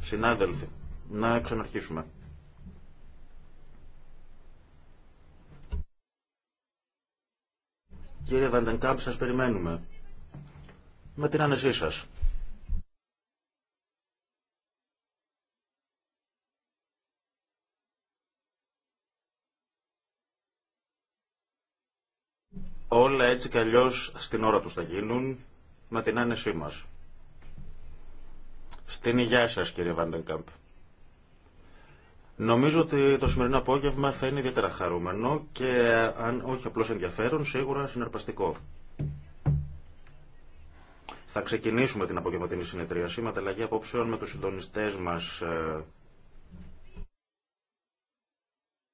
Συνάδελφοι, να ξαναρχίσουμε. Κύριε Βαντενκάμπ, σας περιμένουμε. Με την άνεσή σας. Όλα έτσι κι αλλιώς στην ώρα τους θα γίνουν με την άνεσή μας. Στην υγειά σας κύριε Βαντενκάμπ. Νομίζω ότι το σημερινό απόγευμα θα είναι ιδιαίτερα χαρούμενο και αν όχι απλώς ενδιαφέρον, σίγουρα συναρπαστικό. Θα ξεκινήσουμε την απογευματινή συνεδρίαση με ανταλλαγή απόψεων με τους συντονιστές μας ε,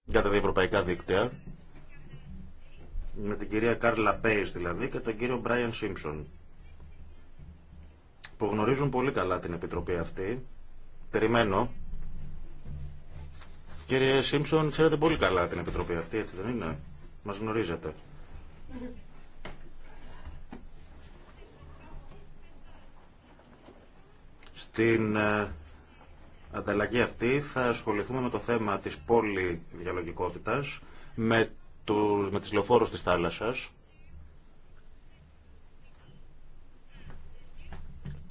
για τα διευρωπαϊκά δίκτυα, με την κυρία Κάρλα Πέις δηλαδή και τον κύριο Μπράιαν Σίμψον που γνωρίζουν πολύ καλά την Επιτροπή αυτή. Περιμένω. Κύριε Σίμψον, ξέρετε πολύ καλά την Επιτροπή αυτή, έτσι δεν είναι. Μας γνωρίζετε. Στην ε, ανταλλαγή αυτή θα ασχοληθούμε με το θέμα της πολυδιαλογικότητας, με, τους, με τις λεωφόρους της θάλασσας,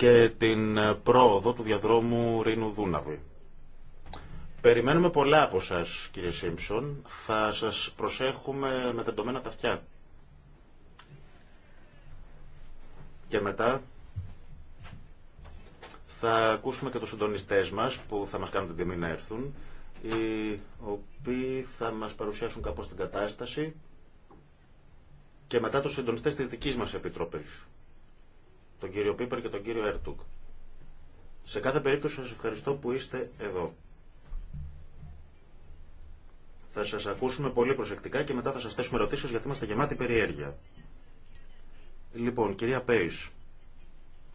και την ε, πρόοδο του διαδρόμου Ρήνου Δούναβη. Περιμένουμε πολλά από εσά, κύριε Σίμψον. Θα σας προσέχουμε με τεντωμένα τα αυτιά. Και μετά θα ακούσουμε και τους συντονιστές μας που θα μας κάνουν την τιμή να έρθουν, οι οποίοι θα μας παρουσιάσουν κάπως την κατάσταση και μετά τους συντονιστές της δικής μας επιτροπής τον κύριο Πίπερ και τον κύριο Ερτούκ. Σε κάθε περίπτωση σας ευχαριστώ που είστε εδώ. Θα σας ακούσουμε πολύ προσεκτικά και μετά θα σας θέσουμε ερωτήσεις γιατί είμαστε γεμάτοι περιέργεια. Λοιπόν, κυρία Πέις,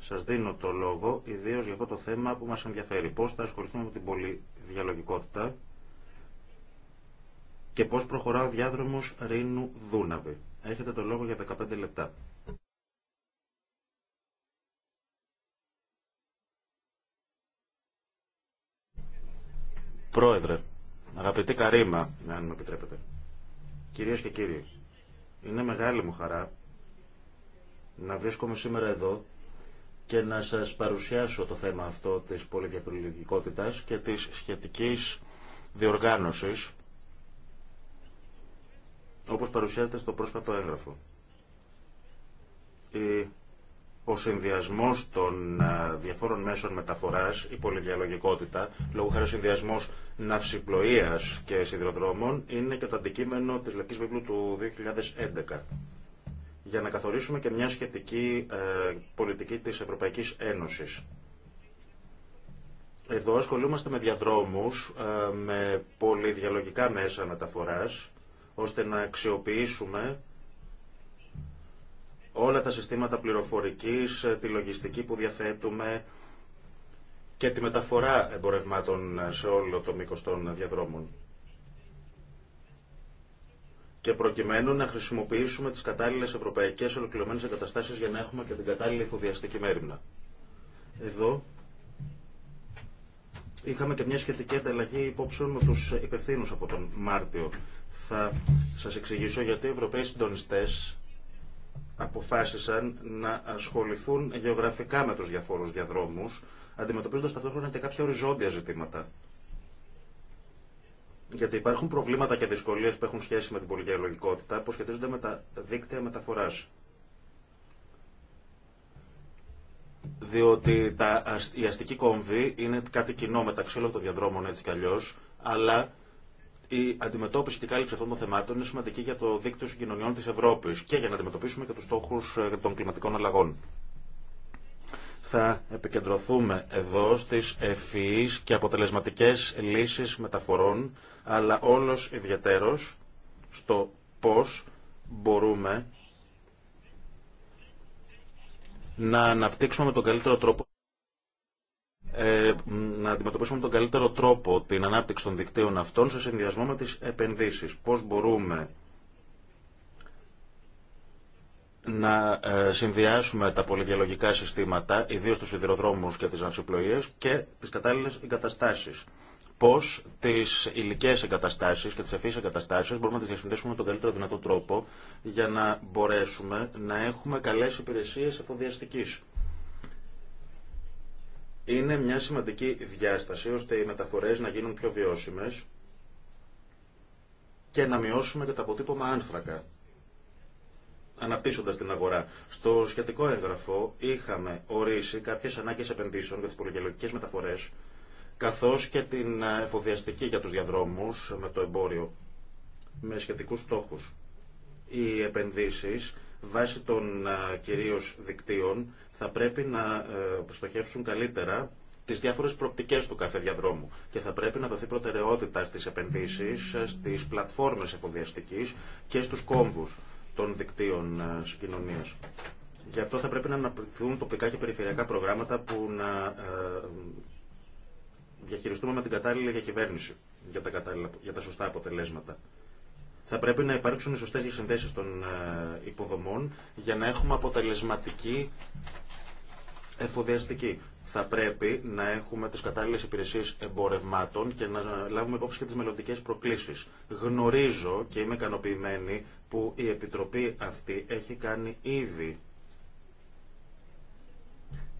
σας δίνω το λόγο ιδίως για αυτό το θέμα που μας ενδιαφέρει. Πώς θα ασχοληθούμε με την πολυδιαλογικότητα και πώς προχωρά ο διάδρομος Ρήνου Δούναβη. Έχετε το λόγο για 15 λεπτά. Πρόεδρε, αγαπητή Καρύμα, αν με επιτρέπετε, κυρίε και κύριοι, είναι μεγάλη μου χαρά να βρίσκομαι σήμερα εδώ και να σας παρουσιάσω το θέμα αυτό της πολυδιαθρολογικότητας και της σχετικής διοργάνωσης όπως παρουσιάζεται στο πρόσφατο έγγραφο ο συνδυασμό των διαφόρων μέσων μεταφορά, η πολυδιαλογικότητα, λόγω χάρη συνδυασμό ναυσιπλοεία και σιδηροδρόμων, είναι και το αντικείμενο τη Λευκή Βίβλου του 2011 για να καθορίσουμε και μια σχετική ε, πολιτική της Ευρωπαϊκή Ένωσης. Εδώ ασχολούμαστε με διαδρόμους, ε, με πολυδιαλογικά μέσα μεταφοράς, ώστε να αξιοποιήσουμε όλα τα συστήματα πληροφορικής, ε, τη λογιστική που διαθέτουμε και τη μεταφορά εμπορευμάτων ε, σε όλο το μήκος των διαδρόμων. Και προκειμένου να χρησιμοποιήσουμε τις κατάλληλες ευρωπαϊκές ολοκληρωμένες εγκαταστάσεις για να έχουμε και την κατάλληλη εφοδιαστική μέρημνα. Εδώ είχαμε και μια σχετική ανταλλαγή υπόψεων με τους υπευθύνους από τον Μάρτιο. Θα σας εξηγήσω γιατί οι Ευρωπαίοι συντονιστές αποφάσισαν να ασχοληθούν γεωγραφικά με τους διαφόρους διαδρόμους, αντιμετωπίζοντας ταυτόχρονα και κάποια οριζόντια ζητήματα. Γιατί υπάρχουν προβλήματα και δυσκολίες που έχουν σχέση με την πολυγεωλογικότητα που σχετίζονται με τα δίκτυα μεταφοράς. διότι τα, η αστική κόμβη είναι κάτι κοινό μεταξύ όλων των διαδρόμων έτσι κι αλλιώς, αλλά η αντιμετώπιση και η κάλυψη αυτών των θεμάτων είναι σημαντική για το δίκτυο συγκοινωνιών τη Ευρώπη και για να αντιμετωπίσουμε και του στόχου ε, των κλιματικών αλλαγών. Θα επικεντρωθούμε εδώ στις ευφυεί και αποτελεσματικές λύσεις μεταφορών, αλλά όλο ιδιαίτερος στο πώς μπορούμε να αναπτύξουμε με τον καλύτερο τρόπο ε, να αντιμετωπίσουμε τον καλύτερο τρόπο την ανάπτυξη των δικτύων αυτών σε συνδυασμό με τις επενδύσεις. Πώς μπορούμε να ε, συνδυάσουμε τα πολυδιαλογικά συστήματα, ιδίως τους σιδηροδρόμους και τις αυσιπλοείες και τις κατάλληλες εγκαταστάσεις Πώς τις υλικέ εγκαταστάσεις και τις ευφύ εγκαταστάσεις μπορούμε να τις διασυνδέσουμε με τον καλύτερο δυνατό τρόπο για να μπορέσουμε να έχουμε καλέ υπηρεσίες εφοδιαστικής είναι μια σημαντική διάσταση ώστε οι μεταφορές να γίνουν πιο βιώσιμες και να μειώσουμε και το αποτύπωμα άνθρακα αναπτύσσοντας την αγορά. Στο σχετικό έγγραφο είχαμε ορίσει κάποιες ανάγκες επενδύσεων για τις πολυγελογικές μεταφορές καθώς και την εφοδιαστική για τους διαδρόμους με το εμπόριο με σχετικούς στόχους. Οι επενδύσεις βάσει των κυρίως δικτύων θα πρέπει να ε, στοχεύσουν καλύτερα τι διάφορε προοπτικέ του κάθε διαδρόμου. Και θα πρέπει να δοθεί προτεραιότητα στι επενδύσει, ε, στι πλατφόρμε εφοδιαστική και στου κόμβου των δικτύων ε, συγκοινωνία. Γι' αυτό θα πρέπει να αναπτυχθούν τοπικά και περιφερειακά προγράμματα που να διαχειριστούμε με την κατάλληλη διακυβέρνηση για τα, για τα σωστά αποτελέσματα. Θα πρέπει να υπάρξουν οι σωστές διασυνδέσεις των ε, υποδομών για να έχουμε αποτελεσματική εφοδιαστική. Θα πρέπει να έχουμε τις κατάλληλες υπηρεσίες εμπορευμάτων και να λάβουμε υπόψη και τις μελλοντικέ προκλήσεις. Γνωρίζω και είμαι ικανοποιημένη που η Επιτροπή αυτή έχει κάνει ήδη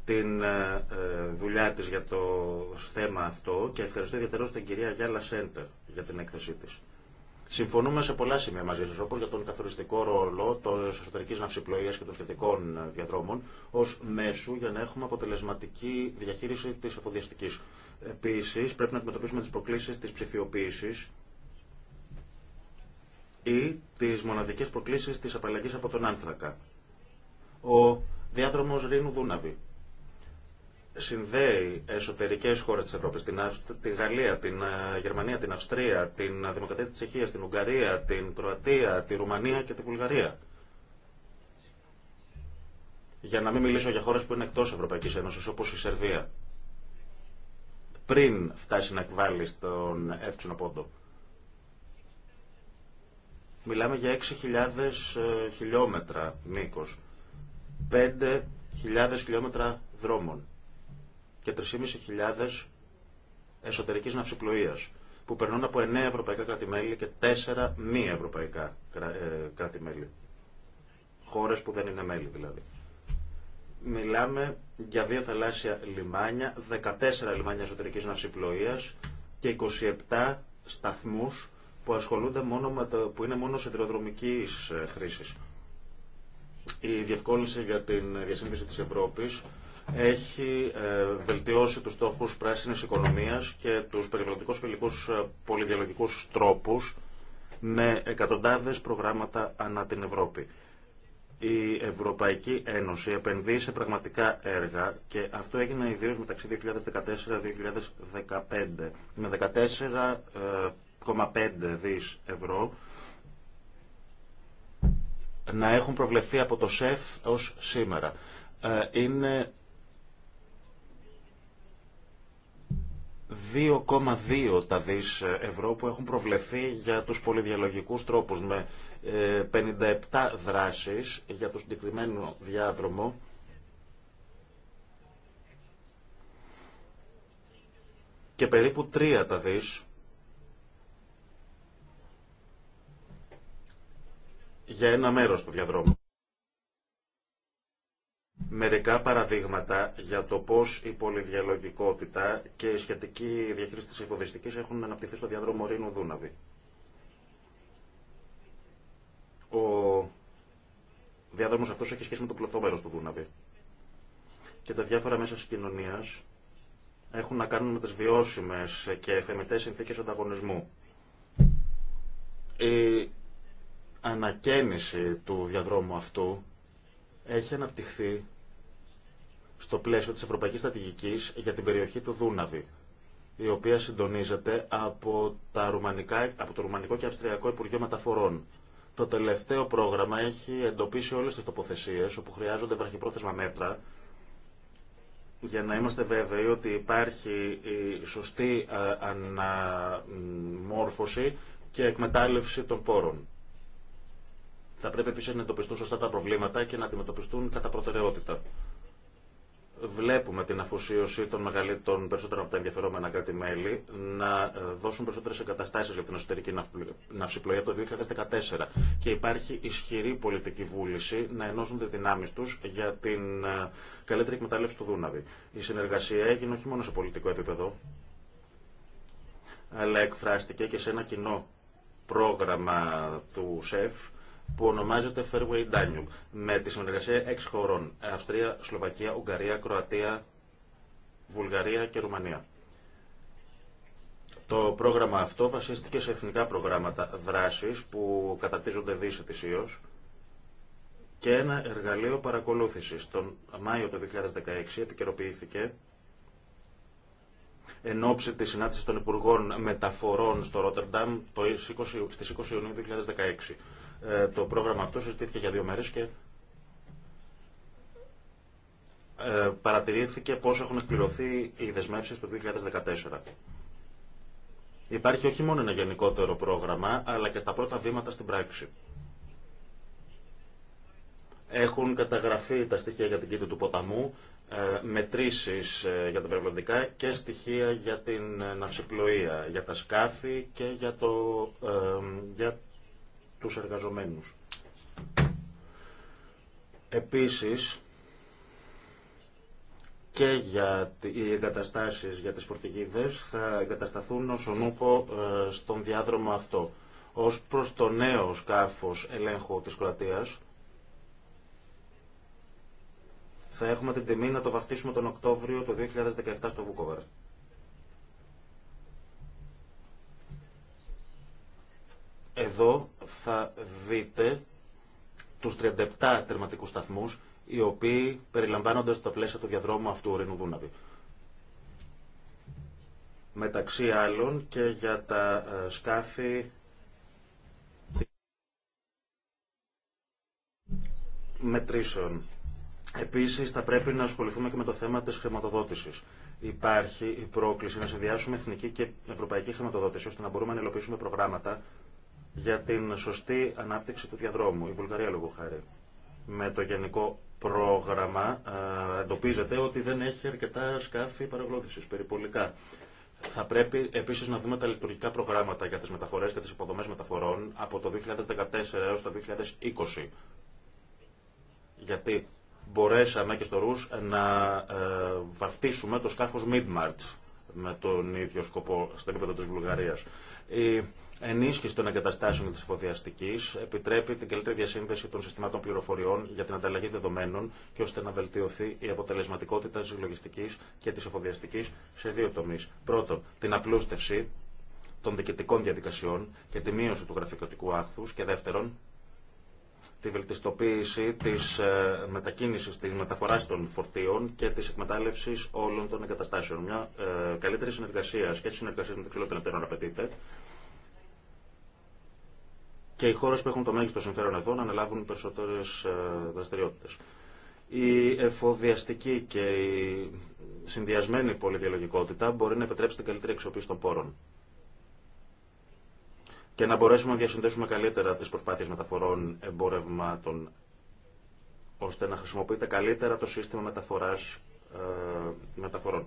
την ε, ε, δουλειά της για το θέμα αυτό και ευχαριστώ ιδιαίτερα την κυρία Γιάλα Σέντερ για την έκθεσή της. Συμφωνούμε σε πολλά σημεία μαζί σα, όπω για τον καθοριστικό ρόλο τη εσωτερική ναυσιπλοεία και των σχετικών διαδρόμων, ω μέσου για να έχουμε αποτελεσματική διαχείριση τη αφοδιαστική. Επίση, πρέπει να αντιμετωπίσουμε τι προκλήσει τη ψηφιοποίηση ή τι μοναδικέ προκλήσει τη απαλλαγή από τον άνθρακα. Ο διάδρομο Ρήνου Δούναβη συνδέει εσωτερικέ χώρε τη Ευρώπη, την, την Γαλλία, την ε, Γερμανία, την Αυστρία, την ε, Δημοκρατία τη Τσεχία, την Ουγγαρία, την Κροατία, τη Ρουμανία και τη Βουλγαρία. Για να μην μιλήσω για χώρε που είναι εκτό Ευρωπαϊκή Ένωση, όπω η Σερβία. Πριν φτάσει να εκβάλει στον εύξηνο πόντο. Μιλάμε για 6.000 ε, χιλιόμετρα μήκο. 5.000 χιλιόμετρα δρόμων και 3.500 εσωτερικής ναυσιπλοείας που περνούν από 9 ευρωπαϊκά κράτη-μέλη και 4 μη ευρωπαϊκά ε, κράτη-μέλη. Χώρες που δεν είναι μέλη δηλαδή. Μιλάμε για δύο θαλάσσια λιμάνια, 14 λιμάνια εσωτερικής ναυσιπλοείας και 27 σταθμούς που ασχολούνται μόνο με το, που είναι μόνο ε, χρήσης. Η διευκόλυνση για την διασύνδεση της Ευρώπης έχει ε, βελτιώσει τους στόχους πράσινης οικονομίας και τους περιβαλλοντικούς φιλικούς ε, πολυδιαλογικούς τρόπους με εκατοντάδες προγράμματα ανά την Ευρώπη. Η Ευρωπαϊκή Ένωση επενδύει σε πραγματικά έργα και αυτό έγινε ιδίως μεταξύ 2014-2015 με 14,5 ε, δις ευρώ να έχουν προβλεφθεί από το ΣΕΦ ως σήμερα. Είναι 2,2 τα δις ευρώ που έχουν προβλεφθεί για τους πολυδιαλογικούς τρόπους με 57 ε, δράσεις για το συγκεκριμένο διάδρομο και περίπου 3 τα δις για ένα μέρος του διαδρόμου μερικά παραδείγματα για το πώς η πολυδιαλογικότητα και η σχετική διαχείριση της εφοδιστικής έχουν αναπτυχθεί στο διάδρομο Ρήνου Δούναβη. Ο διάδρομος αυτός έχει σχέση με το πλωτό του Δούναβη. Και τα διάφορα μέσα κοινωνία έχουν να κάνουν με τις βιώσιμες και θεμετές συνθήκες ανταγωνισμού. Η ανακαίνιση του διαδρόμου αυτού έχει αναπτυχθεί στο πλαίσιο της Ευρωπαϊκής Στρατηγικής για την περιοχή του Δούναβη, η οποία συντονίζεται από, τα Ρουμανικά, από το Ρουμανικό και Αυστριακό Υπουργείο Μεταφορών. Το τελευταίο πρόγραμμα έχει εντοπίσει όλες τις τοποθεσίες όπου χρειάζονται βραχυπρόθεσμα μέτρα για να είμαστε βέβαιοι ότι υπάρχει η σωστή ε, αναμόρφωση και εκμετάλλευση των πόρων. Θα πρέπει επίσης να εντοπιστούν σωστά τα προβλήματα και να αντιμετωπιστούν κατά προτεραιότητα βλέπουμε την αφοσίωση των μεγαλύτερων περισσότερων από τα ενδιαφερόμενα κράτη-μέλη να ε, δώσουν περισσότερε εγκαταστάσει για την εσωτερική ναυσιπλοεία το 2014. Και υπάρχει ισχυρή πολιτική βούληση να ενώσουν τι δυνάμει του για την ε, καλύτερη εκμετάλλευση του Δούναβη. Η συνεργασία έγινε όχι μόνο σε πολιτικό επίπεδο, αλλά εκφράστηκε και σε ένα κοινό πρόγραμμα του ΣΕΦ που ονομάζεται Fairway Danube με τη συνεργασία 6 χωρών Αυστρία, Σλοβακία, Ουγγαρία, Κροατία, Βουλγαρία και Ρουμανία. Το πρόγραμμα αυτό βασίστηκε σε εθνικά προγράμματα δράσης που καταρτίζονται δύση και ένα εργαλείο παρακολούθησης. Τον Μάιο του 2016 επικαιροποιήθηκε εν ώψη της συνάντησης των Υπουργών Μεταφορών στο Ρότερνταμ στις 20 Ιουνίου 2016. Ε, το πρόγραμμα αυτό συζητήθηκε για δύο μέρε και ε, παρατηρήθηκε πώς έχουν εκπληρωθεί οι δεσμεύσει του 2014. Υπάρχει όχι μόνο ένα γενικότερο πρόγραμμα, αλλά και τα πρώτα βήματα στην πράξη. Έχουν καταγραφεί τα στοιχεία για την κήτη του ποταμού, ε, μετρήσεις για τα περιβαλλοντικά και στοιχεία για την ναυσιπλοεία, για τα σκάφη και για, το, για τους εργαζομένους. Επίσης, και για οι εγκαταστάσεις για τις φορτηγίδες θα εγκατασταθούν ως νούπο ε, στον διάδρομο αυτό. Ως προς το νέο σκάφος ελέγχου της Κροατίας, θα έχουμε την τιμή να το βαφτίσουμε τον Οκτώβριο του 2017 στο Βούκοβαρ. Εδώ θα δείτε τους 37 τερματικούς σταθμούς οι οποίοι περιλαμβάνονται στα πλαίσια του διαδρόμου αυτού ορεινού Δούναβη. Μεταξύ άλλων και για τα ε, σκάφη μετρήσεων. Επίσης θα πρέπει να ασχοληθούμε και με το θέμα της χρηματοδότησης. Υπάρχει η πρόκληση να συνδυάσουμε εθνική και ευρωπαϊκή χρηματοδότηση ώστε να μπορούμε να υλοποιήσουμε προγράμματα για την σωστή ανάπτυξη του διαδρόμου, η Βουλγαρία λόγω χάρη. Με το γενικό πρόγραμμα ε, εντοπίζεται ότι δεν έχει αρκετά σκάφη παραγλώδησης, περιπολικά. Θα πρέπει επίση να δούμε τα λειτουργικά προγράμματα για τι μεταφορέ και τι υποδομέ μεταφορών από το 2014 έω το 2020. Γιατί μπορέσαμε και στο Ρους να ε, βαφτίσουμε το σκάφος Midmarch με τον ίδιο σκοπό στο επίπεδο τη Βουλγαρία ενίσχυση των εγκαταστάσεων τη εφοδιαστική επιτρέπει την καλύτερη διασύνδεση των συστημάτων πληροφοριών για την ανταλλαγή δεδομένων και ώστε να βελτιωθεί η αποτελεσματικότητα τη λογιστική και τη εφοδιαστική σε δύο τομεί. Πρώτον, την απλούστευση των διοικητικών διαδικασιών και τη μείωση του γραφειοκρατικού άχθου. Και δεύτερον, τη βελτιστοποίηση τη ε, μετακίνηση, τη μεταφορά των φορτίων και τη εκμετάλλευση όλων των εγκαταστάσεων. Μια ε, καλύτερη συνεργασία και συνεργασία το των απαιτείται και οι χώρε που έχουν το μέγιστο συμφέρον εδώ να αναλάβουν περισσότερε δραστηριότητε. Η εφοδιαστική και η συνδυασμένη πολυδιαλογικότητα μπορεί να επιτρέψει την καλύτερη αξιοποίηση των πόρων και να μπορέσουμε να διασυνδέσουμε καλύτερα τι προσπάθειε μεταφορών εμπορευμάτων ώστε να χρησιμοποιείται καλύτερα το σύστημα μεταφοράς, ε, μεταφορών.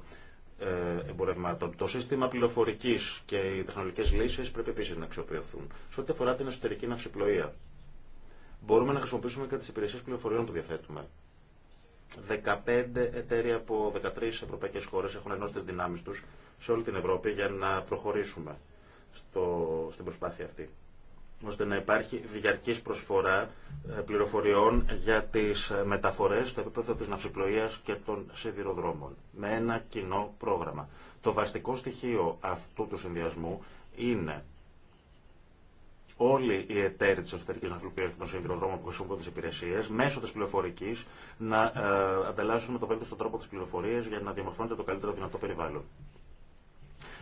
Ε, εμπορευμάτων. Το σύστημα πληροφορική και οι τεχνολογικέ λύσει πρέπει επίση να αξιοποιηθούν. Σε ό,τι αφορά την εσωτερική ναυσιπλοεία, μπορούμε να χρησιμοποιήσουμε και τι υπηρεσίε πληροφοριών που διαθέτουμε. 15 εταίρια από 13 ευρωπαϊκέ χώρε έχουν ενώσει τι δυνάμει του σε όλη την Ευρώπη για να προχωρήσουμε στο, στην προσπάθεια αυτή ώστε να υπάρχει διαρκής προσφορά ε, πληροφοριών για τις ε, μεταφορές στο επίπεδο της ναυσιπλοείας και των σιδηροδρόμων με ένα κοινό πρόγραμμα. Το βασικό στοιχείο αυτού του συνδυασμού είναι όλοι οι εταίροι τη εσωτερική ναυσιπλοείας και των σιδηροδρόμων που χρησιμοποιούν τι υπηρεσίε μέσω της πληροφορικής, να ε, ανταλλάσσουν με το βέλτιστο τρόπο της πληροφορίας για να διαμορφώνεται το καλύτερο δυνατό περιβάλλον.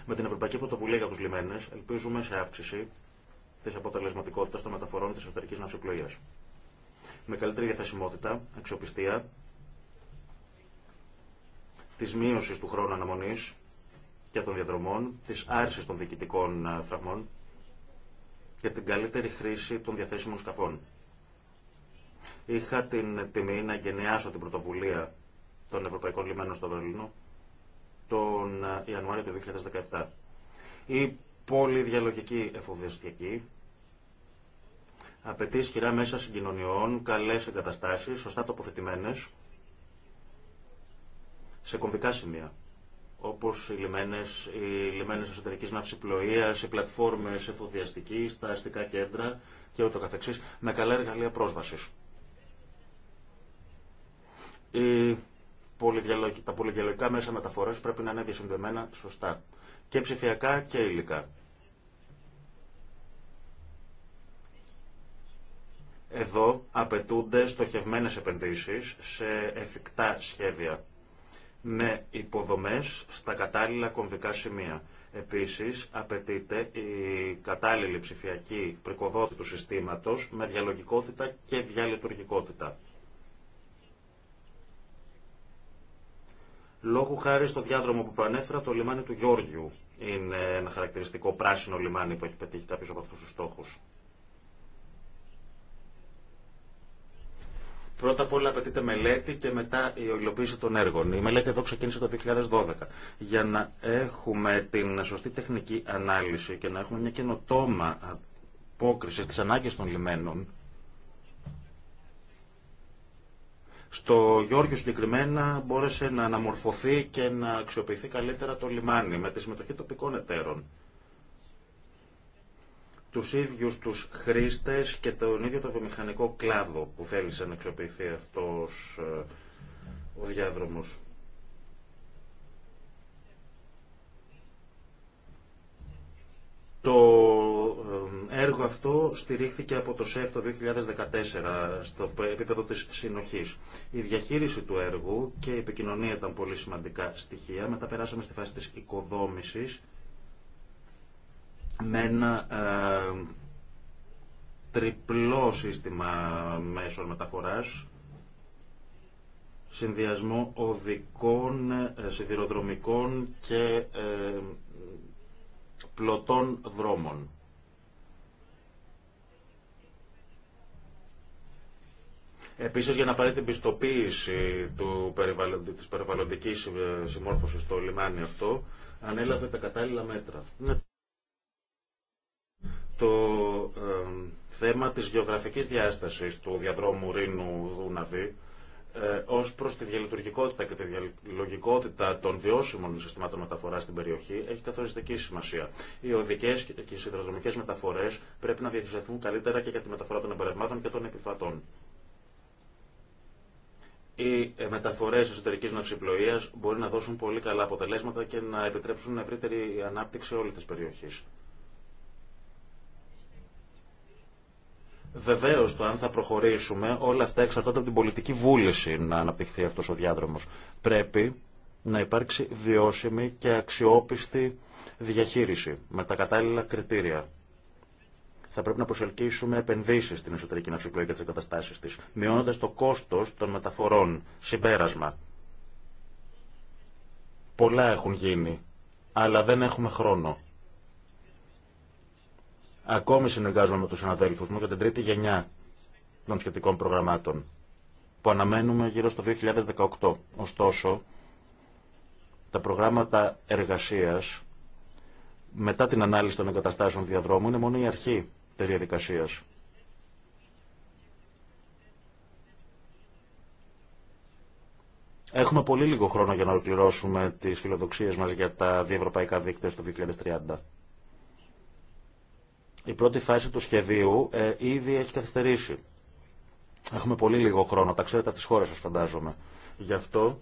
Με την Ευρωπαϊκή Πρωτοβουλία για του λιμένες ελπίζουμε σε αύξηση τη αποτελεσματικότητα των μεταφορών τη εσωτερική ναυσιπλοεία. Με καλύτερη διαθεσιμότητα, αξιοπιστία, τη μείωση του χρόνου αναμονή και των διαδρομών, τη άρση των διοικητικών ε, φραγμών και την καλύτερη χρήση των διαθέσιμων σκαφών. Είχα την τιμή να εγκαινιάσω την πρωτοβουλία των Ευρωπαϊκών Λιμένων στο Βερολίνο τον ε, Ιανουάριο του 2017. Η πολύ διαλογική, εφοδιαστική, απαιτεί ισχυρά μέσα συγκοινωνιών, καλές εγκαταστάσεις, σωστά τοποθετημένε. σε κομβικά σημεία, όπως οι λιμένε, οι λιμένες εσωτερική οι πλατφόρμες εφοδιαστική, τα αστικά κέντρα και ούτω καθεξής, με καλά εργαλεία πρόσβαση. τα πολυδιαλογικά μέσα μεταφορέ πρέπει να είναι διασυνδεμένα σωστά και ψηφιακά και υλικά. Εδώ απαιτούνται στοχευμένες επενδύσεις σε εφικτά σχέδια με υποδομές στα κατάλληλα κομβικά σημεία. Επίσης, απαιτείται η κατάλληλη ψηφιακή πρικοδότη του συστήματος με διαλογικότητα και διαλειτουργικότητα. Λόγω χάρη στο διάδρομο που προανέφερα, το λιμάνι του Γιώργιου είναι ένα χαρακτηριστικό πράσινο λιμάνι που έχει πετύχει κάποιο από αυτού του στόχου. Πρώτα απ' όλα απαιτείται μελέτη και μετά η υλοποίηση των έργων. Η μελέτη εδώ ξεκίνησε το 2012. Για να έχουμε την σωστή τεχνική ανάλυση και να έχουμε μια καινοτόμα απόκριση στις ανάγκες των λιμένων, Στο Γιώργιο συγκεκριμένα μπόρεσε να αναμορφωθεί και να αξιοποιηθεί καλύτερα το λιμάνι με τη συμμετοχή τοπικών εταίρων. Τους ίδιους τους χρήστες και τον ίδιο το βιομηχανικό κλάδο που θέλησε να αξιοποιηθεί αυτός ε, ο διάδρομος. Το ε, έργο αυτό στηρίχθηκε από το ΣΕΦ το 2014 στο επίπεδο της συνοχής. Η διαχείριση του έργου και η επικοινωνία ήταν πολύ σημαντικά στοιχεία. Μετά περάσαμε στη φάση της οικοδόμησης με ένα ε, τριπλό σύστημα μέσων μεταφοράς συνδυασμό οδικών, ε, σιδηροδρομικών και πλωτών δρόμων. Επίσης για να πάρει την πιστοποίηση του περιβαλλοντική της περιβαλλοντικής ε, συμμόρφωσης στο λιμάνι αυτό, ανέλαβε τα κατάλληλα μέτρα. Ναι. Το ε, θέμα της γεωγραφικής διάστασης του διαδρόμου Ρήνου Δούναβη ε, Ω προ τη διαλειτουργικότητα και τη διαλογικότητα των βιώσιμων συστημάτων μεταφορά στην περιοχή έχει καθοριστική σημασία. Οι οδικέ και οι σιδηροδρομικές μεταφορέ πρέπει να διαχειριστούν καλύτερα και για τη μεταφορά των εμπορευμάτων και των επιφατών. Οι ε, μεταφορέ εσωτερική ναυσιπλοεία μπορεί να δώσουν πολύ καλά αποτελέσματα και να επιτρέψουν ευρύτερη ανάπτυξη όλη τη περιοχή. Βεβαίω το αν θα προχωρήσουμε, όλα αυτά εξαρτώνται από την πολιτική βούληση να αναπτυχθεί αυτό ο διάδρομο. Πρέπει να υπάρξει βιώσιμη και αξιόπιστη διαχείριση με τα κατάλληλα κριτήρια. Θα πρέπει να προσελκύσουμε επενδύσει στην εσωτερική ναυσιπλοεία και τι εγκαταστάσει τη, μειώνοντα το κόστο των μεταφορών. Συμπέρασμα. Πολλά έχουν γίνει, αλλά δεν έχουμε χρόνο. Ακόμη συνεργάζομαι με τους συναδέλφους μου για την τρίτη γενιά των σχετικών προγραμμάτων που αναμένουμε γύρω στο 2018. Ωστόσο, τα προγράμματα εργασίας μετά την ανάλυση των εγκαταστάσεων διαδρόμου είναι μόνο η αρχή της διαδικασίας. Έχουμε πολύ λίγο χρόνο για να ολοκληρώσουμε τις φιλοδοξίες μας για τα διευρωπαϊκά δίκτυα στο 2030. Η πρώτη φάση του σχεδίου ε, ήδη έχει καθυστερήσει. Έχουμε πολύ λίγο χρόνο, τα ξέρετε από τις χώρες σας φαντάζομαι. Γι' αυτό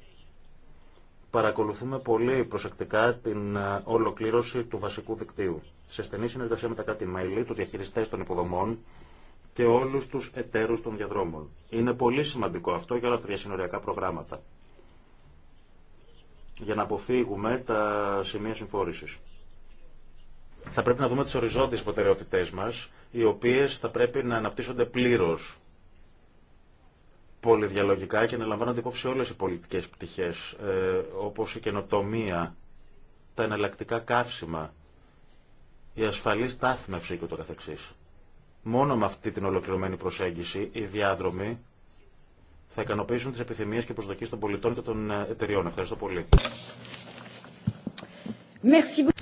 παρακολουθούμε πολύ προσεκτικά την ε, ολοκλήρωση του βασικού δικτύου. Σε στενή συνεργασία με τα κάτι μελη τους διαχειριστές των υποδομών και όλους τους εταίρους των διαδρόμων. Είναι πολύ σημαντικό αυτό για όλα τα διασυνοριακά προγράμματα. Για να αποφύγουμε τα σημεία συμφόρησης θα πρέπει να δούμε τις οριζόντιες προτεραιότητές μας, οι οποίες θα πρέπει να αναπτύσσονται πλήρως πολυδιαλογικά και να λαμβάνονται υπόψη όλες οι πολιτικές πτυχές, ε, όπως η καινοτομία, τα εναλλακτικά καύσιμα, η ασφαλή στάθμευση και το καθεξής. Μόνο με αυτή την ολοκληρωμένη προσέγγιση, οι διάδρομοι θα ικανοποιήσουν τις επιθυμίες και προσδοκίες των πολιτών και των ε, εταιριών. Ευχαριστώ πολύ.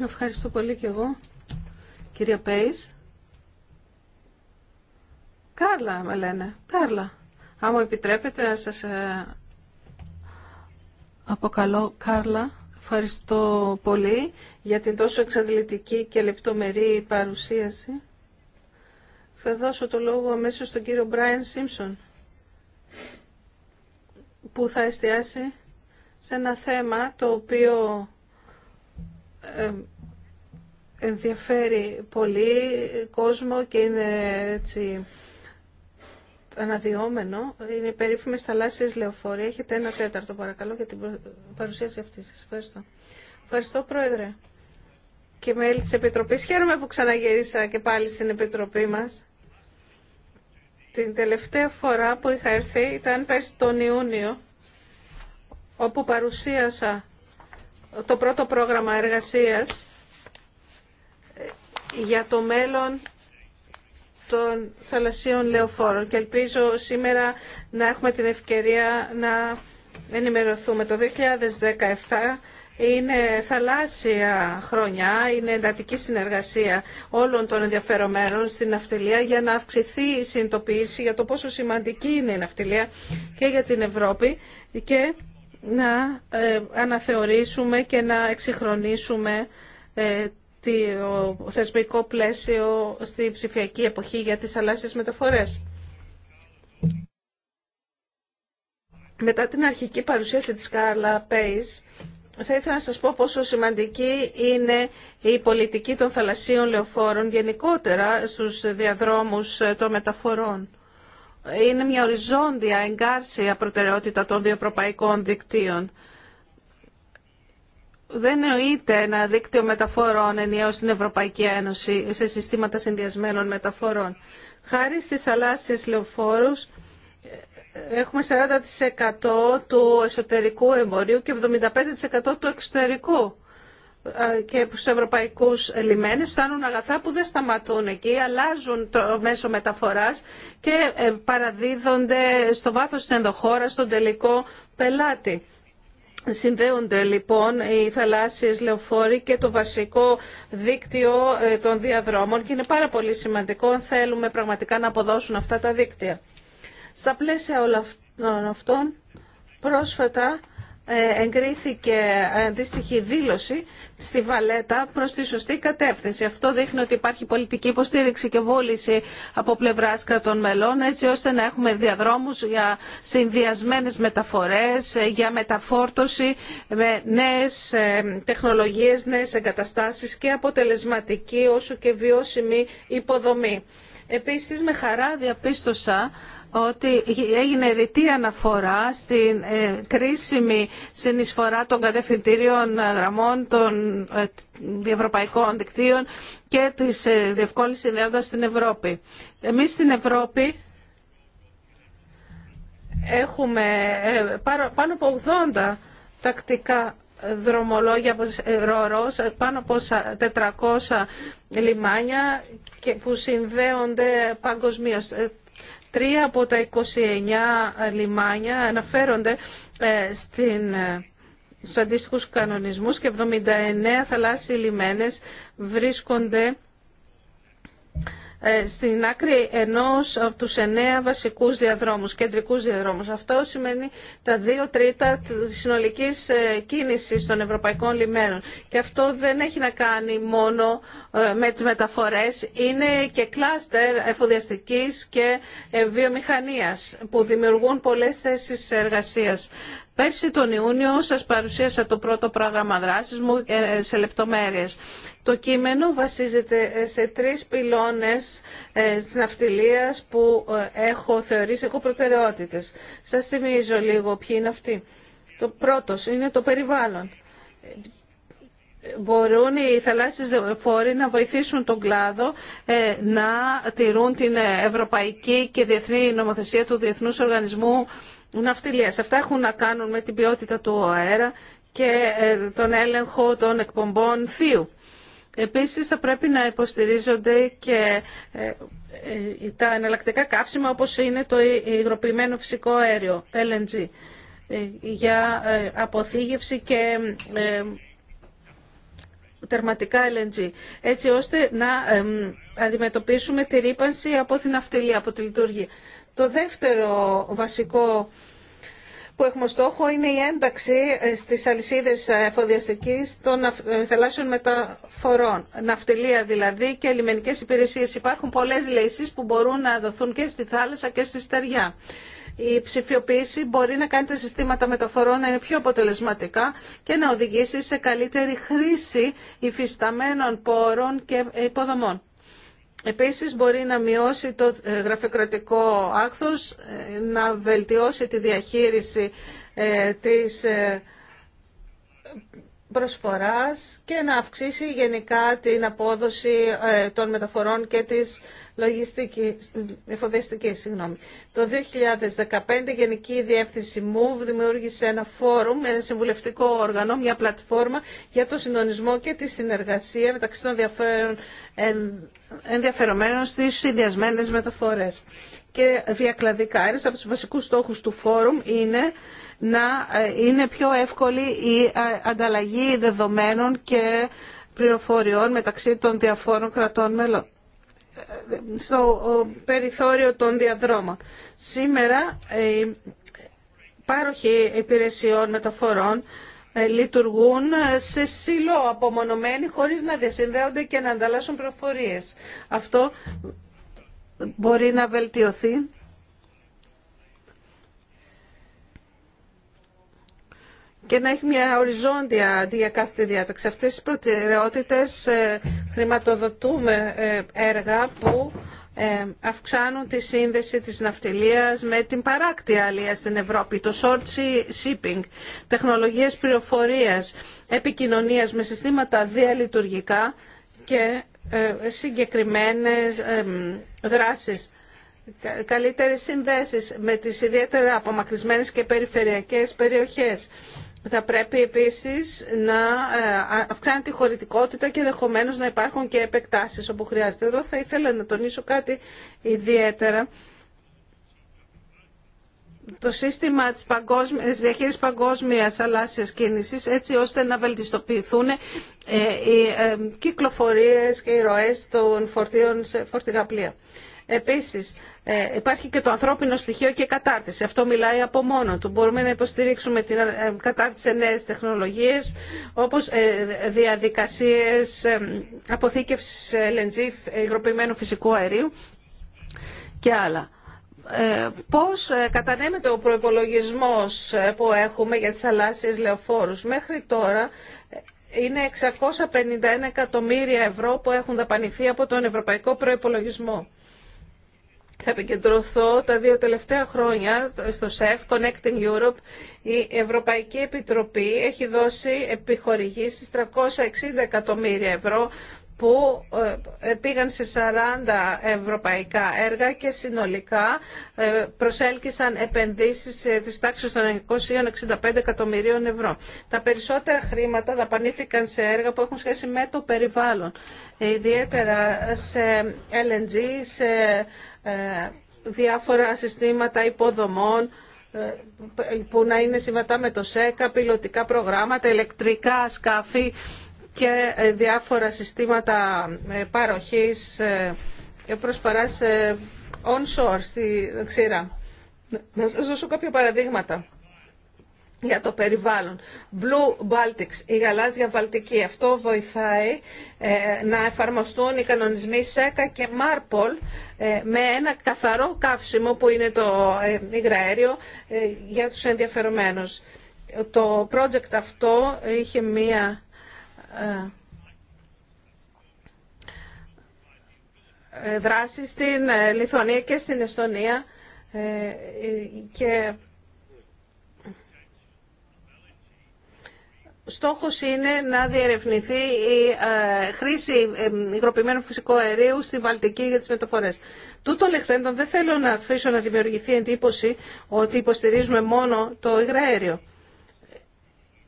Ευχαριστώ πολύ και εγώ. Κυρία Πέις. Κάρλα με λένε. Κάρλα. Αν μου επιτρέπετε να σας ε, αποκαλώ Κάρλα. Ευχαριστώ πολύ για την τόσο εξαντλητική και λεπτομερή παρουσίαση. Θα δώσω το λόγο αμέσως στον κύριο Μπράιν Σίμψον που θα εστιάσει σε ένα θέμα το οποίο ε, ενδιαφέρει πολύ κόσμο και είναι έτσι αναδυόμενο. Είναι η περίφημες θαλάσσιες Έχετε ένα τέταρτο παρακαλώ για την παρουσίαση αυτή Σα Ευχαριστώ. Ευχαριστώ Πρόεδρε και μέλη τη Επιτροπή Χαίρομαι που ξαναγυρίσα και πάλι στην Επιτροπή μας. Την τελευταία φορά που είχα έρθει ήταν πέρσι τον Ιούνιο, όπου παρουσίασα το πρώτο πρόγραμμα εργασίας για το μέλλον των θαλασσίων λεωφόρων και ελπίζω σήμερα να έχουμε την ευκαιρία να ενημερωθούμε. Το 2017 είναι θαλάσσια χρονιά, είναι εντατική συνεργασία όλων των ενδιαφερομένων στην ναυτιλία για να αυξηθεί η συνειδητοποίηση για το πόσο σημαντική είναι η ναυτιλία και για την Ευρώπη και να ε, αναθεωρήσουμε και να εξυγχρονίσουμε ε, το θεσμικό πλαίσιο στη ψηφιακή εποχή για τις θαλάσσιες μεταφορές. Μετά την αρχική παρουσίαση της Κάρλα Πέις, θα ήθελα να σας πω πόσο σημαντική είναι η πολιτική των θαλασσίων λεωφόρων γενικότερα στους διαδρόμους των μεταφορών. Είναι μια οριζόντια εγκάρσια προτεραιότητα των διευρωπαϊκών δικτύων δεν εννοείται ένα δίκτυο μεταφορών ενιαίο στην Ευρωπαϊκή Ένωση σε συστήματα συνδυασμένων μεταφορών. Χάρη στις θαλάσσιες λεωφόρους ε, έχουμε 40% του εσωτερικού εμπορίου και 75% του εξωτερικού και στους ευρωπαϊκούς λιμένες φτάνουν αγαθά που δεν σταματούν εκεί, αλλάζουν το μέσο μεταφοράς και ε, παραδίδονται στο βάθος της ενδοχώρας στον τελικό πελάτη. Συνδέονται λοιπόν οι θαλάσσιες λεωφόροι και το βασικό δίκτυο ε, των διαδρόμων και είναι πάρα πολύ σημαντικό αν θέλουμε πραγματικά να αποδώσουν αυτά τα δίκτυα. Στα πλαίσια όλων αυτών πρόσφατα ε, εγκρίθηκε αντίστοιχη δήλωση στη Βαλέτα προς τη σωστή κατεύθυνση. Αυτό δείχνει ότι υπάρχει πολιτική υποστήριξη και βόληση από πλευράς κρατών μελών έτσι ώστε να έχουμε διαδρόμους για συνδυασμένες μεταφορές, για μεταφόρτωση με νέες ε, τεχνολογίες, νέες εγκαταστάσεις και αποτελεσματική όσο και βιώσιμη υποδομή. Επίσης με χαρά διαπίστωσα ότι έγινε ρητή αναφορά στην ε, κρίσιμη συνεισφορά των κατευθυντήριων γραμμών των ε, ευρωπαϊκών δικτύων και της ε, διευκόλυνσης στην Ευρώπη. Εμείς στην Ευρώπη έχουμε ε, πάνω από 80 τακτικά δρομολόγια από πάνω από 400 λιμάνια που συνδέονται παγκοσμίως. Τρία από τα 29 λιμάνια αναφέρονται ε, στην, ε, στους αντίστοιχους κανονισμούς και 79 θαλάσσιοι λιμένες βρίσκονται ε, στην άκρη ενός από τους εννέα βασικούς διαδρόμους, κεντρικούς διαδρόμους. Αυτό σημαίνει τα δύο τρίτα της συνολικής ε, κίνησης των ευρωπαϊκών λιμένων. Και αυτό δεν έχει να κάνει μόνο ε, με τις μεταφορές, είναι και κλάστερ εφοδιαστικής και βιομηχανίας που δημιουργούν πολλές θέσεις εργασίας. Πέρσι τον Ιούνιο σας παρουσίασα το πρώτο πρόγραμμα δράσης μου ε, σε λεπτομέρειες. Το κείμενο βασίζεται ε, σε τρεις πυλώνες ε, της ναυτιλίας που έχω θεωρήσει έχω προτεραιότητες. Σας θυμίζω λίγο ποιοι είναι αυτοί. Το πρώτος είναι το περιβάλλον. Μπορούν οι θαλάσσιες φόροι να βοηθήσουν τον κλάδο να τηρούν την ευρωπαϊκή και διεθνή νομοθεσία του Διεθνούς Οργανισμού Αυτά έχουν να κάνουν με την ποιότητα του αέρα και ε, τον έλεγχο των εκπομπών θείου. Επίσης θα πρέπει να υποστηρίζονται και ε, ε, τα εναλλακτικά καύσιμα όπως είναι το υγροποιημένο φυσικό αέριο, LNG, για αποθήκευση και τερματικά LNG, έτσι ώστε να αντιμετωπίσουμε τη ρήπανση από την αυτιλία, από τη λειτουργία. Το δεύτερο βασικό που έχουμε στόχο είναι η ένταξη ε, στις αλυσίδες ε, εφοδιαστικής των ε, θαλάσσιων μεταφορών. Ναυτιλία δηλαδή και λιμενικές υπηρεσίες. Υπάρχουν πολλές λύσεις που μπορούν να δοθούν και στη θάλασσα και στη στεριά. Η ψηφιοποίηση μπορεί να κάνει τα συστήματα μεταφορών να είναι πιο αποτελεσματικά και να οδηγήσει σε καλύτερη χρήση υφισταμένων πόρων και υποδομών. Επίσης μπορεί να μειώσει το ε, γραφειοκρατικό άκθος, ε, να βελτιώσει τη διαχείριση ε, της προσφοράς και να αυξήσει γενικά την απόδοση των μεταφορών και της λογιστική, συγγνώμη. Το 2015 η Γενική Διεύθυνση ΜΟΥΒ δημιούργησε ένα φόρουμ, ένα συμβουλευτικό όργανο, μια πλατφόρμα για το συντονισμό και τη συνεργασία μεταξύ των ενδιαφερομένων στις συνδυασμένε μεταφορές. Και διακλαδικά, ένα από τους βασικούς στόχους του φόρουμ είναι να ε, είναι πιο εύκολη η ε, ανταλλαγή δεδομένων και πληροφοριών μεταξύ των διαφόρων κρατών μελών στο περιθώριο των διαδρόμων. Σήμερα ε, οι πάροχοι υπηρεσιών μεταφορών ε, λειτουργούν ε, σε σύλλο απομονωμένοι χωρίς να διασυνδέονται και να ανταλλάσσουν προφορίες. Αυτό μπορεί να βελτιωθεί και να έχει μια οριζόντια κάθε διάταξη. Αυτές τις προτεραιότητες ε, χρηματοδοτούμε ε, έργα που ε, αυξάνουν τη σύνδεση της ναυτιλίας με την παράκτια αλία στην Ευρώπη, το short shipping, τεχνολογίες πληροφορίας, επικοινωνίας με συστήματα διαλειτουργικά και συγκεκριμένες δράσεις καλύτερες συνδέσεις με τις ιδιαίτερα απομακρυσμένες και περιφερειακές περιοχές θα πρέπει επίσης να ε, αυξάνει η χωρητικότητα και ενδεχομένω να υπάρχουν και επεκτάσεις όπου χρειάζεται. Εδώ θα ήθελα να τονίσω κάτι ιδιαίτερα. Το σύστημα της παγκόσμιας, διαχείρισης παγκόσμιας κίνηση, κίνησης έτσι ώστε να βελτιστοποιηθούν ε, οι ε, κυκλοφορίες και οι ροές των φορτίων σε φορτηγά Επίσης, ε, υπάρχει και το ανθρώπινο στοιχείο και η κατάρτιση. Αυτό μιλάει από μόνο του. Μπορούμε να υποστηρίξουμε την ε, κατάρτιση νέες τεχνολογίες, όπως ε, διαδικασίες ε, αποθήκευσης LNG, υγροποιημένου φυσικού αερίου και άλλα. Πώς κατανέμεται ο προϋπολογισμός που έχουμε για τις θαλάσσιες λεωφόρους. Μέχρι τώρα είναι 651 εκατομμύρια ευρώ που έχουν δαπανηθεί από τον Ευρωπαϊκό Προϋπολογισμό θα επικεντρωθώ τα δύο τελευταία χρόνια στο ΣΕΦ, Connecting Europe. Η Ευρωπαϊκή Επιτροπή έχει δώσει επιχορηγήσεις 360 εκατομμύρια ευρώ που ε, πήγαν σε 40 ευρωπαϊκά έργα και συνολικά ε, προσέλκυσαν επενδύσεις ε, της τάξης των 965 εκατομμυρίων ευρώ. Τα περισσότερα χρήματα δαπανήθηκαν σε έργα που έχουν σχέση με το περιβάλλον, ιδιαίτερα σε LNG, σε ε, διάφορα συστήματα υποδομών ε, που να είναι συμβατά με το ΣΕΚΑ, πιλωτικά προγράμματα, ηλεκτρικά σκάφη και ε, διάφορα συστήματα παροχής προσφοράς onshore στη ξύρα. Να σας δώσω κάποια παραδείγματα για το περιβάλλον. Blue Baltics, η γαλάζια Βαλτική. Αυτό βοηθάει ε, να εφαρμοστούν οι κανονισμοί ΣΕΚΑ και ΜΑΡΠΟΛ ε, με ένα καθαρό καύσιμο που είναι το ε, υγραέριο ε, για τους ενδιαφερομένους. Το project αυτό είχε μία δράση στην Λιθωνία και στην Εστονία και Στόχος είναι να διερευνηθεί η ε, χρήση ε, υγροποιημένου φυσικού αερίου στη Βαλτική για τις μεταφορές. Τούτο λεχθέντων δεν θέλω να αφήσω να δημιουργηθεί εντύπωση ότι υποστηρίζουμε μόνο το υγραέριο.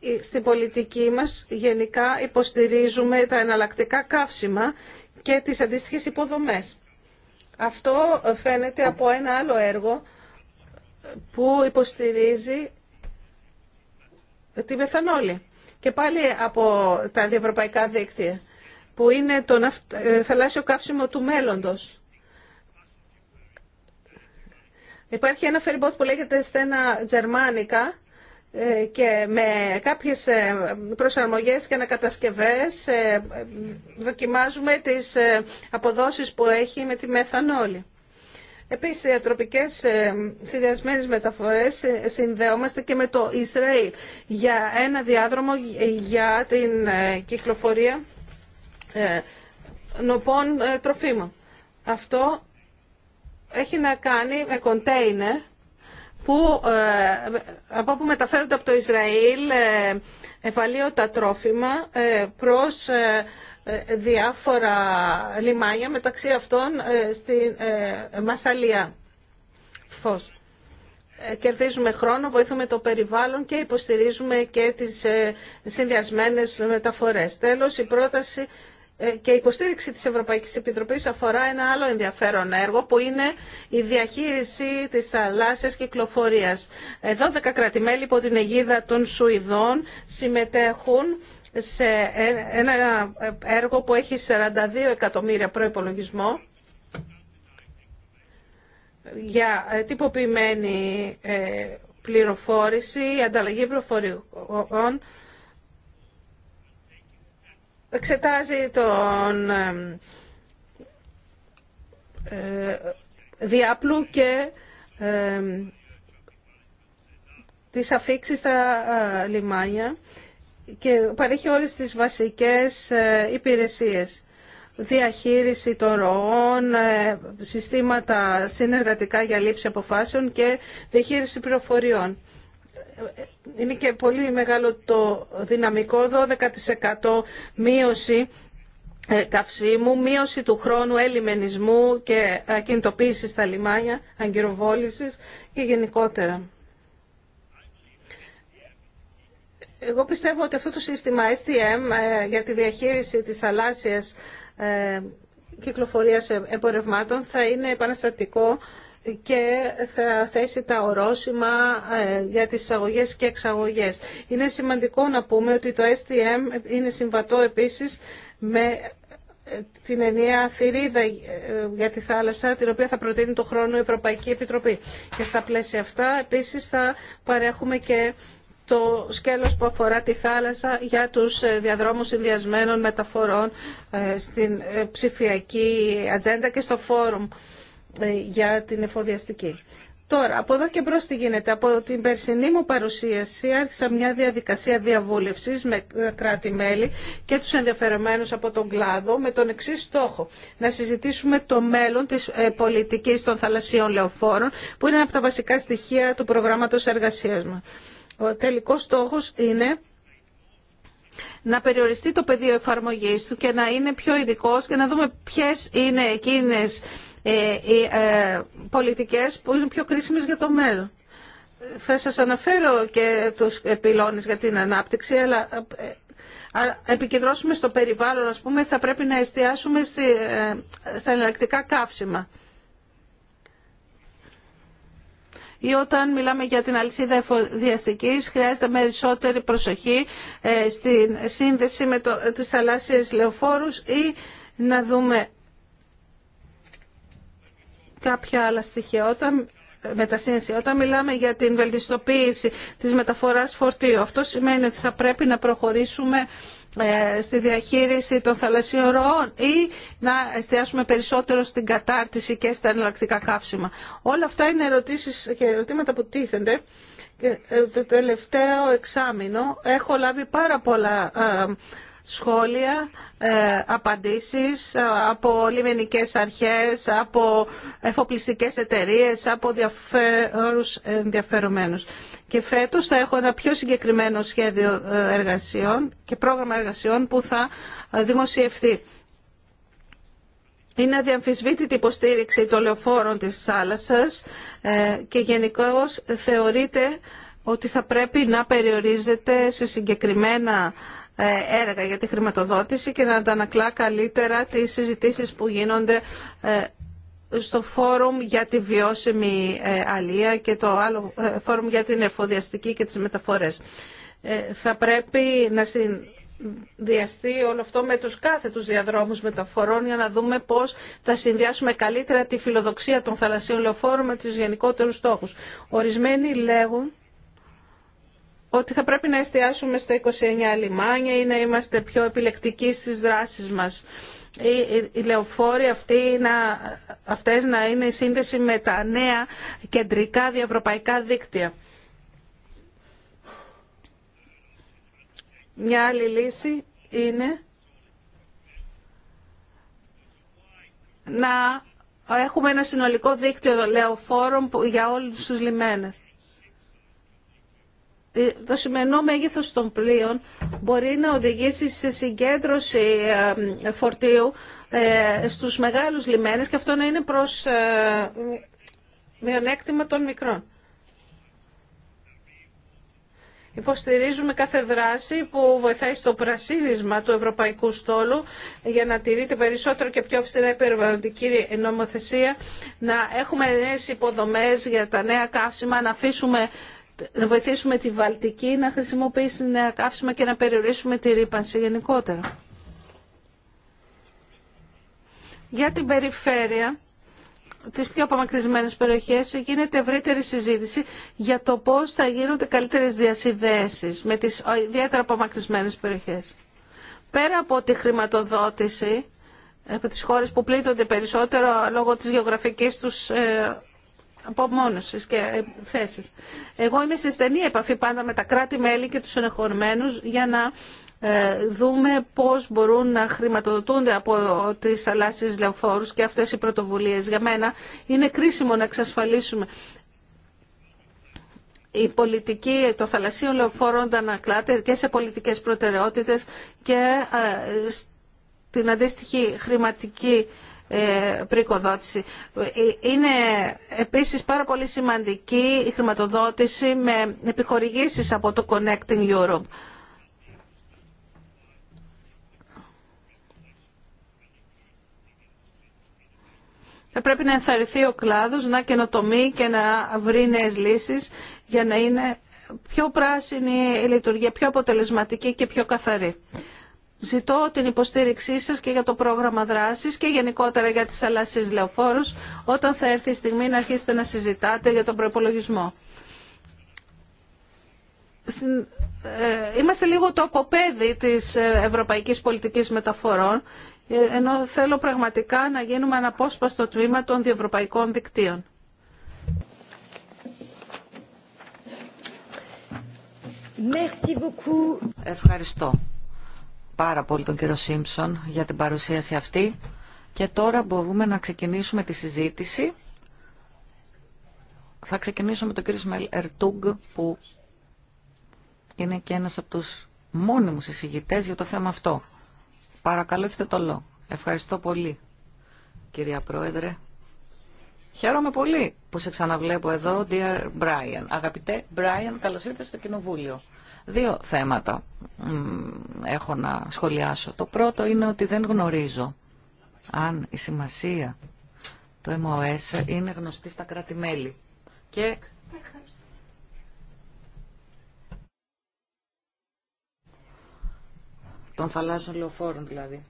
Ε, στην πολιτική μας γενικά υποστηρίζουμε τα εναλλακτικά καύσιμα και τις αντίστοιχες υποδομές. Αυτό φαίνεται από ένα άλλο έργο που υποστηρίζει τη μεθανόλη και πάλι από τα αντιευρωπαϊκά δίκτυα, που είναι το ε, θαλάσσιο καύσιμο του μέλλοντος. Υπάρχει ένα φεριμπότ που λέγεται στένα Τζερμάνικα και με κάποιες ε, προσαρμογές και ανακατασκευές ε, δοκιμάζουμε τις αποδόσεις που έχει με τη μεθανόλη. Επίσης, οι διατροπικές ε, συνδυασμένες μεταφορές ε, συνδέομαστε και με το Ισραήλ για ένα διάδρομο για την ε, κυκλοφορία νοπών τροφίμων. Αυτό έχει να κάνει με κοντέινερ που, από όπου μεταφέρονται από το Ισραήλ ευαλείωτα τρόφιμα προς ε, διάφορα λιμάνια, μεταξύ αυτών ε, στη ε, Μασαλία. Φως. Κερδίζουμε χρόνο, βοηθούμε το περιβάλλον και υποστηρίζουμε και τις συνδυασμένες μεταφορές. Τέλος, η πρόταση και η υποστήριξη της Ευρωπαϊκής Επιτροπής αφορά ένα άλλο ενδιαφέρον έργο που είναι η διαχείριση της θαλάσσιας κυκλοφορίας. 12 κρατημέλη υπό την αιγίδα των Σουηδών συμμετέχουν σε ένα έργο που έχει 42 εκατομμύρια προϋπολογισμό για ε, τυποποιημένη ε, πληροφόρηση, ανταλλαγή πληροφοριών, εξετάζει τον ε, διάπλου και τις αφήξεις στα λιμάνια και παρέχει όλες τις βασικές ε, υπηρεσίες. Διαχείριση των ροών, ε, συστήματα συνεργατικά για λήψη αποφάσεων και διαχείριση πληροφοριών. Είναι και πολύ μεγάλο το δυναμικό, 12% μείωση ε, καυσίμου, μείωση του χρόνου ελιμενισμού και κινητοποίηση στα λιμάνια, αγκυροβόλησης και γενικότερα. Εγώ πιστεύω ότι αυτό το σύστημα STM ε, για τη διαχείριση της θαλάσσιας ε, κυκλοφορίας ε, εμπορευμάτων θα είναι επαναστατικό και θα θέσει τα ορόσημα για τις εισαγωγές και εξαγωγές. Είναι σημαντικό να πούμε ότι το STM είναι συμβατό επίσης με την ενιαία θηρίδα για τη θάλασσα, την οποία θα προτείνει το χρόνο η Ευρωπαϊκή Επιτροπή. Και στα πλαίσια αυτά, επίσης, θα παρέχουμε και το σκέλος που αφορά τη θάλασσα για τους ε, διαδρόμους συνδυασμένων μεταφορών ε, στην ε, ψηφιακή ατζέντα και στο φόρουμ για την εφοδιαστική. Τώρα, από εδώ και μπρος τι γίνεται. Από την περσινή μου παρουσίαση άρχισα μια διαδικασία διαβούλευσης με κράτη-μέλη και τους ενδιαφερομένους από τον κλάδο με τον εξή στόχο. Να συζητήσουμε το μέλλον της πολιτικής των θαλασσίων λεωφόρων που είναι από τα βασικά στοιχεία του προγράμματος εργασίας μας. Ο τελικός στόχος είναι να περιοριστεί το πεδίο εφαρμογής του και να είναι πιο ειδικό και να δούμε ποιες είναι εκείνες ε, οι ε, πολιτικές που είναι πιο κρίσιμες για το μέλλον. Θα σας αναφέρω και τους πυλώνες για την ανάπτυξη, αλλά ε, επικεντρώσουμε στο περιβάλλον, ας πούμε, θα πρέπει να εστιάσουμε στη, στα εναλλακτικά καύσιμα. ή όταν μιλάμε για την αλυσίδα εφοδιαστικής χρειάζεται περισσότερη προσοχή ε, στην σύνδεση με το, τις θαλάσσιες λεωφόρους ή να δούμε κάποια άλλα στοιχεία. Όταν όταν μιλάμε για την βελτιστοποίηση της μεταφοράς φορτίου, αυτό σημαίνει ότι θα πρέπει να προχωρήσουμε ε, στη διαχείριση των θαλασσίων ροών ή να εστιάσουμε περισσότερο στην κατάρτιση και στα εναλλακτικά καύσιμα. Όλα αυτά είναι ερωτήσεις και ερωτήματα που τίθενται. Και ε, το τελευταίο εξάμεινο έχω λάβει πάρα πολλά ε, σχόλια, ε, απαντήσεις ε, από λιμενικές αρχές, από εφοπλιστικές εταιρείες, από διαφέρους ενδιαφερομένους. Και φέτος θα έχω ένα πιο συγκεκριμένο σχέδιο ε, εργασιών και πρόγραμμα εργασιών που θα δημοσιευθεί. Είναι αδιαμφισβήτητη υποστήριξη των λεωφόρων της θάλασσας και γενικώ θεωρείται ότι θα πρέπει να περιορίζεται σε συγκεκριμένα ε, έργα για τη χρηματοδότηση και να αντανακλά καλύτερα τις συζητήσεις που γίνονται ε, στο φόρουμ για τη βιώσιμη ε, αλία και το άλλο φόρουμ για την εφοδιαστική και τις μεταφορές. Θα πρέπει να συνδυαστεί όλο αυτό με τους κάθετους διαδρόμους μεταφορών για να δούμε πώς θα συνδυάσουμε καλύτερα τη φιλοδοξία των θαλασσίων λεωφόρων με τις γενικότερους στόχους. Ορισμένοι λέγουν ότι θα πρέπει να εστιάσουμε στα 29 λιμάνια ή να είμαστε πιο επιλεκτικοί στις δράσεις μας. Οι λεωφόροι αυτοί να, αυτές να είναι η σύνδεση με τα νέα κεντρικά διευρωπαϊκά δίκτυα. Μια άλλη λύση είναι να έχουμε ένα συνολικό δίκτυο λεωφόρων για όλους τους λιμένες. Ε, το σημερινό μέγεθος των πλοίων μπορεί να οδηγήσει σε συγκέντρωση ε, φορτίου ε, στους μεγάλους λιμένες και αυτό να είναι προς μειονέκτημα των μικρών. Υποστηρίζουμε κάθε δράση που βοηθάει στο πρασίνισμα του ευρωπαϊκού στόλου για να τηρείται περισσότερο και πιο αυστηρά η περιβαλλοντική νομοθεσία, να έχουμε νέες υποδομές για τα νέα καύσιμα, να αφήσουμε να βοηθήσουμε τη Βαλτική να χρησιμοποιήσει νέα καύσιμα και να περιορίσουμε τη ρήπανση γενικότερα. Για την περιφέρεια, τις πιο απομακρυσμένες περιοχές, γίνεται ευρύτερη συζήτηση για το πώς θα γίνονται καλύτερες διασυνδέσεις με τις ιδιαίτερα απομακρυσμένες περιοχές. Πέρα από τη χρηματοδότηση, ε, από τις χώρες που πλήττονται περισσότερο λόγω της γεωγραφικής τους ε, απομόνωσης και θέσεις. Εγώ είμαι σε στενή επαφή πάντα με τα κράτη-μέλη και τους ενεχορμένους για να ε, δούμε πώς μπορούν να χρηματοδοτούνται από τις θαλάσσιες λεωφόρους και αυτές οι πρωτοβουλίες. Για μένα είναι κρίσιμο να εξασφαλίσουμε η πολιτική των θαλασσίων λεωφόρων ανακλάται και σε πολιτικές προτεραιότητες και ε, την αντίστοιχη χρηματική ε, πρικοδότηση. Ε, είναι επίσης πάρα πολύ σημαντική η χρηματοδότηση με επιχορηγήσεις από το Connecting Europe. Θα πρέπει να ενθαρρυνθεί ο κλάδος, να καινοτομεί και να βρει νέες λύσεις για να είναι πιο πράσινη η λειτουργία, πιο αποτελεσματική και πιο καθαρή. Ζητώ την υποστήριξή σας και για το πρόγραμμα δράσης και γενικότερα για τις αλλασίες λεωφόρους όταν θα έρθει η στιγμή να αρχίσετε να συζητάτε για τον προπολογισμό. Ε, είμαστε λίγο το αποπέδι της ε, ευρωπαϊκής πολιτικής μεταφορών ε, ενώ θέλω πραγματικά να γίνουμε αναπόσπαστο τμήμα των διευρωπαϊκών δικτύων. Ευχαριστώ πάρα πολύ τον κύριο Σίμψον για την παρουσίαση αυτή και τώρα μπορούμε να ξεκινήσουμε τη συζήτηση. Θα ξεκινήσουμε με τον κύριο Σμελ Ερτούγκ που είναι και ένας από τους μόνιμους εισηγητές για το θέμα αυτό. Παρακαλώ έχετε το λόγο. Ευχαριστώ πολύ κυρία Πρόεδρε. Χαίρομαι πολύ που σε ξαναβλέπω εδώ, dear Brian. Αγαπητέ Brian, καλώς ήρθες στο Κοινοβούλιο. Δύο θέματα έχω να σχολιάσω. Το πρώτο είναι ότι δεν γνωρίζω αν η σημασία του MOS είναι γνωστή στα κράτη-μέλη. Και... Των θαλάσσιων λεωφόρων δηλαδή.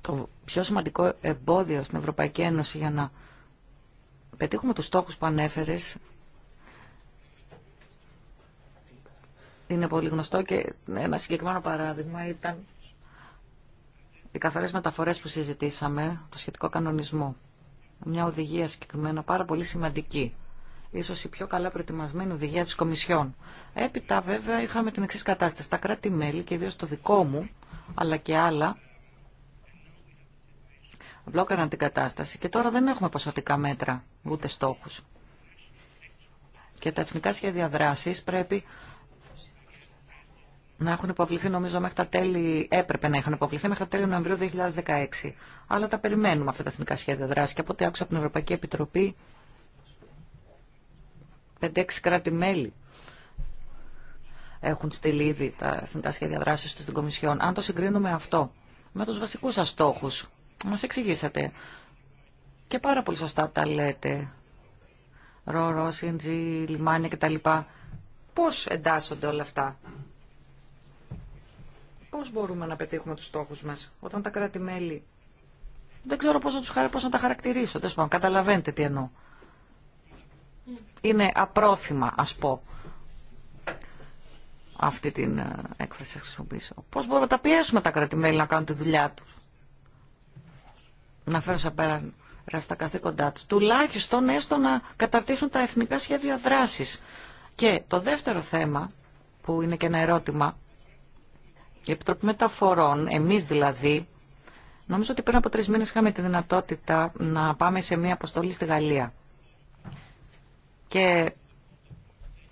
Το πιο σημαντικό εμπόδιο στην Ευρωπαϊκή Ένωση για να πετύχουμε τους στόχους που ανέφερες είναι πολύ γνωστό και ένα συγκεκριμένο παράδειγμα ήταν οι καθαρές μεταφορές που συζητήσαμε, το σχετικό κανονισμό. Μια οδηγία συγκεκριμένα πάρα πολύ σημαντική. Ίσως η πιο καλά προετοιμασμένη οδηγία της Κομισιόν. Έπειτα βέβαια είχαμε την εξή κατάσταση. Τα κράτη-μέλη και ιδίως το δικό μου, αλλά και άλλα, βλόκαναν την κατάσταση και τώρα δεν έχουμε ποσοτικά μέτρα, ούτε στόχους. Και τα εθνικά σχέδια δράσης πρέπει να έχουν υποβληθεί νομίζω μέχρι τα τέλη, έπρεπε να έχουν υποβληθεί μέχρι τα τέλη Νοεμβρίου 2016. Αλλά τα περιμένουμε αυτά τα εθνικά σχέδια δράση και από ό,τι άκουσα από την Ευρωπαϊκή Επιτροπή 5-6 κράτη-μέλη έχουν στείλει ήδη τα εθνικά σχέδια δράση του στην Κομισιόν. Αν το συγκρίνουμε αυτό με του βασικού σα στόχου. Μα εξηγήσατε και πάρα πολύ σωστά τα λέτε, ρο, ρο, CNG, λιμάνια κτλ. Πώς εντάσσονται όλα αυτά πώς μπορούμε να πετύχουμε τους στόχους μας όταν τα κράτη-μέλη... Δεν ξέρω πώς να, τους χαρα... να τα χαρακτηρίσω, δεν σπάω, καταλαβαίνετε τι εννοώ. Είναι απρόθυμα, ας πω, αυτή την ε, έκφραση να χρησιμοποιήσω. Πώς μπορούμε να τα πιέσουμε τα κράτη-μέλη να κάνουν τη δουλειά τους. Να φέρουν σε πέρα στα καθήκοντά τους. Τουλάχιστον έστω να καταρτήσουν τα εθνικά σχέδια δράσης. Και το δεύτερο θέμα, που είναι και ένα ερώτημα, η Επιτροπή Μεταφορών, εμείς δηλαδή, νομίζω ότι πριν από τρεις μήνες είχαμε τη δυνατότητα να πάμε σε μια αποστολή στη Γαλλία. Και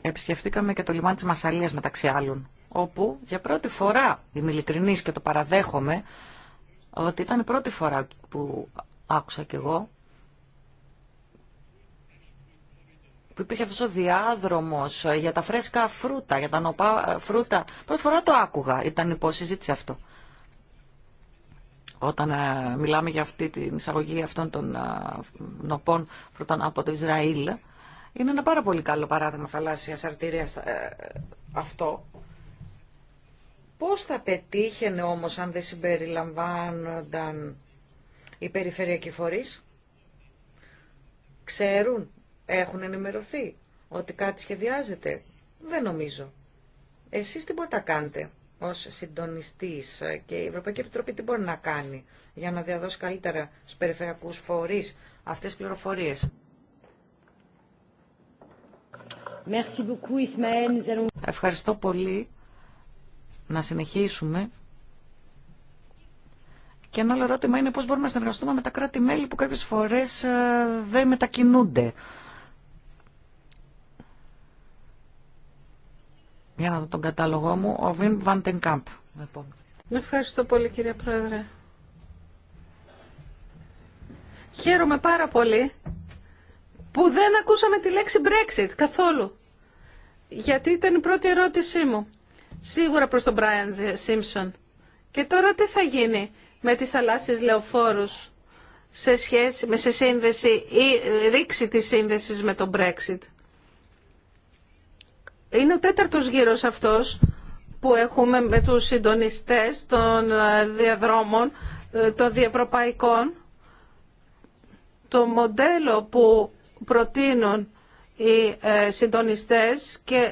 επισκεφτήκαμε και το λιμάνι της Μασαλίας μεταξύ άλλων, όπου για πρώτη φορά, είμαι ειλικρινής και το παραδέχομαι, ότι ήταν η πρώτη φορά που άκουσα κι εγώ, που υπήρχε αυτός ο διάδρομος ε, για τα φρέσκα φρούτα, για τα νοπά ε, φρούτα. Πρώτη φορά το άκουγα, ήταν συζήτηση αυτό. Όταν ε, μιλάμε για αυτή την εισαγωγή αυτών των νοπών φρούτων από το Ισραήλ, είναι ένα πάρα πολύ καλό παράδειγμα θαλάσσιας αρτηρίας αυτό. Πώς θα πετύχαινε όμως αν δεν συμπεριλαμβάνονταν οι περιφερειακοί φορείς. Ξέρουν έχουν ενημερωθεί ότι κάτι σχεδιάζεται. Δεν νομίζω. Εσείς τι μπορείτε να κάνετε ως συντονιστής και η Ευρωπαϊκή Επιτροπή τι μπορεί να κάνει για να διαδώσει καλύτερα στους περιφερειακούς φορείς αυτές τις πληροφορίες. Ευχαριστώ πολύ. Να συνεχίσουμε. Και ένα άλλο ερώτημα είναι πώς μπορούμε να συνεργαστούμε με τα κράτη-μέλη που κάποιες φορές ε, δεν μετακινούνται Για να δω τον κατάλογό μου. Ο Βιν Βαντενκάμπ. Ευχαριστώ πολύ κύριε Πρόεδρε. Χαίρομαι πάρα πολύ που δεν ακούσαμε τη λέξη Brexit καθόλου. Γιατί ήταν η πρώτη ερώτησή μου. Σίγουρα προς τον Brian Simpson. Και τώρα τι θα γίνει με τις θαλάσσιες λεωφόρους σε σχέση με σε σύνδεση ή ρήξη της σύνδεσης με τον Brexit. Είναι ο τέταρτος γύρος αυτός που έχουμε με τους συντονιστές των ε, διαδρόμων, ε, των διευρωπαϊκών. Το μοντέλο που προτείνουν οι ε, συντονιστές και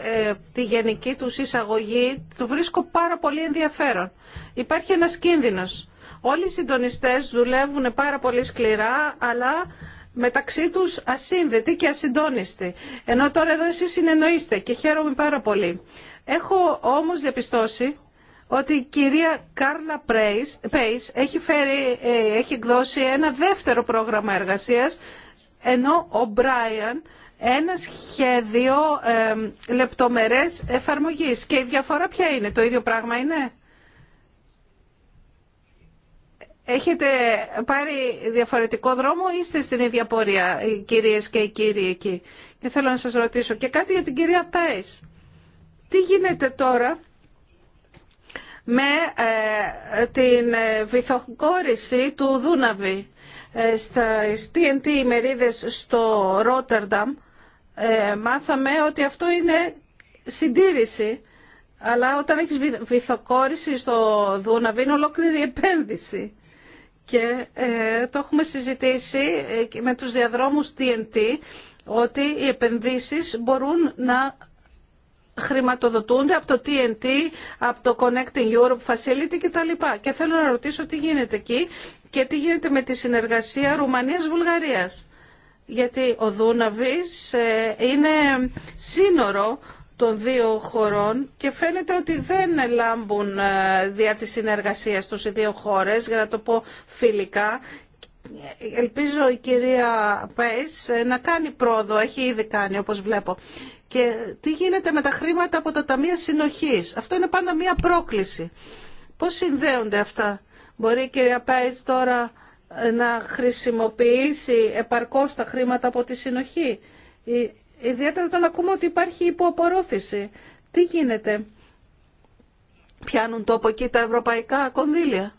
τη γενική τους εισαγωγή το βρίσκω πάρα πολύ ενδιαφέρον. Υπάρχει ένας κίνδυνος. Όλοι οι συντονιστές δουλεύουν πάρα πολύ σκληρά, αλλά μεταξύ τους ασύνδετη και ασυντόνιστοι, Ενώ τώρα εδώ εσείς συνεννοείστε και χαίρομαι πάρα πολύ. Έχω όμως διαπιστώσει ότι η κυρία Κάρλα Πέις έχει, ε, έχει εκδώσει ένα δεύτερο πρόγραμμα εργασίας, ενώ ο Μπράιαν ένα σχέδιο ε, λεπτομερές εφαρμογής. Και η διαφορά ποια είναι, το ίδιο πράγμα είναι. Έχετε πάρει διαφορετικό δρόμο ή είστε στην ίδια πορεία, οι κυρίες και οι κύριοι εκεί. Και θέλω να σας ρωτήσω και κάτι για την κυρία Πέις. Τι γίνεται τώρα με ε, την βυθοκόρηση του Δούναβη ε, στα TNT ημερίδες στο Ρότερνταμ. Ε, μάθαμε ότι αυτό είναι συντήρηση, αλλά όταν έχεις βυθοκόρηση στο Δούναβη είναι ολόκληρη επένδυση. Και ε, το έχουμε συζητήσει ε, με τους διαδρόμους TNT ότι οι επενδύσεις μπορούν να χρηματοδοτούνται από το TNT, από το Connecting Europe Facility κτλ. Και θέλω να ρωτήσω τι γίνεται εκεί και τι γίνεται με τη συνεργασία Ρουμανίας-Βουλγαρίας. Γιατί ο Δούναβης ε, είναι σύνορο των δύο χωρών και φαίνεται ότι δεν λάμπουν ε, δια της συνεργασίας τους οι δύο χώρες, για να το πω φιλικά. Ελπίζω η κυρία Πέις ε, να κάνει πρόοδο, έχει ήδη κάνει όπως βλέπω. Και τι γίνεται με τα χρήματα από τα Ταμεία Συνοχής. Αυτό είναι πάντα μία πρόκληση. Πώς συνδέονται αυτά. Μπορεί η κυρία Πέις τώρα ε, να χρησιμοποιήσει επαρκώς τα χρήματα από τη συνοχή. Ιδιαίτερα όταν ακούμε ότι υπάρχει υποαπορρόφηση. Τι γίνεται. Πιάνουν τόπο εκεί τα ευρωπαϊκά κονδύλια.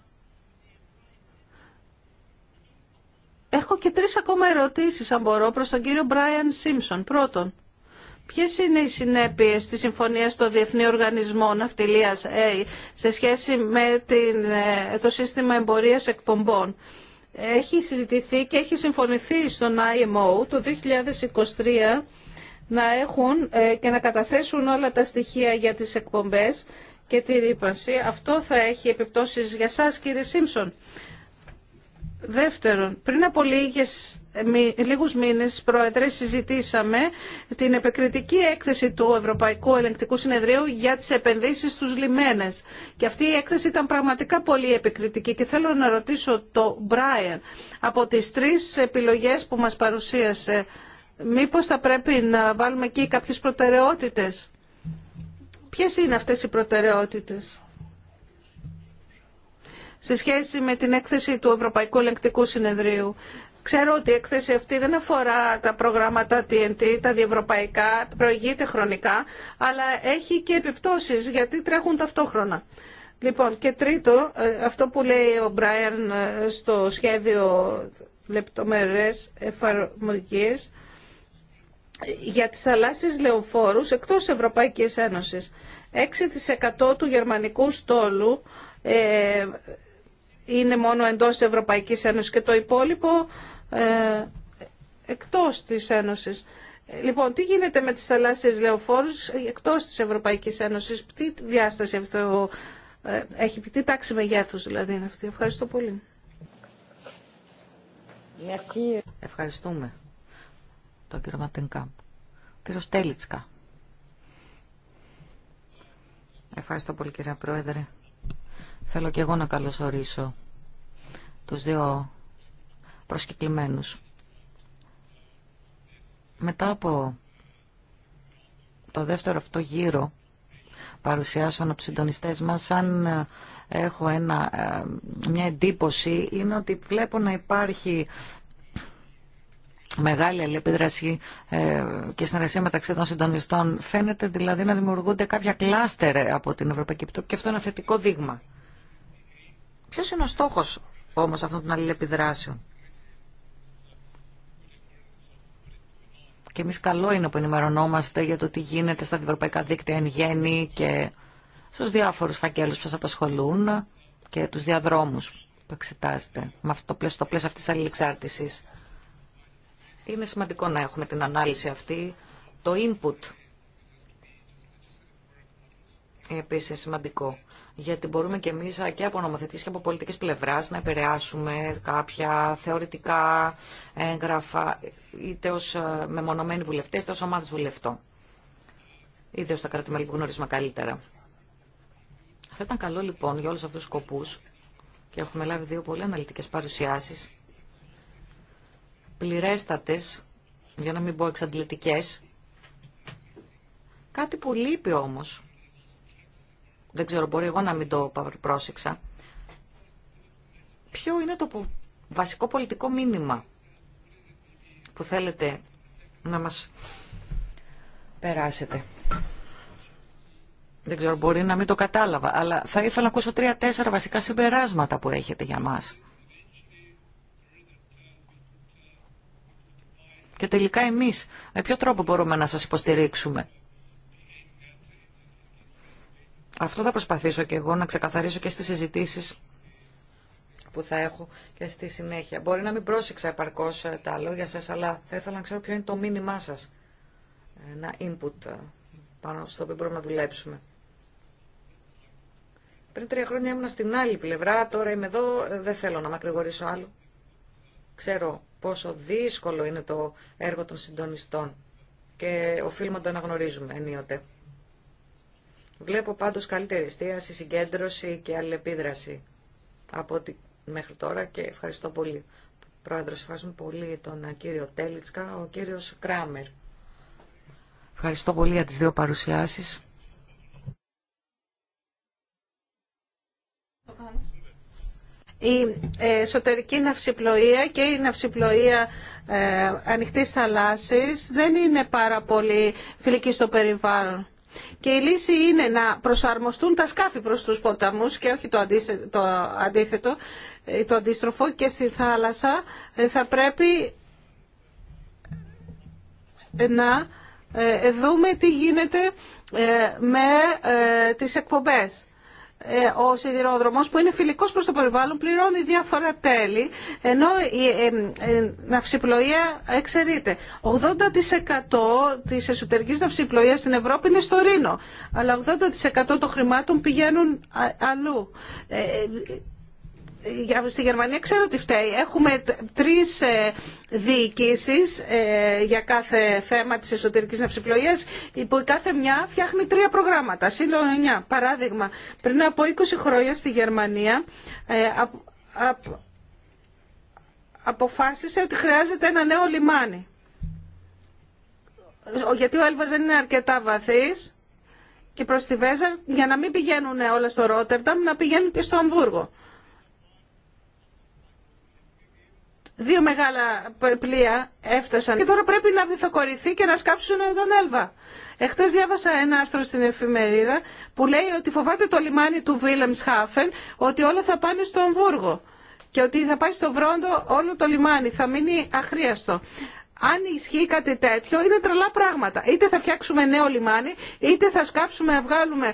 Έχω και τρεις ακόμα ερωτήσεις, αν μπορώ, προς τον κύριο Μπράιαν Σίμψον. Πρώτον, ποιες είναι οι συνέπειες της Συμφωνίας των Διεθνή Οργανισμών Ναυτιλίας σε σχέση με την, ε, το σύστημα εμπορίας εκπομπών. Έχει συζητηθεί και έχει συμφωνηθεί στον IMO το 2023 να έχουν ε, και να καταθέσουν όλα τα στοιχεία για τις εκπομπές και τη ρήπανση. Αυτό θα έχει επιπτώσεις για σας κύριε Σίμψον. Δεύτερον, πριν από λίγες, λίγους μήνες, Πρόεδρε, συζητήσαμε την επικριτική έκθεση του Ευρωπαϊκού Ελεγκτικού Συνεδρίου για τις επενδύσεις στους λιμένες. Και αυτή η έκθεση ήταν πραγματικά πολύ επικριτική και θέλω να ρωτήσω το Μπράιερ από τις τρεις επιλογές που μας παρουσίασε μήπως θα πρέπει να βάλουμε εκεί κάποιες προτεραιότητες. Ποιες είναι αυτές οι προτεραιότητες σε σχέση με την έκθεση του Ευρωπαϊκού Ελεγκτικού Συνεδρίου. Ξέρω ότι η έκθεση αυτή δεν αφορά τα προγράμματα TNT, τα διευρωπαϊκά, προηγείται χρονικά, αλλά έχει και επιπτώσεις γιατί τρέχουν ταυτόχρονα. Λοιπόν, και τρίτο, ε, αυτό που λέει ο Μπράιαν ε, στο σχέδιο λεπτομερές εφαρμογής, για τις θαλάσσιες λεωφόρους εκτός Ευρωπαϊκής Ένωσης. 6% του γερμανικού στόλου ε, είναι μόνο εντός Ευρωπαϊκής Ένωσης και το υπόλοιπο ε, εκτός της Ένωσης. Λοιπόν, τι γίνεται με τις θαλάσσιες λεωφόρους εκτός της Ευρωπαϊκής Ένωσης, τι διάσταση αυτό ε, έχει, τι τάξη μεγέθους δηλαδή είναι αυτή. Ευχαριστώ πολύ. Ευχαριστούμε τον κύριο Ματενκάμπ. Κύριο Στέλιτσκα. Ευχαριστώ πολύ κύριε Πρόεδρε. Θέλω και εγώ να καλωσορίσω τους δύο προσκεκλημένους. Μετά από το δεύτερο αυτό γύρο παρουσιάσεων από συντονιστές μας, αν ε, έχω ένα, ε, μια εντύπωση, είναι ότι βλέπω να υπάρχει μεγάλη αλληλεπίδραση ε, και συνεργασία μεταξύ των συντονιστών. Φαίνεται δηλαδή να δημιουργούνται κάποια κλάστερ από την Ευρωπαϊκή Επιτροπή και αυτό είναι ένα θετικό δείγμα. Ποιος είναι ο στόχος όμως αυτών των αλληλεπιδράσεων. Και εμείς καλό είναι που ενημερωνόμαστε για το τι γίνεται στα ευρωπαϊκά δίκτυα εν γέννη και στους διάφορους φακέλους που σας απασχολούν και τους διαδρόμους που εξετάζετε με αυτό το πλαίσιο, το πλαίσιο αυτής της αλληλεξάρτησης. Είναι σημαντικό να έχουμε την ανάλυση αυτή, το input επίσης σημαντικό. Γιατί μπορούμε και εμείς και από νομοθετής και από πολιτικής πλευράς να επηρεάσουμε κάποια θεωρητικά έγγραφα είτε ως ε, μεμονωμένοι βουλευτές είτε ως ομάδες βουλευτών. Είτε ω τα κράτη-μέλη που γνωρίζουμε καλύτερα. Θα ήταν καλό λοιπόν για όλους αυτούς τους σκοπούς και έχουμε λάβει δύο πολύ αναλυτικές παρουσιάσεις πληρέστατες, για να μην πω εξαντλητικές. Κάτι που λείπει όμως, δεν ξέρω μπορεί εγώ να μην το πρόσεξα, ποιο είναι το βασικό πολιτικό μήνυμα που θέλετε να μας περάσετε. Δεν ξέρω, μπορεί να μην το κατάλαβα, αλλά θα ήθελα να ακούσω τρία-τέσσερα βασικά συμπεράσματα που έχετε για μας. Και τελικά εμείς με ποιο τρόπο μπορούμε να σας υποστηρίξουμε. Αυτό θα προσπαθήσω και εγώ να ξεκαθαρίσω και στις συζητήσεις που θα έχω και στη συνέχεια. Μπορεί να μην πρόσεξα επαρκώς ε, τα λόγια σας, αλλά θα ήθελα να ξέρω ποιο είναι το μήνυμά σας. Ένα input ε, πάνω στο οποίο μπορούμε να δουλέψουμε. Πριν τρία χρόνια ήμουν στην άλλη πλευρά, τώρα είμαι εδώ, ε, δεν θέλω να μακρηγορήσω άλλο. Ξέρω πόσο δύσκολο είναι το έργο των συντονιστών και οφείλουμε να το αναγνωρίζουμε ενίοτε. Βλέπω πάντως καλύτερη εστίαση, συγκέντρωση και αλληλεπίδραση από ό,τι μέχρι τώρα και ευχαριστώ πολύ. Πρόεδρος, ευχαριστούμε πολύ τον κύριο Τέλιτσκα, ο κύριος Κράμερ. Ευχαριστώ πολύ για τις δύο παρουσιάσεις η ε, εσωτερική ναυσιπλοεία και η ναυσιπλοεία ε, ανοιχτής θαλάσσης δεν είναι πάρα πολύ φιλική στο περιβάλλον. Και η λύση είναι να προσαρμοστούν τα σκάφη προς τους ποταμούς και όχι το αντίθετο, το, αντίθετο, ε, το αντίστροφο και στη θάλασσα θα πρέπει να δούμε τι γίνεται με τις εκπομπές. Ε, ο σιδηροδρομός που είναι φιλικός προς το περιβάλλον πληρώνει διάφορα τέλη ενώ η ε, ε, ναυσιπλοεία εξαιρείται. 80% της εσωτερικής ναυσιπλοείας στην Ευρώπη είναι στο Ρήνο αλλά 80% των χρημάτων πηγαίνουν αλλού στη Γερμανία ξέρω τι φταίει. Έχουμε τρεις ε, διοικήσεις ε, για κάθε θέμα της εσωτερικής ναυσιπλοείας που κάθε μια φτιάχνει τρία προγράμματα. Σύλλογο 9. Παράδειγμα, πριν από 20 χρόνια στη Γερμανία ε, αποφάσισε ότι χρειάζεται ένα νέο λιμάνι. Γιατί ο Έλβας δεν είναι αρκετά βαθύς και προς τη Βέζα για να μην πηγαίνουν όλα στο Ρότερνταμ να πηγαίνουν και στο Αμβούργο. Δύο μεγάλα πλοία έφτασαν και τώρα πρέπει να βυθοκορηθεί και να σκάψουν τον Έλβα. Εχθές διάβασα ένα άρθρο στην εφημερίδα που λέει ότι φοβάται το λιμάνι του Βίλεμς Χάφεν ότι όλα θα πάνε στο Αμβούργο και ότι θα πάει στο Βρόντο όλο το λιμάνι, θα μείνει αχρίαστο. Αν ισχύει κάτι τέτοιο, είναι τρελά πράγματα. Είτε θα φτιάξουμε νέο λιμάνι, είτε θα σκάψουμε να βγάλουμε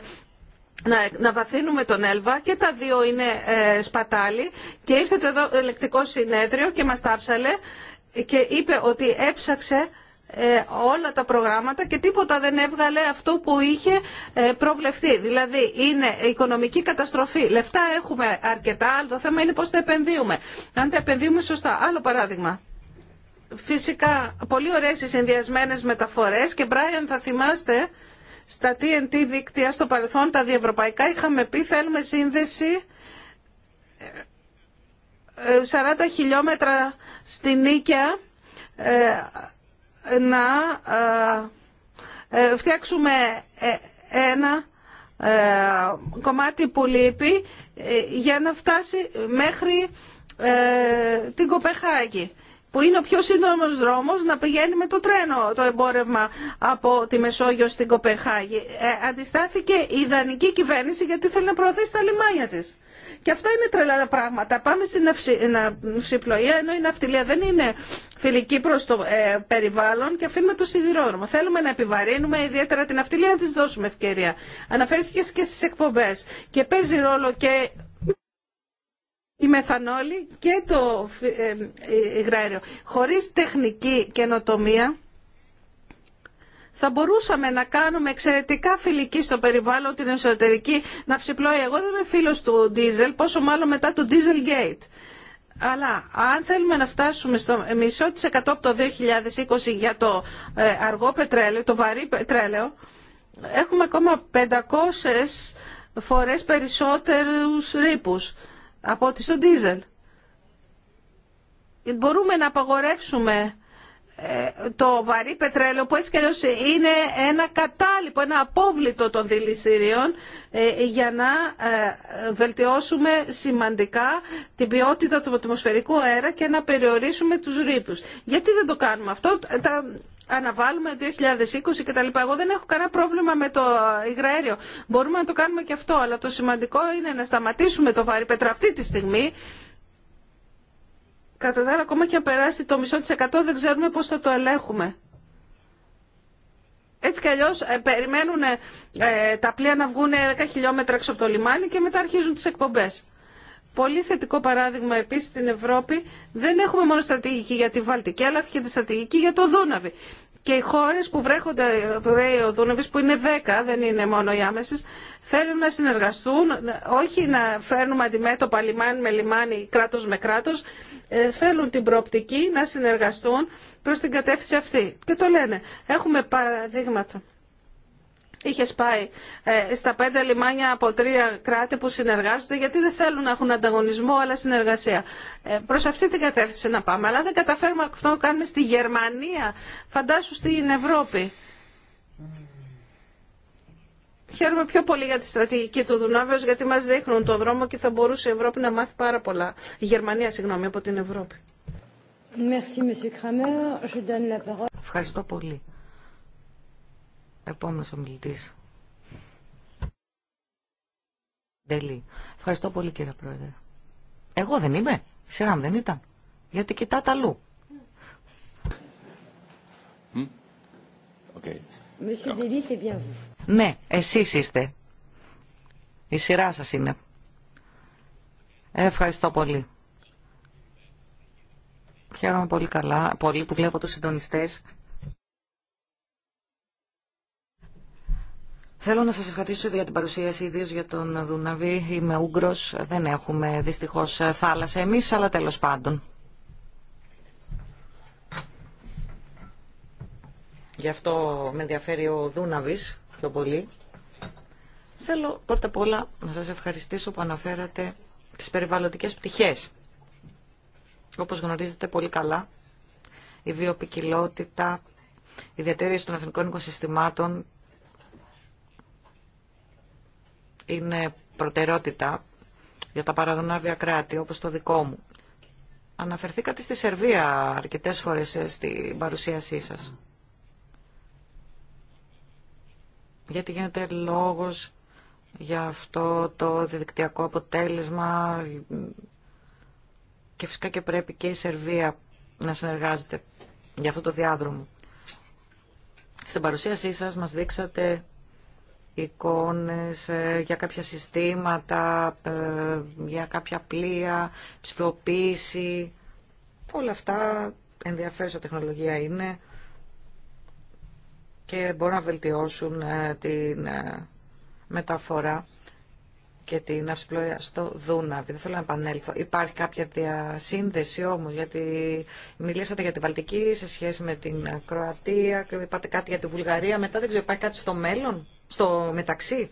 να βαθύνουμε τον Έλβα και τα δύο είναι ε, σπατάλι και ήρθε το εδώ ελεκτικό συνέδριο και μας τάψαλε και είπε ότι έψαξε ε, όλα τα προγράμματα και τίποτα δεν έβγαλε αυτό που είχε ε, προβλεφθεί. Δηλαδή είναι οικονομική καταστροφή. Λεφτά έχουμε αρκετά, αλλά το θέμα είναι πώς τα επενδύουμε. Αν τα επενδύουμε σωστά. Άλλο παράδειγμα. Φυσικά, πολύ ωραίες οι συνδυασμένες μεταφορές και Brian θα θυμάστε στα TNT δίκτυα στο παρελθόν τα διευρωπαϊκά είχαμε πει θέλουμε σύνδεση 40 ε, ε, χιλιόμετρα στη Νίκαια ε, να φτιάξουμε ένα κομμάτι που λείπει για να φτάσει μέχρι την Κοπεχάγη που είναι ο πιο σύντομος δρόμος να πηγαίνει με το τρένο το εμπόρευμα από τη Μεσόγειο στην Κοπεχάγη. Ε, αντιστάθηκε η ιδανική κυβέρνηση γιατί θέλει να προωθήσει τα λιμάνια της. Και αυτά είναι τρελά τα πράγματα. Πάμε στην αυσιπλοεία, ενώ η ναυτιλία δεν είναι φιλική προ το ε, περιβάλλον και αφήνουμε το σιδηρόδρομο. Θέλουμε να επιβαρύνουμε ιδιαίτερα την ναυτιλία, να τη δώσουμε ευκαιρία. Αναφέρθηκε και στι εκπομπέ. Και παίζει ρόλο και η μεθανόλη και το ε, ε, υγραέριο. Χωρίς τεχνική καινοτομία θα μπορούσαμε να κάνουμε εξαιρετικά φιλική στο περιβάλλον την εσωτερική να ψηπλώει. Εγώ δεν είμαι φίλος του Diesel, πόσο μάλλον μετά το Gate. Αλλά αν θέλουμε να φτάσουμε στο μισό της εκατό από το 2020 για το ε, αργό πετρέλαιο, το βαρύ πετρέλαιο, έχουμε ακόμα 500 φορές περισσότερους ρήπους από ότι στο ντίζελ. Μπορούμε να απαγορεύσουμε ε, το βαρύ πετρέλαιο που έτσι είναι ένα κατάλοιπο, ένα απόβλητο των δηληστηρίων ε, για να ε, βελτιώσουμε σημαντικά την ποιότητα του ατμοσφαιρικού αέρα και να περιορίσουμε τους ρήπους. Γιατί δεν το κάνουμε αυτό, αναβάλουμε 2020 κτλ. Εγώ δεν έχω κανένα πρόβλημα με το υγραέριο. Μπορούμε να το κάνουμε και αυτό, αλλά το σημαντικό είναι να σταματήσουμε το βάρη πέτρα αυτή τη στιγμή. Κατά τα άλλα, ακόμα και αν περάσει το μισό της εκατό, δεν ξέρουμε πώς θα το ελέγχουμε. Έτσι κι αλλιώς ε, περιμένουν ε, τα πλοία να βγουν 10 χιλιόμετρα έξω από το λιμάνι και μετά αρχίζουν τις εκπομπές. Πολύ θετικό παράδειγμα επίση στην Ευρώπη δεν έχουμε μόνο στρατηγική για τη Βαλτική αλλά και τη στρατηγική για το Δούναβι. Και οι χώρες που βρέχονται ο δούναβη, που είναι 10 δεν είναι μόνο οι άμεσε, θέλουν να συνεργαστούν, όχι να φέρνουμε αντιμέτωπα λιμάνι με λιμάνι, κράτος με κράτος ε, θέλουν την προοπτική να συνεργαστούν προ την κατεύθυνση αυτή. Και το λένε. Έχουμε παραδείγματα Είχε πάει ε, στα πέντε λιμάνια από τρία κράτη που συνεργάζονται γιατί δεν θέλουν να έχουν ανταγωνισμό αλλά συνεργασία. Ε, προς αυτή την κατεύθυνση να πάμε. Αλλά δεν καταφέρουμε αυτό να κάνουμε στη Γερμανία. Φαντάσου στην Ευρώπη. Χαίρομαι πιο πολύ για τη στρατηγική του Δουνάβιος γιατί μας δείχνουν το δρόμο και θα μπορούσε η Ευρώπη να μάθει πάρα πολλά. Η Γερμανία, συγγνώμη, από την Ευρώπη. Ευχαριστώ πολύ. Επόμενο ομιλητής. Τέλει. Ευχαριστώ πολύ κύριε Πρόεδρε. Εγώ δεν είμαι. Σειρά μου δεν ήταν. Γιατί κοιτάτε αλλού. ναι, εσείς είστε. Η σειρά σας είναι. Ευχαριστώ πολύ. Χαίρομαι πολύ καλά, πολύ που βλέπω τους συντονιστές Θέλω να σας ευχαριστήσω για την παρουσίαση, ιδίω για τον Δουναβή. Είμαι Ούγκρος, δεν έχουμε δυστυχώς θάλασσα εμείς, αλλά τέλος πάντων. Γι' αυτό με ενδιαφέρει ο Δούναβης πιο πολύ. Θέλω πρώτα απ' όλα να σας ευχαριστήσω που αναφέρατε τις περιβαλλοντικές πτυχές. Όπως γνωρίζετε πολύ καλά, η βιοπικιλότητα, η διατήρηση των εθνικών οικοσυστημάτων είναι προτεραιότητα για τα παραδονάβια κράτη, όπως το δικό μου. Αναφερθήκατε στη Σερβία αρκετές φορές ε, στην παρουσίασή σας. Γιατί γίνεται λόγος για αυτό το διδικτυακό αποτέλεσμα και φυσικά και πρέπει και η Σερβία να συνεργάζεται για αυτό το διάδρομο. Στην παρουσίασή σας μας δείξατε εικόνες ε, για κάποια συστήματα, ε, για κάποια πλοία, ψηφιοποίηση. Όλα αυτά ενδιαφέρουσα τεχνολογία είναι και μπορούν να βελτιώσουν ε, την μεταφορά και την αυσπλοεία στο Δούναβι. Δεν θέλω να επανέλθω. Υπάρχει κάποια διασύνδεση όμως, γιατί μιλήσατε για τη Βαλτική σε σχέση με την Κροατία και είπατε κάτι για τη Βουλγαρία. Μετά δεν ξέρω, υπάρχει κάτι στο μέλλον στο μεταξύ.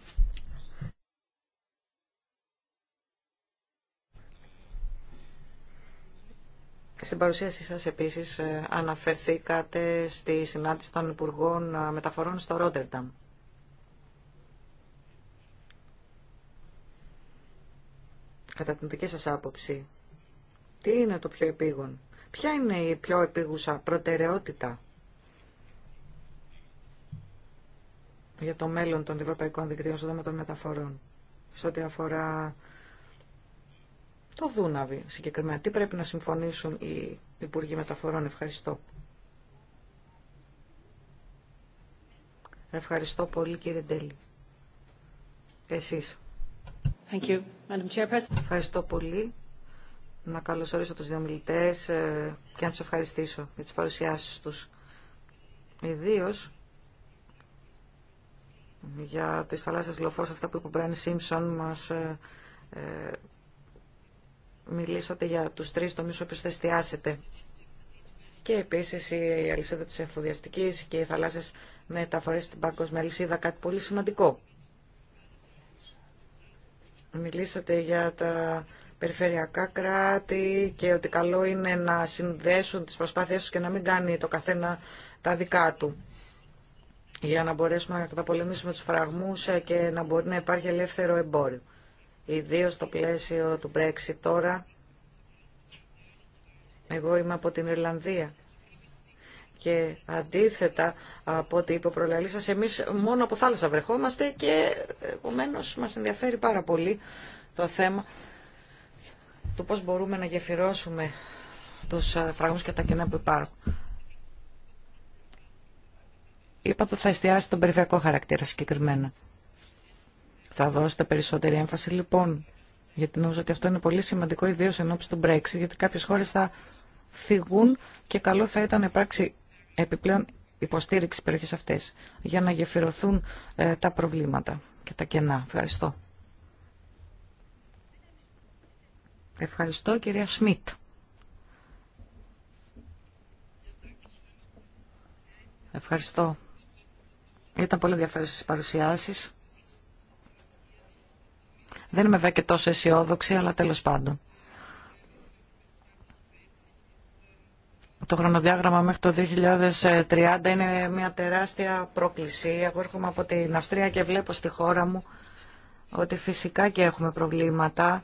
Στην παρουσίασή σας επίσης ε, αναφερθήκατε στη συνάντηση των Υπουργών ε, Μεταφορών στο Ρότερνταμ. Κατά την δική σας άποψη, τι είναι το πιο επίγον, ποια είναι η πιο επίγουσα προτεραιότητα για το μέλλον των ευρωπαϊκών δικτύων στον των μεταφορών. Σε ό,τι αφορά το Δούναβι συγκεκριμένα. Τι πρέπει να συμφωνήσουν οι Υπουργοί Μεταφορών. Ευχαριστώ. Ευχαριστώ πολύ κύριε Ντέλη. Εσείς. Thank you, Madam Ευχαριστώ πολύ. Να καλωσορίσω τους διαμιλητές ε, και να τους ευχαριστήσω για τις παρουσιάσεις τους. Ιδίως για τις θαλάσσιες λοφός αυτά που είπε ο Μπράνι Σίμψον, μας ε, ε, μιλήσατε για τους τρεις τομείς οποίους θα εστιάσετε. Και επίσης η αλυσίδα της εφοδιαστικής και οι θαλάσσιες μεταφορές στην παγκόσμια αλυσίδα, κάτι πολύ σημαντικό. Μιλήσατε για τα περιφερειακά κράτη και ότι καλό είναι να συνδέσουν τις προσπάθειές τους και να μην κάνει το καθένα τα δικά του για να μπορέσουμε να καταπολεμήσουμε τους φραγμούς ε, και να μπορεί να υπάρχει ελεύθερο εμπόριο. Ιδίως στο πλαίσιο του Brexit τώρα, εγώ είμαι από την Ιρλανδία και αντίθετα από ό,τι είπε ο προλαλής σας, εμείς μόνο από θάλασσα βρεχόμαστε και επομένω μας ενδιαφέρει πάρα πολύ το θέμα του πώς μπορούμε να γεφυρώσουμε τους ε, φραγμούς και τα κενά που υπάρχουν είπατε θα εστιάσει τον περιφερειακό χαρακτήρα συγκεκριμένα. Θα δώσετε περισσότερη έμφαση λοιπόν, γιατί νομίζω ότι αυτό είναι πολύ σημαντικό, ιδίω εν ώψη του Brexit, γιατί κάποιε χώρε θα θυγούν και καλό θα ήταν να υπάρξει επιπλέον υποστήριξη περιοχή αυτές για να γεφυρωθούν ε, τα προβλήματα και τα κενά. Ευχαριστώ. Ευχαριστώ κυρία Σμιτ. Ευχαριστώ. Ήταν πολύ ενδιαφέρουσε τι παρουσιάσεις. Δεν είμαι βέβαια και τόσο αισιόδοξη, αλλά τέλος πάντων. Το χρονοδιάγραμμα μέχρι το 2030 είναι μια τεράστια πρόκληση. Εγώ έρχομαι από την Αυστρία και βλέπω στη χώρα μου ότι φυσικά και έχουμε προβλήματα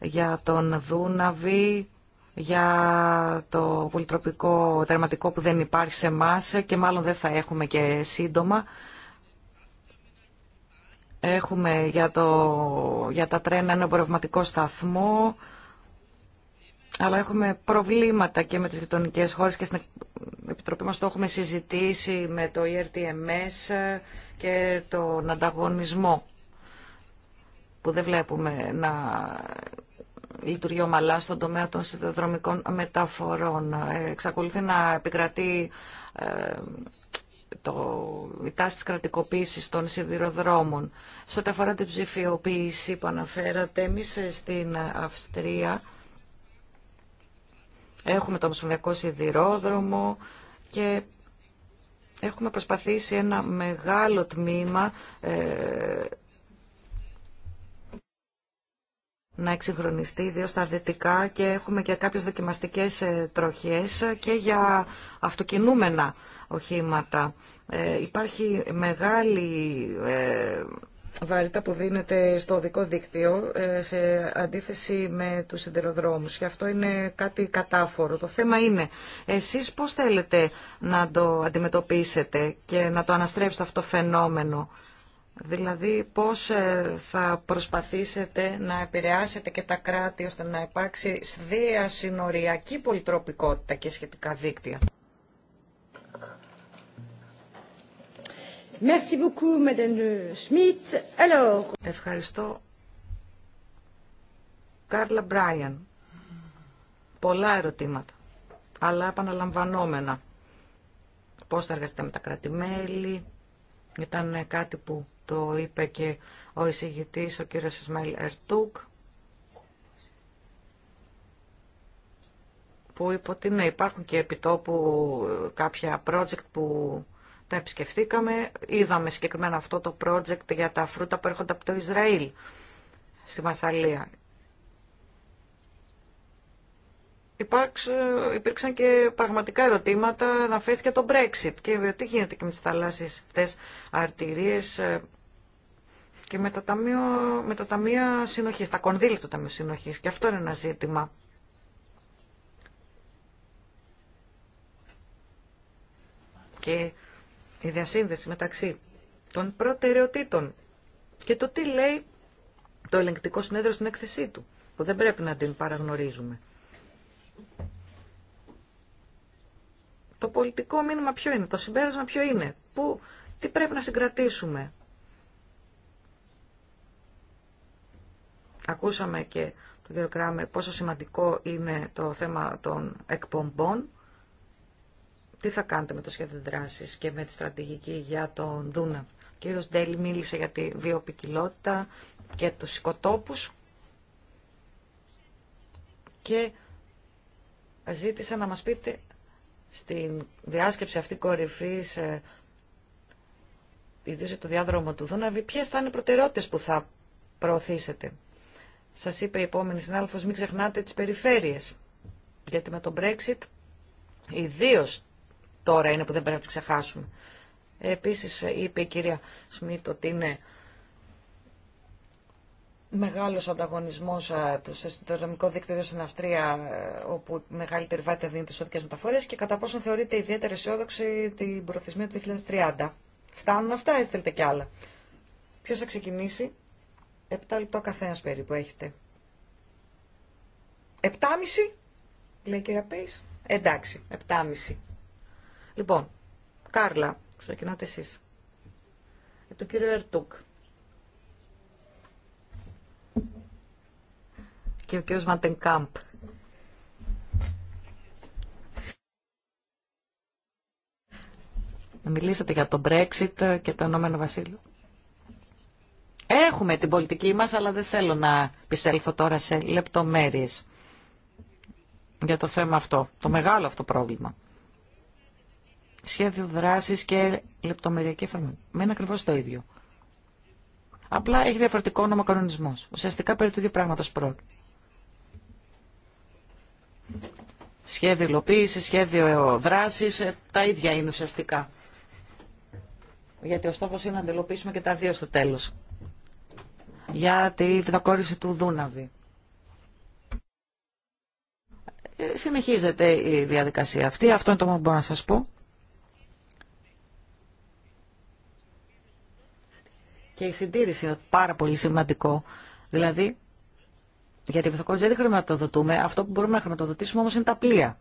για τον Δούναβη, για το πολυτροπικό τερματικό που δεν υπάρχει σε εμά και μάλλον δεν θα έχουμε και σύντομα. Έχουμε για, το, για τα τρένα ένα εμπορευματικό σταθμό, αλλά έχουμε προβλήματα και με τις γειτονικέ χώρες και στην Επιτροπή μας το έχουμε συζητήσει με το ERTMS και τον ανταγωνισμό που δεν βλέπουμε να λειτουργεί ομαλά στον τομέα των σιδηροδρομικών μεταφορών. Ε, εξακολουθεί να επικρατεί ε, το, η τάση της κρατικοποίησης των σιδηροδρόμων. Σε ό,τι αφορά την ψηφιοποίηση που αναφέρατε, Εμεί ε, στην Αυστρία έχουμε το Ομοσπονδιακό Σιδηρόδρομο και έχουμε προσπαθήσει ένα μεγάλο τμήμα να εξυγχρονιστεί, ιδίω στα δυτικά και έχουμε και κάποιες δοκιμαστικές ε, τροχίες και για αυτοκινούμενα οχήματα. Ε, υπάρχει μεγάλη ε, που δίνεται στο οδικό δίκτυο ε, σε αντίθεση με τους σιδηροδρόμους και αυτό είναι κάτι κατάφορο. Το θέμα είναι εσείς πώς θέλετε να το αντιμετωπίσετε και να το αναστρέψετε αυτό το φαινόμενο. Δηλαδή πώς ε, θα προσπαθήσετε να επηρεάσετε και τα κράτη ώστε να υπάρξει διασυνοριακή πολυτροπικότητα και σχετικά δίκτυα. Merci beaucoup, Madame Schmidt. Alors... Ευχαριστώ. Κάρλα Μπράιαν. Πολλά ερωτήματα, αλλά επαναλαμβανόμενα. Πώς θα εργαστείτε με τα κράτη-μέλη. Ήταν κάτι που το είπε και ο εισηγητής, ο κύριος Ισμαήλ Ερτούκ, που είπε ότι ναι, υπάρχουν και επιτόπου κάποια project που τα επισκεφθήκαμε. Είδαμε συγκεκριμένα αυτό το project για τα φρούτα που έρχονται από το Ισραήλ στη Μασαλία. υπήρξαν και πραγματικά ερωτήματα, να φέρθηκε το Brexit και τι γίνεται και με τις θαλάσσιες αυτές αρτηρίες ε, και με τα, ταμείο, με τα ταμεία συνοχής, τα κονδύλια του ταμείου συνοχής. Και αυτό είναι ένα ζήτημα. Και η διασύνδεση μεταξύ των προτεραιοτήτων και το τι λέει το ελεγκτικό συνέδριο στην έκθεσή του, που δεν πρέπει να την παραγνωρίζουμε. Το πολιτικό μήνυμα ποιο είναι, το συμπέρασμα ποιο είναι, που, τι πρέπει να συγκρατήσουμε. Ακούσαμε και τον κύριο Κράμερ πόσο σημαντικό είναι το θέμα των εκπομπών. Τι θα κάνετε με το σχέδιο δράση και με τη στρατηγική για τον Δούνα. Ο κύριος Ντέλη μίλησε για τη βιοπικιλότητα και τους οικοτόπους και ζήτησα να μας πείτε στην διάσκεψη αυτή κορυφής ε, ιδίως το διάδρομο του Δούναβη, ποιες θα είναι οι προτεραιότητες που θα προωθήσετε. Σας είπε η επόμενη συνάδελφος, μην ξεχνάτε τις περιφέρειες. Γιατί με τον Brexit, ιδίω τώρα είναι που δεν πρέπει να τις ξεχάσουμε. Επίσης είπε η κυρία Σμίτ ότι είναι μεγάλος ανταγωνισμός ε, του συνδρομικό δίκτυο στην Αυστρία, ε, όπου μεγαλύτερη βάρτια δίνεται τις οδικές μεταφορές και κατά πόσο θεωρείται ιδιαίτερα αισιόδοξη την προθεσμία του 2030. Φτάνουν αυτά ή θέλετε κι άλλα. Ποιος θα ξεκινήσει, Επτά λεπτό καθένας περίπου έχετε. Επτάμιση, λέει η κυρία Πέις. Εντάξει, επτάμιση. Λοιπόν, Κάρλα, ξεκινάτε εσεί. Ε, το κύριο Ερτούκ. Και ο κύριο Βαντενκάμπ. Μιλήσατε για το Brexit και το Ενώμενο Βασίλειο. Έχουμε την πολιτική μας, αλλά δεν θέλω να επισέλθω τώρα σε λεπτομέρειες για το θέμα αυτό, το μεγάλο αυτό πρόβλημα. Σχέδιο δράσης και λεπτομεριακή εφαρμογή. είναι ακριβώ το ίδιο. Απλά έχει διαφορετικό όνομα Ουσιαστικά περί του ίδιου πράγματο πρόκειται. Σχέδιο υλοποίηση, σχέδιο δράση, ε, τα ίδια είναι ουσιαστικά. Γιατί ο στόχο είναι να αντιλοποιήσουμε και τα δύο στο τέλο για τη βιδοκόρηση του Δούναβη. Ε, συνεχίζεται η διαδικασία αυτή. Αυτό είναι το μόνο που μπορώ να σας πω. Και η συντήρηση είναι πάρα πολύ σημαντικό. Δηλαδή, γιατί τη βυθοκόρηση δεν χρηματοδοτούμε. Αυτό που μπορούμε να χρηματοδοτήσουμε όμως είναι τα πλοία.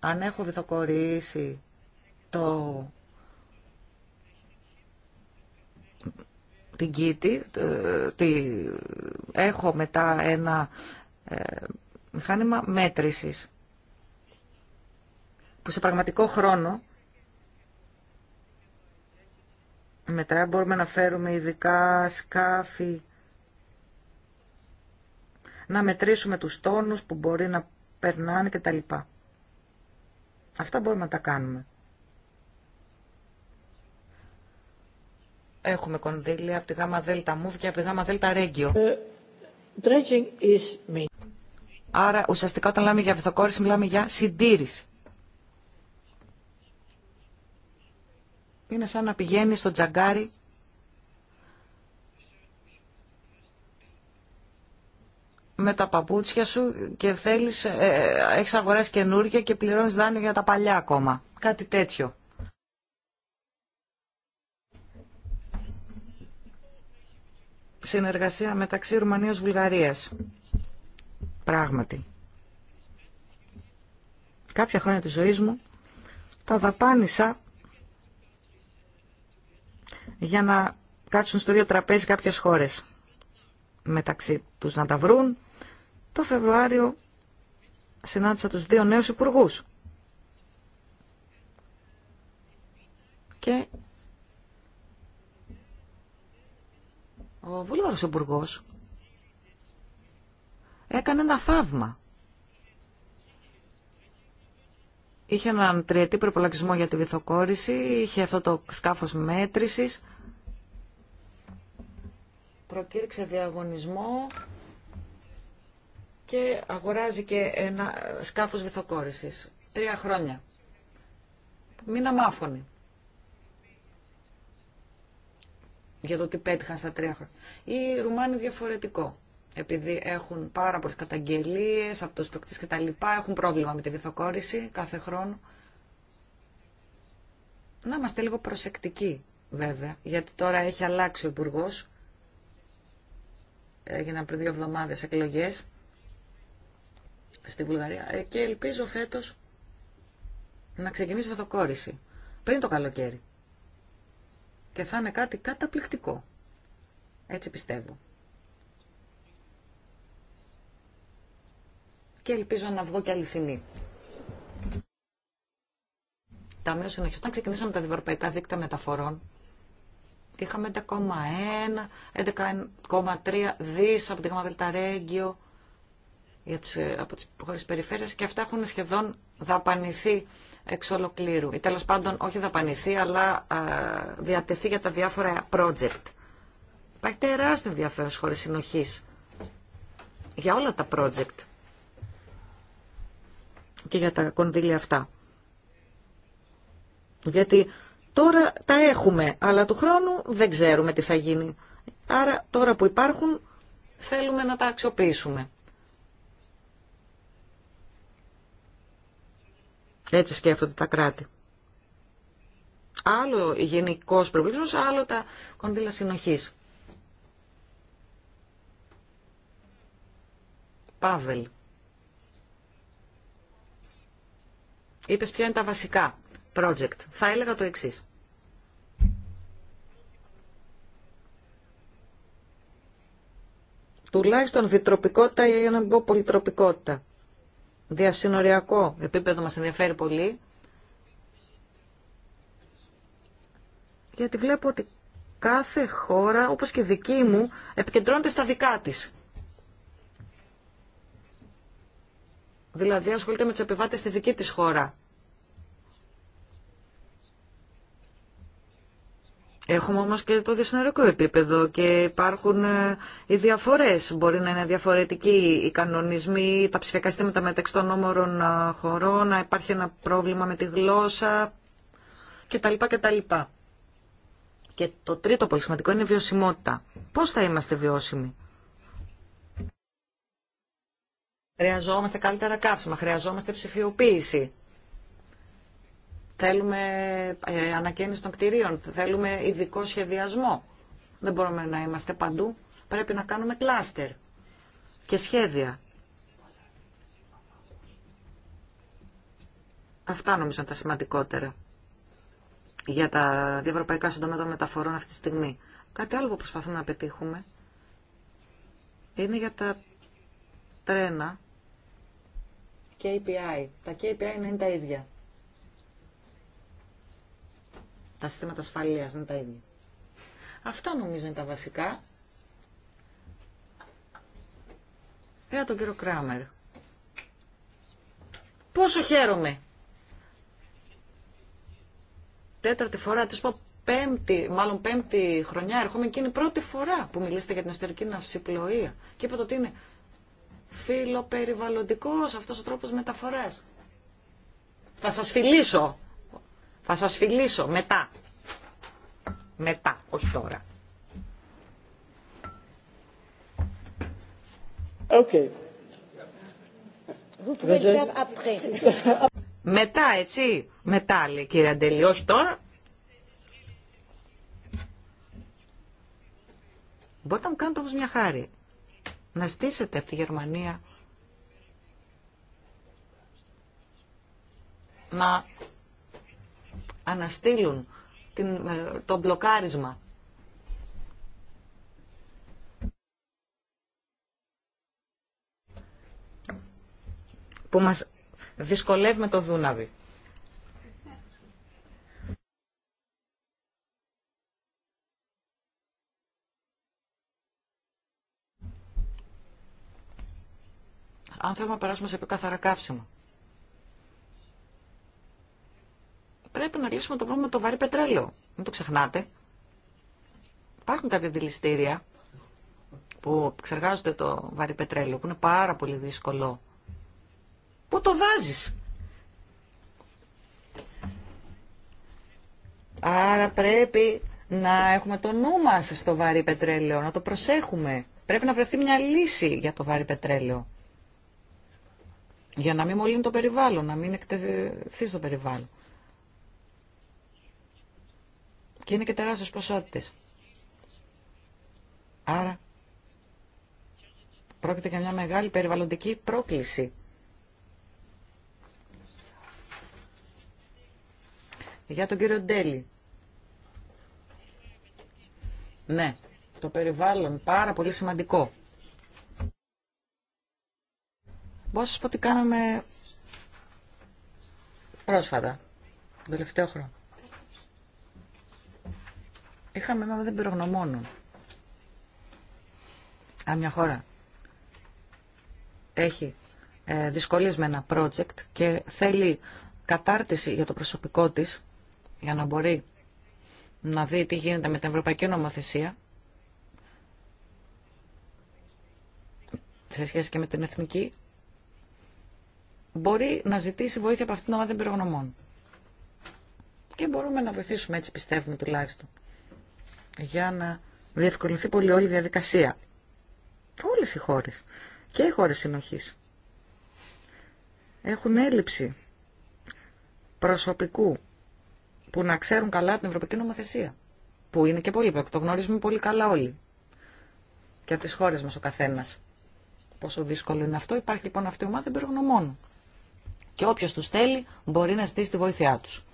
Αν έχω βιδοκορήσει το την Κίτη. Ε, έχω μετά ένα ε, μηχάνημα μέτρησης που σε πραγματικό χρόνο μετρά μπορούμε να φέρουμε ειδικά σκάφη να μετρήσουμε τους τόνους που μπορεί να περνάνε κτλ. Αυτά μπορούμε να τα κάνουμε. Έχουμε κονδύλια από τη γάμα δέλτα μουβ και από τη γάμα δέλτα ρέγγιο. Ε, Άρα ουσιαστικά όταν λέμε για βυθοκόρηση μιλάμε για συντήρηση. Είναι σαν να πηγαίνει στο τζαγκάρι με τα παπούτσια σου και θέλεις, ε, ε έχεις αγοράσει καινούργια και πληρώνεις δάνειο για τα παλιά ακόμα. Κάτι τέτοιο. συνεργασία μεταξύ Ρουμανίας Βουλγαρίας. Πράγματι. Κάποια χρόνια της ζωής μου τα δαπάνησα για να κάτσουν στο δύο τραπέζι κάποιες χώρες μεταξύ τους να τα βρουν. Το Φεβρουάριο συνάντησα τους δύο νέους υπουργούς. Και Ο Βουλγαρος Υπουργός έκανε ένα θαύμα. Είχε έναν τριετή προπολογισμό για τη βυθοκόρηση, είχε αυτό το σκάφος μέτρησης, προκήρυξε διαγωνισμό και αγοράζει και ένα σκάφος βυθοκόρησης. Τρία χρόνια. Μήνα μάφωνη. για το τι πέτυχαν στα τρία χρόνια. Οι Ρουμάνοι διαφορετικό. Επειδή έχουν πάρα πολλέ καταγγελίε από του παικτέ και τα λοιπά, έχουν πρόβλημα με τη βυθοκόρηση κάθε χρόνο. Να είμαστε λίγο προσεκτικοί βέβαια, γιατί τώρα έχει αλλάξει ο υπουργό. Έγιναν πριν δύο εβδομάδε εκλογέ στη Βουλγαρία ε, και ελπίζω φέτο να ξεκινήσει βεθοκόρηση πριν το καλοκαίρι και θα είναι κάτι καταπληκτικό. Έτσι πιστεύω. Και ελπίζω να βγω και αληθινή. Ταμείο Συνοχής, όταν ξεκινήσαμε τα διευρωπαϊκά δίκτυα μεταφορών, είχαμε 11,1, 11,3 δις από τη γαμαδελταρέγγιο για ε, από τις χώρες περιφέρειας και αυτά έχουν σχεδόν δαπανηθεί εξ ολοκλήρου. Ή τέλος πάντων όχι δαπανηθεί αλλά διατεθεί για τα διάφορα project. Υπάρχει τεράστιο ενδιαφέρον στις χώρες συνοχής για όλα τα project και για τα κονδύλια αυτά. Γιατί τώρα τα έχουμε, αλλά του χρόνου δεν ξέρουμε τι θα γίνει. Άρα τώρα που υπάρχουν θέλουμε να τα αξιοποιήσουμε. Έτσι σκέφτονται τα κράτη. Άλλο γενικό προβλήματος, άλλο τα κονδύλα συνοχή. Πάβελ. Είπες ποια είναι τα βασικά project. Θα έλεγα το εξής. Τουλάχιστον διτροπικότητα για να μην πω πολυτροπικότητα διασυνοριακό επίπεδο μας ενδιαφέρει πολύ. Γιατί βλέπω ότι κάθε χώρα, όπως και δική μου, επικεντρώνεται στα δικά της. Δηλαδή ασχολείται με τους επιβάτες στη δική της χώρα. Έχουμε όμως και το διασυνορικό επίπεδο και υπάρχουν ε, οι διαφορές. Μπορεί να είναι διαφορετικοί οι κανονισμοί, τα ψηφιακά συστήματα μεταξύ των όμορων ε, χωρών, να υπάρχει ένα πρόβλημα με τη γλώσσα κτλ. κτλ. Και το τρίτο πολύ σημαντικό είναι η βιωσιμότητα. Πώς θα είμαστε βιώσιμοι. Χρειαζόμαστε καλύτερα κάψιμα, χρειαζόμαστε ψηφιοποίηση. Θέλουμε ε, ανακαίνιση των κτηρίων, θέλουμε ειδικό σχεδιασμό. Δεν μπορούμε να είμαστε παντού. Πρέπει να κάνουμε κλάστερ και σχέδια. Αυτά νομίζω είναι τα σημαντικότερα για τα διευρωπαϊκά Συντομέτα μεταφορών αυτή τη στιγμή. Κάτι άλλο που προσπαθούμε να πετύχουμε είναι για τα τρένα KPI. Τα KPI είναι τα ίδια τα συστήματα ασφαλείας δεν είναι τα ίδια. Αυτά νομίζω είναι τα βασικά. Για τον κύριο Κράμερ. Πόσο χαίρομαι. Τέταρτη φορά, τη πω πέμπτη, μάλλον πέμπτη χρονιά, έρχομαι και είναι η πρώτη φορά που μιλήσετε για την εσωτερική ναυσιπλοεία. Και είπατε ότι είναι φιλοπεριβαλλοντικός αυτός ο τρόπος μεταφοράς. Θα σας φιλήσω. Θα σας φιλήσω μετά. Μετά, όχι τώρα. Okay. Μετά, έτσι. Μετά, λέει κύριε Αντελή, όχι τώρα. Μπορείτε να μου κάνετε όμως μια χάρη. Να ζητήσετε από τη Γερμανία να αναστείλουν την, ε, το μπλοκάρισμα. που μας δυσκολεύει με το Δούναβι. Αν θέλουμε να περάσουμε σε καθαρά πρέπει να λύσουμε το πρόβλημα με το βαρύ πετρέλαιο. Μην το ξεχνάτε. Υπάρχουν κάποια δηληστήρια που εξεργάζονται το βαρύ πετρέλαιο, που είναι πάρα πολύ δύσκολο. Πού το βάζεις. Άρα πρέπει να έχουμε το νου μας στο βαρύ πετρέλαιο, να το προσέχουμε. Πρέπει να βρεθεί μια λύση για το βαρύ πετρέλαιο. Για να μην μολύνει το περιβάλλον, να μην εκτεθεί στο περιβάλλον. Και είναι και τεράστιες ποσότητες. Άρα πρόκειται για μια μεγάλη περιβαλλοντική πρόκληση. Για τον κύριο Ντέλη. Ναι, το περιβάλλον πάρα πολύ σημαντικό. Μπορώ να σας πω τι κάναμε πρόσφατα, τον τελευταίο χρόνο. Είχαμε ένα δεν πυρογνωμόνων. Αν μια χώρα έχει ε, δυσκολίες με ένα project και θέλει κατάρτιση για το προσωπικό της, για να μπορεί να δει τι γίνεται με την Ευρωπαϊκή Νομοθεσία, σε σχέση και με την εθνική, μπορεί να ζητήσει βοήθεια από αυτήν την ομάδα πυρογνωμών. Και μπορούμε να βοηθήσουμε έτσι πιστεύουμε τουλάχιστον για να διευκολυνθεί πολύ όλη η διαδικασία. Όλες οι χώρες και οι χώρες συνοχής έχουν έλλειψη προσωπικού που να ξέρουν καλά την Ευρωπαϊκή Νομοθεσία, που είναι και πολύ το γνωρίζουμε πολύ καλά όλοι και από τις χώρες μας ο καθένας. Πόσο δύσκολο είναι αυτό, υπάρχει λοιπόν αυτή η ομάδα εμπειρογνωμόνων. Και όποιος τους θέλει μπορεί να ζητήσει τη βοήθειά τους.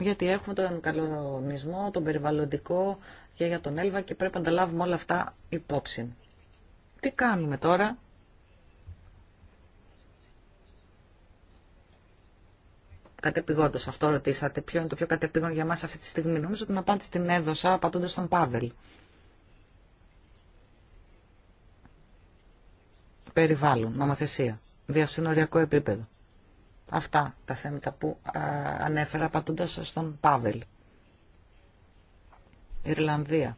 γιατί έχουμε τον καλονισμό, τον περιβαλλοντικό και για τον Έλβα και πρέπει να τα λάβουμε όλα αυτά υπόψη. Τι κάνουμε τώρα. Κατεπηγόντω, αυτό ρωτήσατε. Ποιο είναι το πιο κατεπήγον για μα αυτή τη στιγμή. Νομίζω την απάντηση την έδωσα απαντώντα τον Πάβελ. Περιβάλλον, νομοθεσία, διασυνοριακό επίπεδο. Αυτά τα θέματα που ανέφερα πατώντας στον Πάβελ. Ιρλανδία.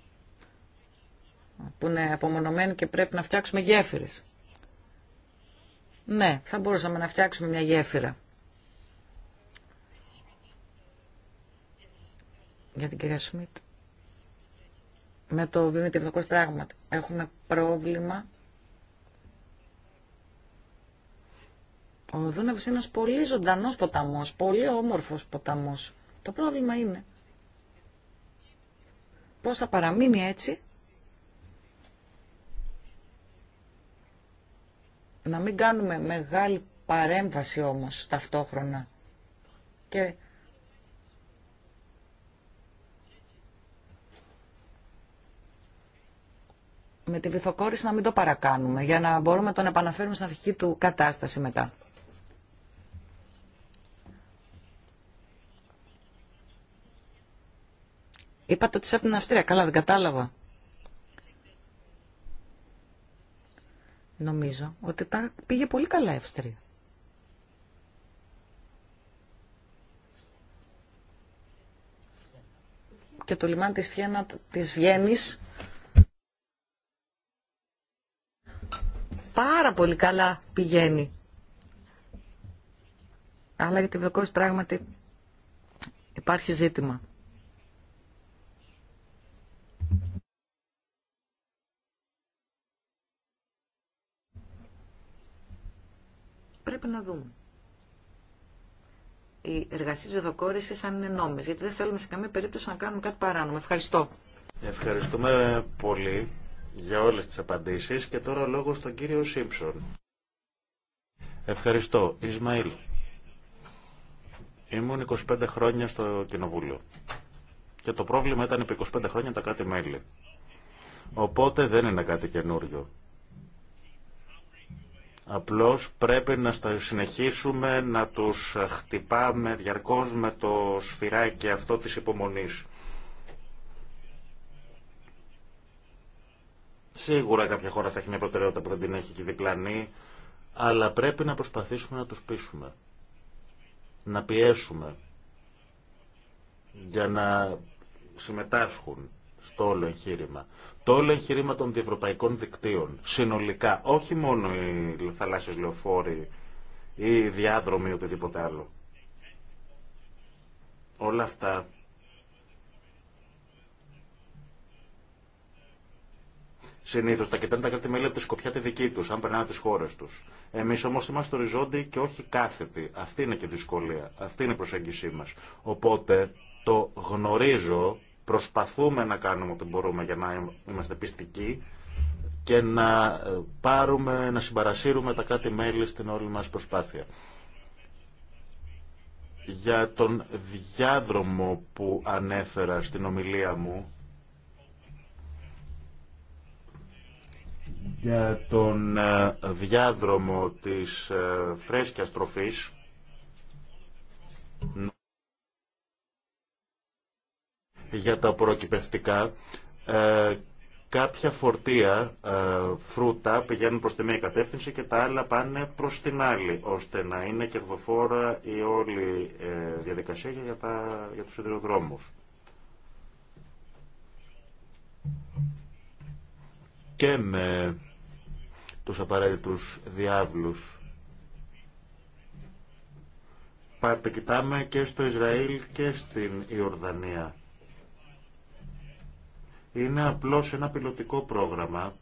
Που είναι απομονωμένη και πρέπει να φτιάξουμε γέφυρες. Ναι, θα μπορούσαμε να φτιάξουμε μια γέφυρα. Για την κυρία Σμιτ. Με το βήμα και πράγματα Έχουμε πρόβλημα Ο Δούνευς είναι ένας πολύ ζωντανός ποταμός, πολύ όμορφος ποταμός. Το πρόβλημα είναι πώς θα παραμείνει έτσι, να μην κάνουμε μεγάλη παρέμβαση όμως ταυτόχρονα. Και με τη βυθοκόρηση να μην το παρακάνουμε, για να μπορούμε να τον επαναφέρουμε στην αρχική του κατάσταση μετά. Είπατε ότι είσαι από την Αυστρία. Καλά, δεν κατάλαβα. Νομίζω ότι τα πήγε πολύ καλά η Αυστρία. Και το λιμάνι της, Φιένα, της Βιέννης πάρα πολύ καλά πηγαίνει. Αλλά για τη βιβλιοκόπηση πράγματι υπάρχει ζήτημα. πρέπει να δούμε. Οι εργασίε βιδοκόρηση αν είναι νόμιμε, γιατί δεν θέλουμε σε καμία περίπτωση να κάνουμε κάτι παράνομο. Ευχαριστώ. Ευχαριστούμε πολύ για όλε τι απαντήσει και τώρα ο λόγος στον κύριο Σίμψον. Ευχαριστώ. Ισμαήλ. Ήμουν 25 χρόνια στο Κοινοβούλιο και το πρόβλημα ήταν επί 25 χρόνια τα κάτι μελη Οπότε δεν είναι κάτι καινούριο. Απλώς πρέπει να συνεχίσουμε να τους χτυπάμε διαρκώς με το σφυράκι αυτό της υπομονής. Σίγουρα κάποια χώρα θα έχει μια προτεραιότητα που δεν την έχει και διπλανή, αλλά πρέπει να προσπαθήσουμε να τους πείσουμε, να πιέσουμε για να συμμετάσχουν στο όλο εγχείρημα. Το όλο εγχειρήμα των διευρωπαϊκών δικτύων, συνολικά, όχι μόνο οι θαλάσσιες λεωφόροι ή οι διάδρομοι ή οτιδήποτε άλλο. Όλα αυτά Συνήθω τα κοιτάνε τα κράτη-μέλη από τη σκοπιά τη δική του, αν περνάνε τι χώρε του. Εμεί όμω είμαστε οριζόντιοι και όχι κάθετοι. Αυτή είναι και η δυσκολία. Αυτή είναι η προσέγγιση μα. Οπότε το γνωρίζω Προσπαθούμε να κάνουμε ό,τι μπορούμε για να είμαστε πιστικοί και να ε, πάρουμε, να συμπαρασύρουμε τα κράτη-μέλη στην όλη μας προσπάθεια. Για τον διάδρομο που ανέφερα στην ομιλία μου, για τον ε, διάδρομο της ε, φρέσκιας τροφής, για τα προκυπευτικά ε, κάποια φορτία ε, φρούτα πηγαίνουν προς τη μία κατεύθυνση και τα άλλα πάνε προς την άλλη, ώστε να είναι κερδοφόρα η όλη ε, διαδικασία για, τα, για τους σιδηροδρόμους. Και με τους απαραίτητους διάβλους. Πάρτε κοιτάμε και στο Ισραήλ και στην Ιορδανία είναι απλώς ένα πιλωτικό πρόγραμμα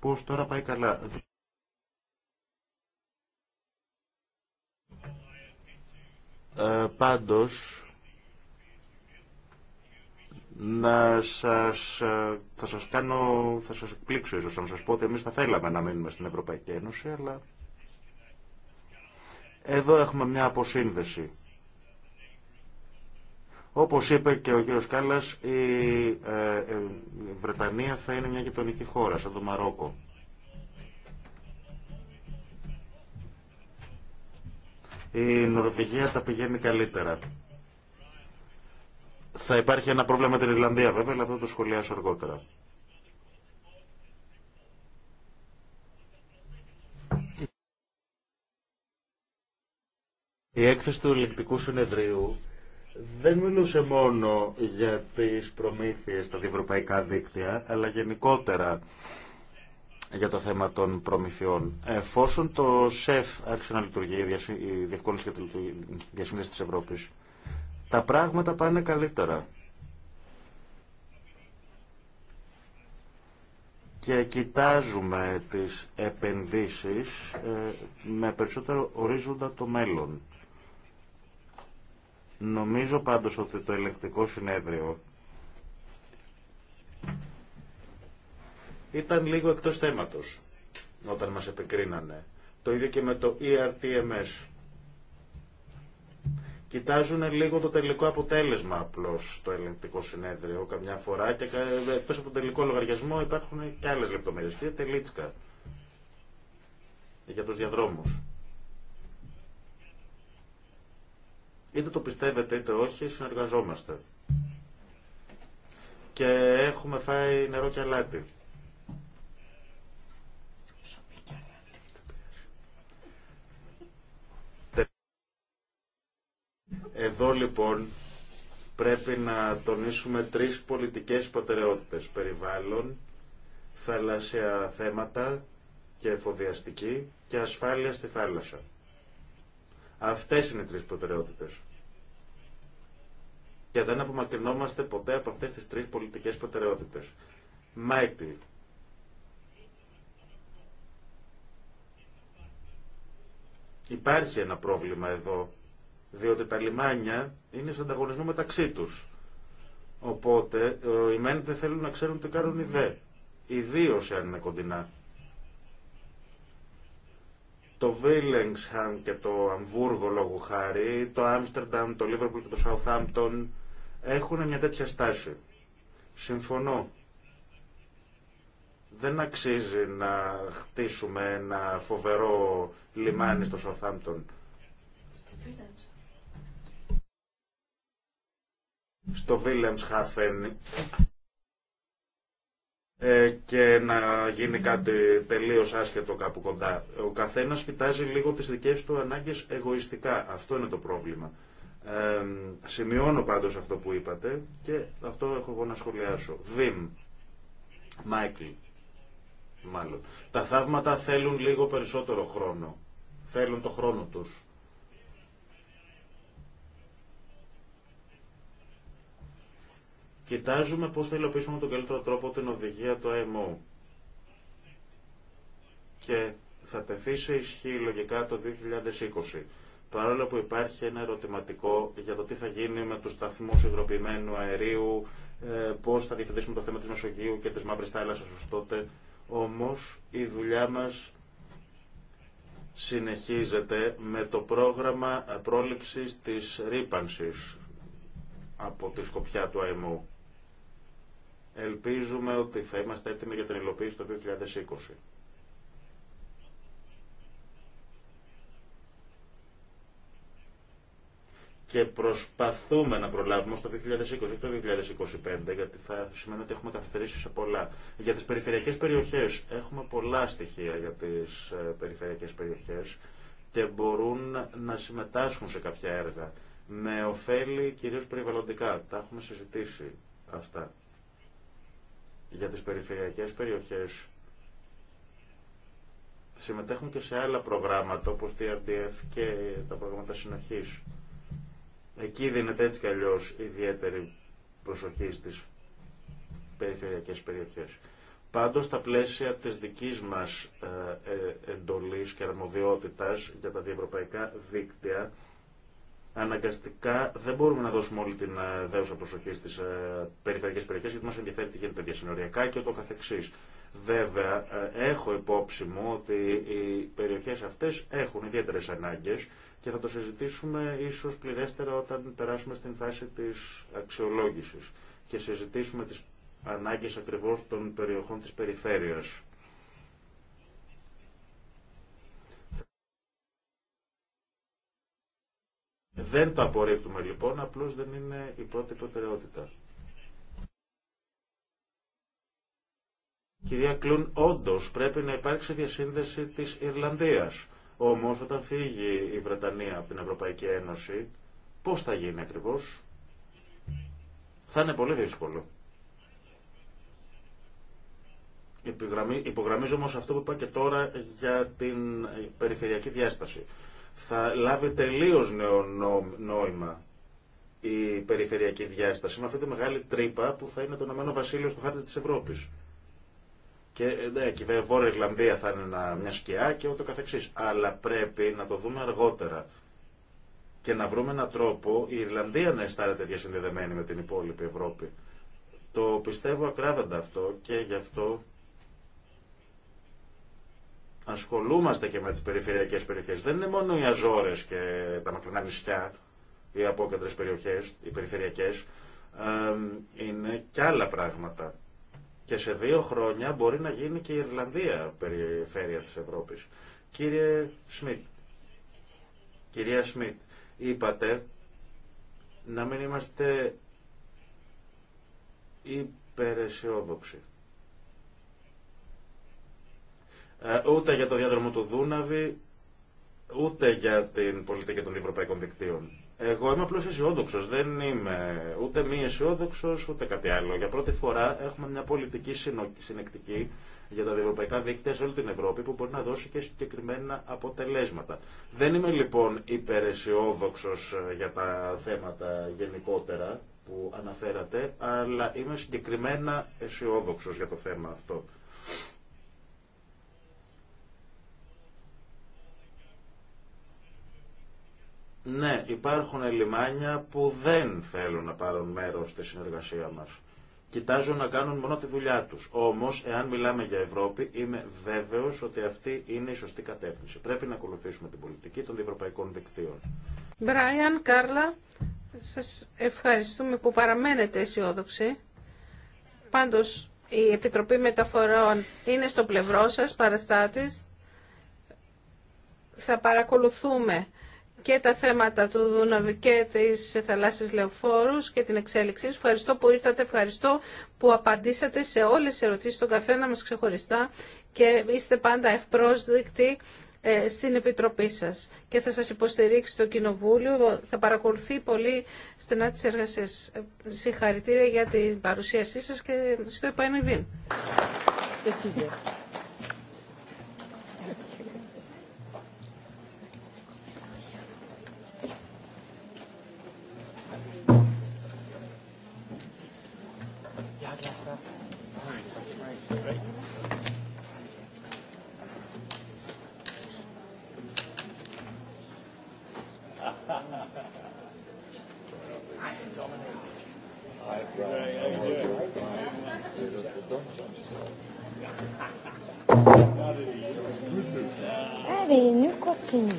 που ως τώρα πάει καλά. Ε, πάντως, να σας, ε, θα σας κάνω, θα σας εκπλήξω ίσως, να σας πω ότι εμείς θα θέλαμε να μείνουμε στην Ευρωπαϊκή Ένωση, αλλά εδώ έχουμε μια αποσύνδεση όπως είπε και ο κύριος Κάλλας, ε, ε, η Βρετανία θα είναι μια γειτονική χώρα, σαν το Μαρόκο. Η Νορβηγία τα πηγαίνει καλύτερα. Θα υπάρχει ένα πρόβλημα με την Ιρλανδία βέβαια, αλλά αυτό το σχολιάσω αργότερα. Η έκθεση του Ολυμπικού συνεδρίου δεν μιλούσε μόνο για τις προμήθειες στα διευρωπαϊκά δίκτυα, αλλά γενικότερα για το θέμα των προμηθειών. Εφόσον το ΣΕΦ άρχισε να λειτουργεί, η διευκόλυνση για τη διασύνδεση της Ευρώπης, τα πράγματα πάνε καλύτερα. Και κοιτάζουμε τις επενδύσεις ε, με περισσότερο ορίζοντα το μέλλον. Νομίζω πάντως ότι το ελεκτικό συνέδριο ήταν λίγο εκτός θέματος όταν μας επικρίνανε. Το ίδιο και με το ERTMS. Κοιτάζουν λίγο το τελικό αποτέλεσμα απλώς στο ελεκτικό συνέδριο καμιά φορά και ε, εκτό από τον τελικό λογαριασμό υπάρχουν και άλλες λεπτομέρειες. Κύριε Τελίτσκα, για τους διαδρόμους. Είτε το πιστεύετε είτε όχι, συνεργαζόμαστε. Και έχουμε φάει νερό και αλάτι. Εδώ λοιπόν πρέπει να τονίσουμε τρεις πολιτικές προτεραιότητες. Περιβάλλον, θαλασσια θέματα και εφοδιαστική και ασφάλεια στη θάλασσα. Αυτές είναι οι τρεις προτεραιότητες και δεν απομακρυνόμαστε ποτέ από αυτές τις τρεις πολιτικές προτεραιότητες. Μάικλ. Υπάρχει ένα πρόβλημα εδώ, διότι τα λιμάνια είναι σε ανταγωνισμό μεταξύ τους. Οπότε, ε, οι μένες δεν θέλουν να ξέρουν τι κάνουν οι δε, ιδίως αν είναι κοντινά. Το Βίλεγξχαμ και το Αμβούργο λόγου χάρη, το Άμστερνταμ, το Λίβερπουλ και το Σαουθάμπτον, έχουν μια τέτοια στάση. Συμφωνώ. Δεν αξίζει να χτίσουμε ένα φοβερό λιμάνι στο Σορθάμπτον. Στο Βίλεμς Χάφεν ε, και να γίνει κάτι τελείως άσχετο κάπου κοντά. Ο καθένας κοιτάζει λίγο τις δικές του ανάγκες εγωιστικά. Αυτό είναι το πρόβλημα. Ε, σημειώνω πάντως αυτό που είπατε και αυτό έχω εγώ να σχολιάσω. Βιμ, Μάικλ, μάλλον. Τα θαύματα θέλουν λίγο περισσότερο χρόνο. Θέλουν το χρόνο τους. Κοιτάζουμε πώς θα υλοποιήσουμε τον καλύτερο τρόπο την οδηγία του ΑΕΜΟ. Και θα τεθεί σε ισχύ λογικά το 2020 παρόλο που υπάρχει ένα ερωτηματικό για το τι θα γίνει με τους σταθμούς υγροποιημένου αερίου, ε, πώς θα διευθυντήσουμε το θέμα της Μεσογείου και της Μαύρης Θάλασσας ως τότε. Όμως η δουλειά μας συνεχίζεται με το πρόγραμμα πρόληψης της ρήπανσης από τη σκοπιά του ΑΕΜΟ. Ελπίζουμε ότι θα είμαστε έτοιμοι για την υλοποίηση το 2020. και προσπαθούμε να προλάβουμε στο 2020, και το 2025, γιατί θα σημαίνει ότι έχουμε καθυστερήσει σε πολλά. Για τις περιφερειακές περιοχές έχουμε πολλά στοιχεία για τις ε, περιφερειακές περιοχές και μπορούν να συμμετάσχουν σε κάποια έργα με ωφέλη κυρίως περιβαλλοντικά. Τα έχουμε συζητήσει αυτά. Για τις περιφερειακές περιοχές συμμετέχουν και σε άλλα προγράμματα όπως TRDF και τα προγράμματα συνοχή. Εκεί δίνεται έτσι κι αλλιώ ιδιαίτερη προσοχή στι περιφερειακέ περιοχέ. Πάντως, στα πλαίσια της δικής μας ε, ε, εντολής και αρμοδιότητας για τα διευρωπαϊκά δίκτυα, αναγκαστικά δεν μπορούμε να δώσουμε όλη την ε, δέουσα προσοχή στις περιφερειακές περιοχές, γιατί μας ενδιαφέρει τι γίνεται διασυνοριακά και το καθεξής. Βέβαια, ε, έχω υπόψη μου ότι οι περιοχές αυτές έχουν ιδιαίτερες ανάγκες και θα το συζητήσουμε ίσως πληρέστερα όταν περάσουμε στην φάση της αξιολόγησης και συζητήσουμε τις ανάγκες ακριβώς των περιοχών της περιφέρειας. Δεν το απορρίπτουμε λοιπόν, απλώς δεν είναι η πρώτη προτεραιότητα. Κυρία Κλούν, όντω πρέπει να υπάρξει διασύνδεση της Ιρλανδίας. Όμω όταν φύγει η Βρετανία από την Ευρωπαϊκή Ένωση, πώς θα γίνει ακριβώ. Θα είναι πολύ δύσκολο. Υπογραμμίζω όμω αυτό που είπα και τώρα για την περιφερειακή διάσταση. Θα λάβει τελείω νέο νόημα η περιφερειακή διάσταση με αυτή τη μεγάλη τρύπα που θα είναι το Ηνωμένο Βασίλειο στο χάρτη τη Ευρώπη. Και ναι, και η Βόρεια Ιρλανδία θα είναι μια σκιά και ούτω καθεξής. Αλλά πρέπει να το δούμε αργότερα και να βρούμε έναν τρόπο η Ιρλανδία να αισθάνεται διασυνδεδεμένη με την υπόλοιπη Ευρώπη. Το πιστεύω ακράδαντα αυτό και γι' αυτό ασχολούμαστε και με τις περιφερειακές περιοχές. Δεν είναι μόνο οι Αζόρες και τα μακρινά νησιά, οι απόκεντρες περιοχές, οι περιφερειακές, είναι και άλλα πράγματα. Και σε δύο χρόνια μπορεί να γίνει και η Ιρλανδία περιφέρεια της Ευρώπης. Κύριε Σμιτ, κυρία Σμιτ, είπατε να μην είμαστε υπεραισιόδοξοι. Ε, ούτε για το διάδρομο του Δούναβη, ούτε για την πολιτική των ευρωπαϊκών δικτύων. Εγώ είμαι απλώ αισιόδοξο. Δεν είμαι ούτε μη αισιόδοξο ούτε κάτι άλλο. Για πρώτη φορά έχουμε μια πολιτική συνεκτική για τα ευρωπαϊκά δίκτυα σε όλη την Ευρώπη που μπορεί να δώσει και συγκεκριμένα αποτελέσματα. Δεν είμαι λοιπόν υπεραισιόδοξο ε, για τα θέματα γενικότερα που αναφέρατε, αλλά είμαι συγκεκριμένα αισιόδοξο για το θέμα αυτό. Ναι, υπάρχουν λιμάνια που δεν θέλουν να πάρουν μέρος στη συνεργασία μας. Κοιτάζουν να κάνουν μόνο τη δουλειά τους. Όμως, εάν μιλάμε για Ευρώπη, είμαι βέβαιος ότι αυτή είναι η σωστή κατεύθυνση. Πρέπει να ακολουθήσουμε την πολιτική των ευρωπαϊκών δικτύων. Μπράιαν, Κάρλα, σας ευχαριστούμε που παραμένετε αισιόδοξοι. Πάντως, η Επιτροπή Μεταφορών είναι στο πλευρό σας, παραστάτης. Θα παρακολουθούμε και τα θέματα του Δούναβη και της θαλάσσης Λεωφόρους και την εξέλιξή σου. Ευχαριστώ που ήρθατε, ευχαριστώ που απαντήσατε σε όλες τις ερωτήσεις των καθένα μας ξεχωριστά και είστε πάντα ευπρόσδεκτοι ε, στην Επιτροπή σας και θα σας υποστηρίξει το Κοινοβούλιο. Θα παρακολουθεί πολύ στενά τις εργασίες. Ε, συγχαρητήρια για την παρουσίασή σας και στο επανειδήν. Allez, nous continuons.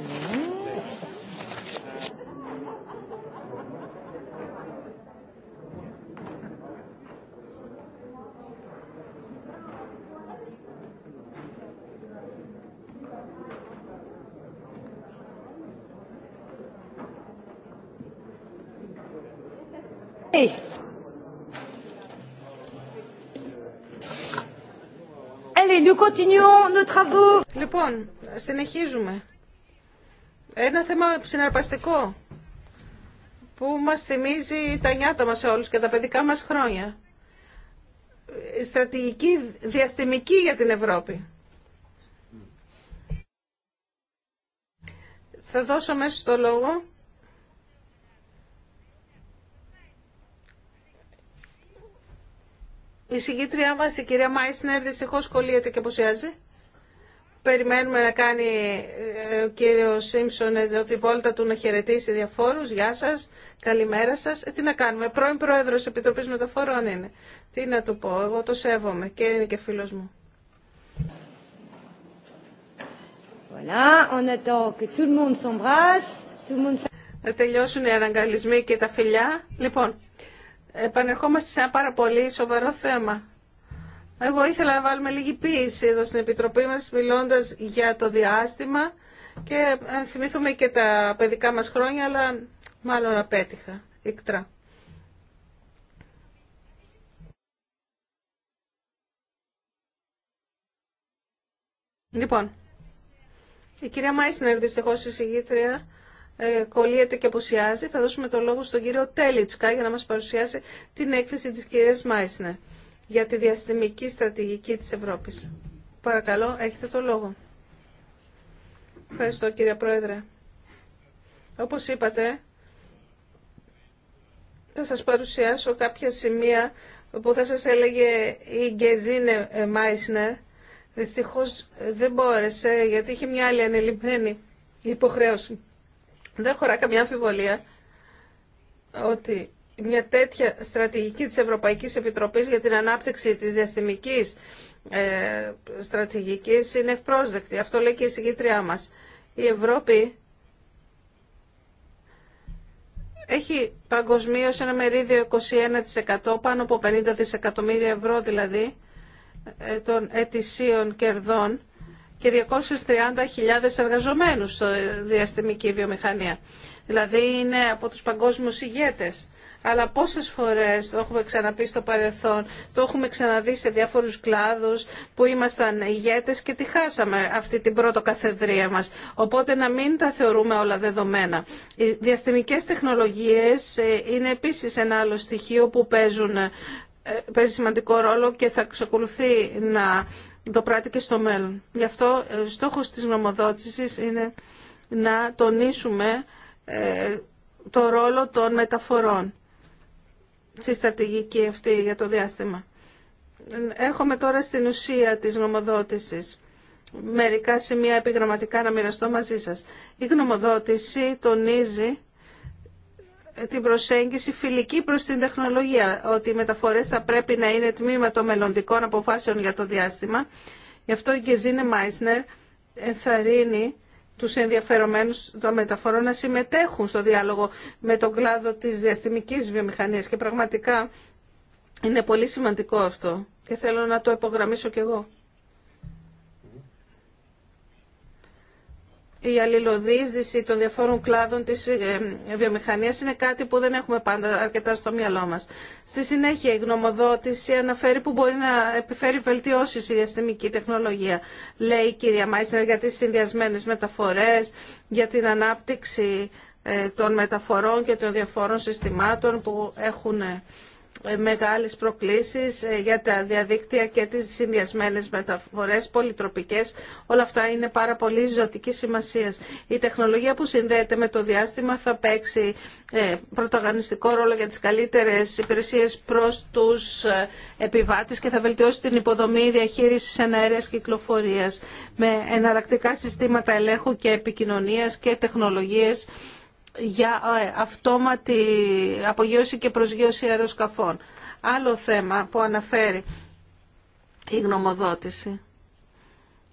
Λοιπόν, συνεχίζουμε. Ένα θέμα συναρπαστικό που μας θυμίζει τα νιάτα μας όλους και τα παιδικά μας χρόνια. Στρατηγική διαστημική για την Ευρώπη. Θα δώσω μέσα στο λόγο Η συγκήτριά μας, η κυρία Μάισνερ, δυστυχώς κολλείεται και αποσιάζει. Περιμένουμε να κάνει ε, ο κύριο Σίμψον εδώ τη βόλτα του να χαιρετήσει διαφόρου Γεια σα. καλημέρα σα, Ε, τι να κάνουμε, πρώην πρόεδρος επιτροπή Μεταφορών είναι. Τι να του πω, εγώ το σέβομαι και είναι και φίλο μου. Voilà, Να τελειώσουν οι αναγκαλισμοί και τα φιλιά. Λοιπόν, επανερχόμαστε σε ένα πάρα πολύ σοβαρό θέμα. Εγώ ήθελα να βάλουμε λίγη πίεση εδώ στην Επιτροπή μας μιλώντας για το διάστημα και ε, θυμηθούμε και τα παιδικά μας χρόνια, αλλά μάλλον απέτυχα ικτρά. Λοιπόν, η κυρία Μάισνερ δυστυχώς η συγγήτρια ε, κολλείεται και αποσιάζει. Θα δώσουμε το λόγο στον κύριο Τέλιτσκα για να μας παρουσιάσει την έκθεση της κυρίας Μάισνερ για τη διαστημική στρατηγική της Ευρώπης. Παρακαλώ, έχετε το λόγο. Ευχαριστώ κύριε Πρόεδρε. Όπως είπατε, θα σας παρουσιάσω κάποια σημεία που θα σας έλεγε η Γκεζίνε Μάισνερ. Δυστυχώς δεν μπόρεσε γιατί είχε μια άλλη ανελημμένη υποχρέωση. Δεν χωρά καμιά αμφιβολία ότι μια τέτοια στρατηγική της Ευρωπαϊκής Επιτροπής για την ανάπτυξη της διαστημικής ε, στρατηγικής είναι ευπρόσδεκτη. Αυτό λέει και η συγκήτριά μας. Η Ευρώπη έχει παγκοσμίω ένα μερίδιο 21% πάνω από 50 δισεκατομμύρια ευρώ δηλαδή ε, των ετησίων κερδών και 230.000 εργαζομένους στο διαστημική βιομηχανία. Δηλαδή είναι από τους παγκόσμιους ηγέτες. Αλλά πόσες φορές το έχουμε ξαναπεί στο παρελθόν, το έχουμε ξαναδεί σε διάφορους κλάδους που ήμασταν ηγέτες και τη χάσαμε αυτή την πρώτο καθεδρία μας. Οπότε να μην τα θεωρούμε όλα δεδομένα. Οι διαστημικές τεχνολογίες ε, είναι επίσης ένα άλλο στοιχείο που παίζουν ε, παίζει σημαντικό ρόλο και θα εξακολουθεί να το πράττει και στο μέλλον. Γι' αυτό ο ε, στόχος της νομοδότησης είναι να τονίσουμε ε, το ρόλο των μεταφορών στη στρατηγική αυτή για το διάστημα. Έρχομαι τώρα στην ουσία της νομοδότησης. Μερικά σημεία επιγραμματικά να μοιραστώ μαζί σας. Η γνωμοδότηση τονίζει την προσέγγιση φιλική προς την τεχνολογία, ότι οι μεταφορές θα πρέπει να είναι τμήμα των μελλοντικών αποφάσεων για το διάστημα. Γι' αυτό η Γκεζίνε Μάισνερ ενθαρρύνει τους ενδιαφερομένους των μεταφορών να συμμετέχουν στο διάλογο με τον κλάδο της διαστημικής βιομηχανίας και πραγματικά είναι πολύ σημαντικό αυτό και θέλω να το υπογραμμίσω κι εγώ. η αλληλοδίζηση των διαφόρων κλάδων της ε, βιομηχανίας είναι κάτι που δεν έχουμε πάντα αρκετά στο μυαλό μας. Στη συνέχεια η γνωμοδότηση αναφέρει που μπορεί να επιφέρει βελτιώσεις η διαστημική τεχνολογία. Λέει η κυρία Μάισνερ για τις συνδυασμένες μεταφορές, για την ανάπτυξη ε, των μεταφορών και των διαφόρων συστημάτων που έχουν ε, ε, μεγάλες προκλήσεις ε, για τα διαδίκτυα και τις συνδυασμένες μεταφορές, πολυτροπικές. Όλα αυτά είναι πάρα πολύ ζωτική σημασία. Η τεχνολογία που συνδέεται με το διάστημα θα παίξει ε, πρωταγωνιστικό ρόλο για τις καλύτερες υπηρεσίες προς τους επιβάτες και θα βελτιώσει την υποδομή διαχείρισης εναέρειας κυκλοφορίας με εναλλακτικά συστήματα ελέγχου και επικοινωνίας και τεχνολογίες για ε, αυτόματη απογείωση και προσγείωση αεροσκαφών. Άλλο θέμα που αναφέρει η γνωμοδότηση.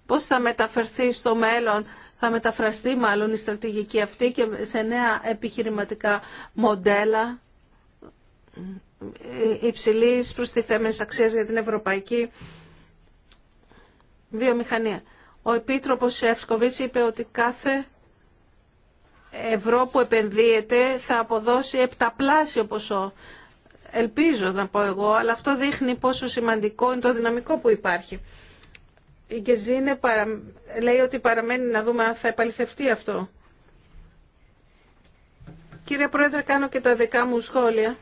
Πώς θα μεταφερθεί στο μέλλον, θα μεταφραστεί μάλλον η στρατηγική αυτή και σε νέα επιχειρηματικά μοντέλα υψηλής προστιθέμενης αξίας για την ευρωπαϊκή βιομηχανία. Ο Επίτροπος Σεύσκοβιτς είπε ότι κάθε ευρώ που επενδύεται θα αποδώσει επταπλάσιο ποσό. Ελπίζω να πω εγώ, αλλά αυτό δείχνει πόσο σημαντικό είναι το δυναμικό που υπάρχει. Η Γκεζίνε λέει ότι παραμένει να δούμε αν θα επαληθευτεί αυτό. Κύριε Πρόεδρε, κάνω και τα δικά μου σχόλια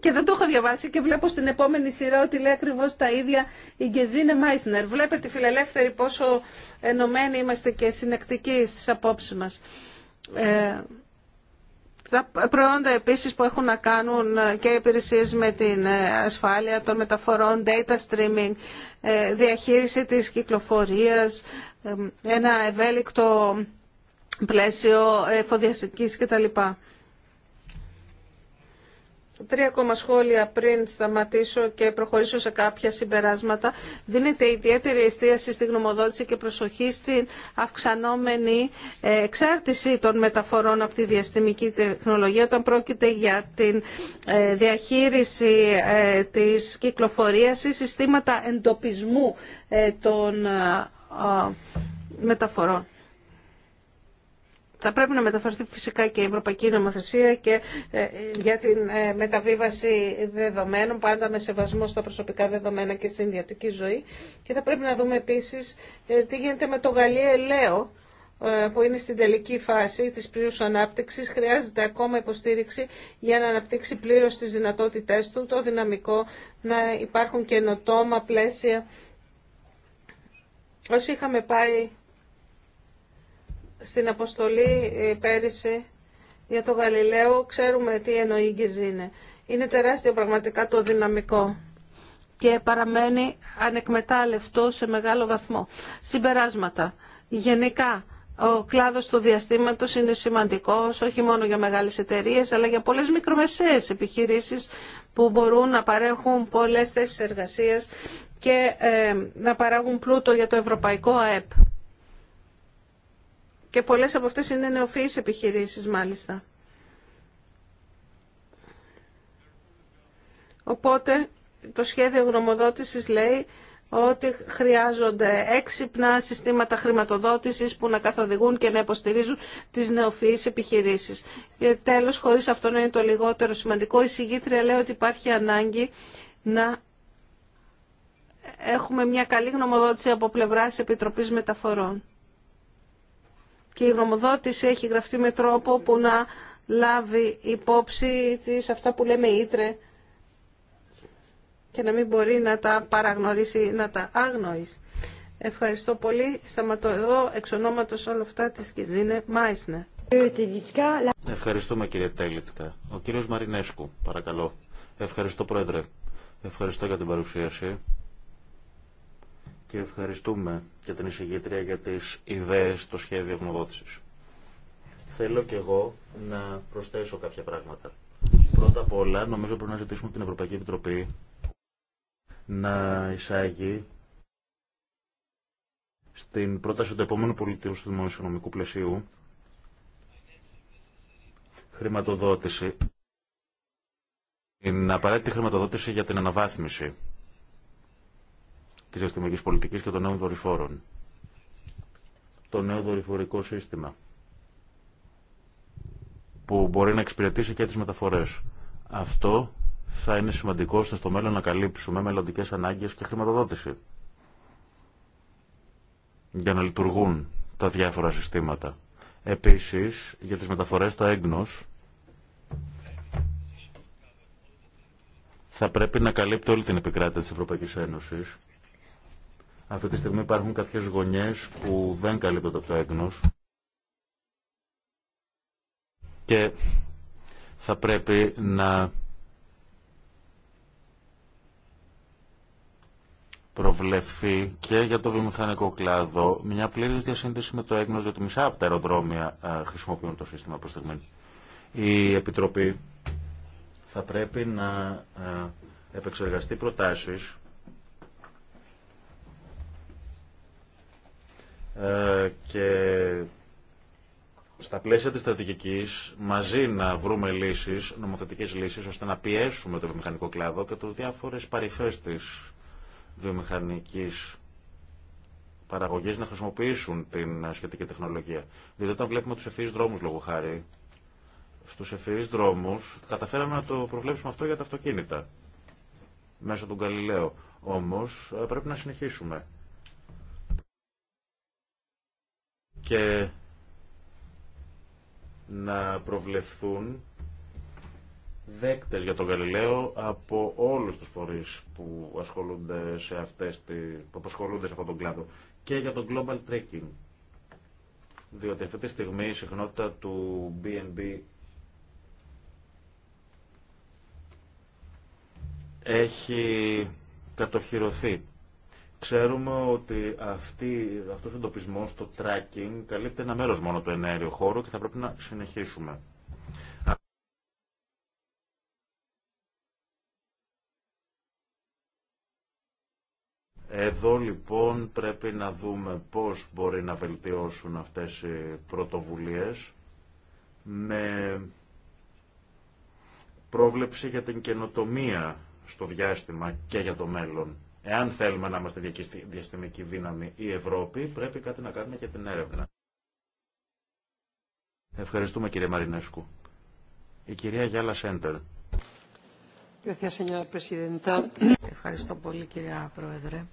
και δεν το έχω διαβάσει και βλέπω στην επόμενη σειρά ότι λέει ακριβώ τα ίδια η Γκεζίνε Μάισνερ. Βλέπετε φιλελεύθεροι πόσο ενωμένοι είμαστε και συνεκτικοί στις απόψεις μας. Ε, τα προϊόντα επίσης που έχουν να κάνουν και υπηρεσίε με την ε, ασφάλεια των μεταφορών, data streaming, ε, διαχείριση της κυκλοφορίας, ε, ένα ευέλικτο πλαίσιο εφοδιαστικής κτλ. Τρία ακόμα σχόλια πριν σταματήσω και προχωρήσω σε κάποια συμπεράσματα. Δίνεται ιδιαίτερη εστίαση στη γνωμοδότηση και προσοχή στην αυξανόμενη εξάρτηση των μεταφορών από τη διαστημική τεχνολογία όταν πρόκειται για την ε, διαχείριση ε, της κυκλοφορίας ή συστήματα εντοπισμού ε, των μεταφορών θα πρέπει να μεταφερθεί φυσικά και η Ευρωπαϊκή Νομοθεσία και ε, για την ε, μεταβίβαση δεδομένων, πάντα με σεβασμό στα προσωπικά δεδομένα και στην ιδιωτική ζωή. Και θα πρέπει να δούμε επίσης ε, τι γίνεται με το Γαλλία Ελαίο, που είναι στην τελική φάση της πλήρους ανάπτυξης, χρειάζεται ακόμα υποστήριξη για να αναπτύξει πλήρως τις δυνατότητές του, το δυναμικό, να υπάρχουν καινοτόμα πλαίσια. Όσοι είχαμε πάει στην αποστολή ε, πέρυσι για το Γαλιλαίο ξέρουμε τι εννοεί είναι. Είναι τεράστιο πραγματικά το δυναμικό και παραμένει ανεκμετάλλευτο σε μεγάλο βαθμό. Συμπεράσματα. Γενικά, ο κλάδος του διαστήματος είναι σημαντικός όχι μόνο για μεγάλες εταιρείες αλλά για πολλές μικρομεσαίες επιχειρήσεις που μπορούν να παρέχουν πολλές θέσεις εργασίας και ε, να παράγουν πλούτο για το ευρωπαϊκό ΑΕΠ και πολλές από αυτές είναι νεοφυείς επιχειρήσεις μάλιστα. Οπότε το σχέδιο γνωμοδότησης λέει ότι χρειάζονται έξυπνα συστήματα χρηματοδότησης που να καθοδηγούν και να υποστηρίζουν τις νεοφυείς επιχειρήσεις. Και τέλος, χωρίς αυτό να είναι το λιγότερο σημαντικό, η συγκήτρια λέει ότι υπάρχει ανάγκη να έχουμε μια καλή γνωμοδότηση από πλευράς Επιτροπής Μεταφορών και η γνωμοδότηση έχει γραφτεί με τρόπο που να λάβει υπόψη της αυτά που λέμε ήτρε και να μην μπορεί να τα παραγνωρίσει, να τα άγνοησει. Ευχαριστώ πολύ. Σταματώ εδώ εξ ονόματος όλα αυτά της Κιζίνε μαϊσνε. Ευχαριστούμε κύριε Τέλιτσκα. Ο κύριος Μαρινέσκου, παρακαλώ. Ευχαριστώ πρόεδρε. Ευχαριστώ για την παρουσίαση και ευχαριστούμε και την εισηγήτρια για τις ιδέες στο σχέδιο γνωδότησης. Θέλω και εγώ να προσθέσω κάποια πράγματα. Πρώτα απ' όλα, νομίζω πρέπει να ζητήσουμε την Ευρωπαϊκή Επιτροπή να εισάγει στην πρόταση του επόμενου πολιτείου του δημοσιονομικού πλαισίου χρηματοδότηση. Είναι απαραίτητη χρηματοδότηση για την αναβάθμιση της αστυνομικής πολιτικής και των νέων δορυφόρων. Το νέο δορυφορικό σύστημα που μπορεί να εξυπηρετήσει και τις μεταφορές. Αυτό θα είναι σημαντικό ώστε στο μέλλον να καλύψουμε μελλοντικέ ανάγκες και χρηματοδότηση για να λειτουργούν τα διάφορα συστήματα. Επίσης, για τις μεταφορές το έγκνος θα πρέπει να καλύπτει όλη την επικράτεια της Ευρωπαϊκής Ένωσης αυτή τη στιγμή υπάρχουν κάποιες γωνιές που δεν καλύπτονται από το έγνος και θα πρέπει να προβλεφθεί και για το βιομηχανικό κλάδο μια πλήρης διασύνδεση με το έγνος, διότι μισά από τα αεροδρόμια χρησιμοποιούν το σύστημα προς στιγμή. Η Επιτροπή θα πρέπει να επεξεργαστεί προτάσεις Ε, και στα πλαίσια της στρατηγικής μαζί να βρούμε λύσεις, νομοθετικές λύσεις, ώστε να πιέσουμε το βιομηχανικό κλάδο και τους διάφορες παρυφές της βιομηχανικής παραγωγής να χρησιμοποιήσουν την σχετική τεχνολογία. Διότι όταν βλέπουμε τους ευφυείς δρόμους λόγω χάρη, στους ευφυείς δρόμους καταφέραμε να το προβλέψουμε αυτό για τα αυτοκίνητα μέσω του γκαλιλαίου. Όμως ε, πρέπει να συνεχίσουμε. και να προβλεφθούν δέκτες για τον Γαλιλαίο από όλους τους φορείς που ασχολούνται σε αυτές, που σε αυτόν τον κλάδο και για τον Global Trekking. Διότι αυτή τη στιγμή η συχνότητα του BNB έχει κατοχυρωθεί Ξέρουμε ότι αυτή, αυτός ο εντοπισμός, το tracking, καλύπτει ένα μέρος μόνο του ενέργειου χώρου και θα πρέπει να συνεχίσουμε. Εδώ λοιπόν πρέπει να δούμε πώς μπορεί να βελτιώσουν αυτές οι πρωτοβουλίες με πρόβλεψη για την καινοτομία στο διάστημα και για το μέλλον. Εάν θέλουμε να είμαστε διαστημική δύναμη η Ευρώπη, πρέπει κάτι να κάνουμε και την έρευνα. Ευχαριστούμε κύριε Μαρινέσκου. Η κυρία Γιάλα Σέντερ. Ευχαριστώ πολύ κυρία Πρόεδρε.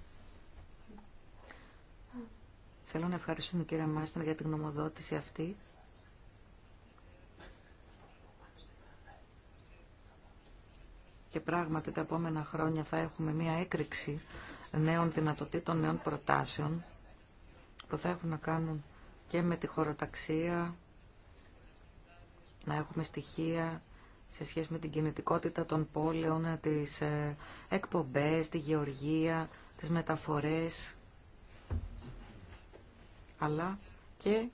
Θέλω να ευχαριστούμε κυρία Μάστρα για την γνωμοδότηση αυτή και πράγματι τα επόμενα χρόνια θα έχουμε μία έκρηξη νέων δυνατοτήτων, νέων προτάσεων που θα έχουν να κάνουν και με τη χωροταξία, να έχουμε στοιχεία σε σχέση με την κινητικότητα των πόλεων, τις ε, εκπομπές, τη γεωργία, τις μεταφορές, αλλά και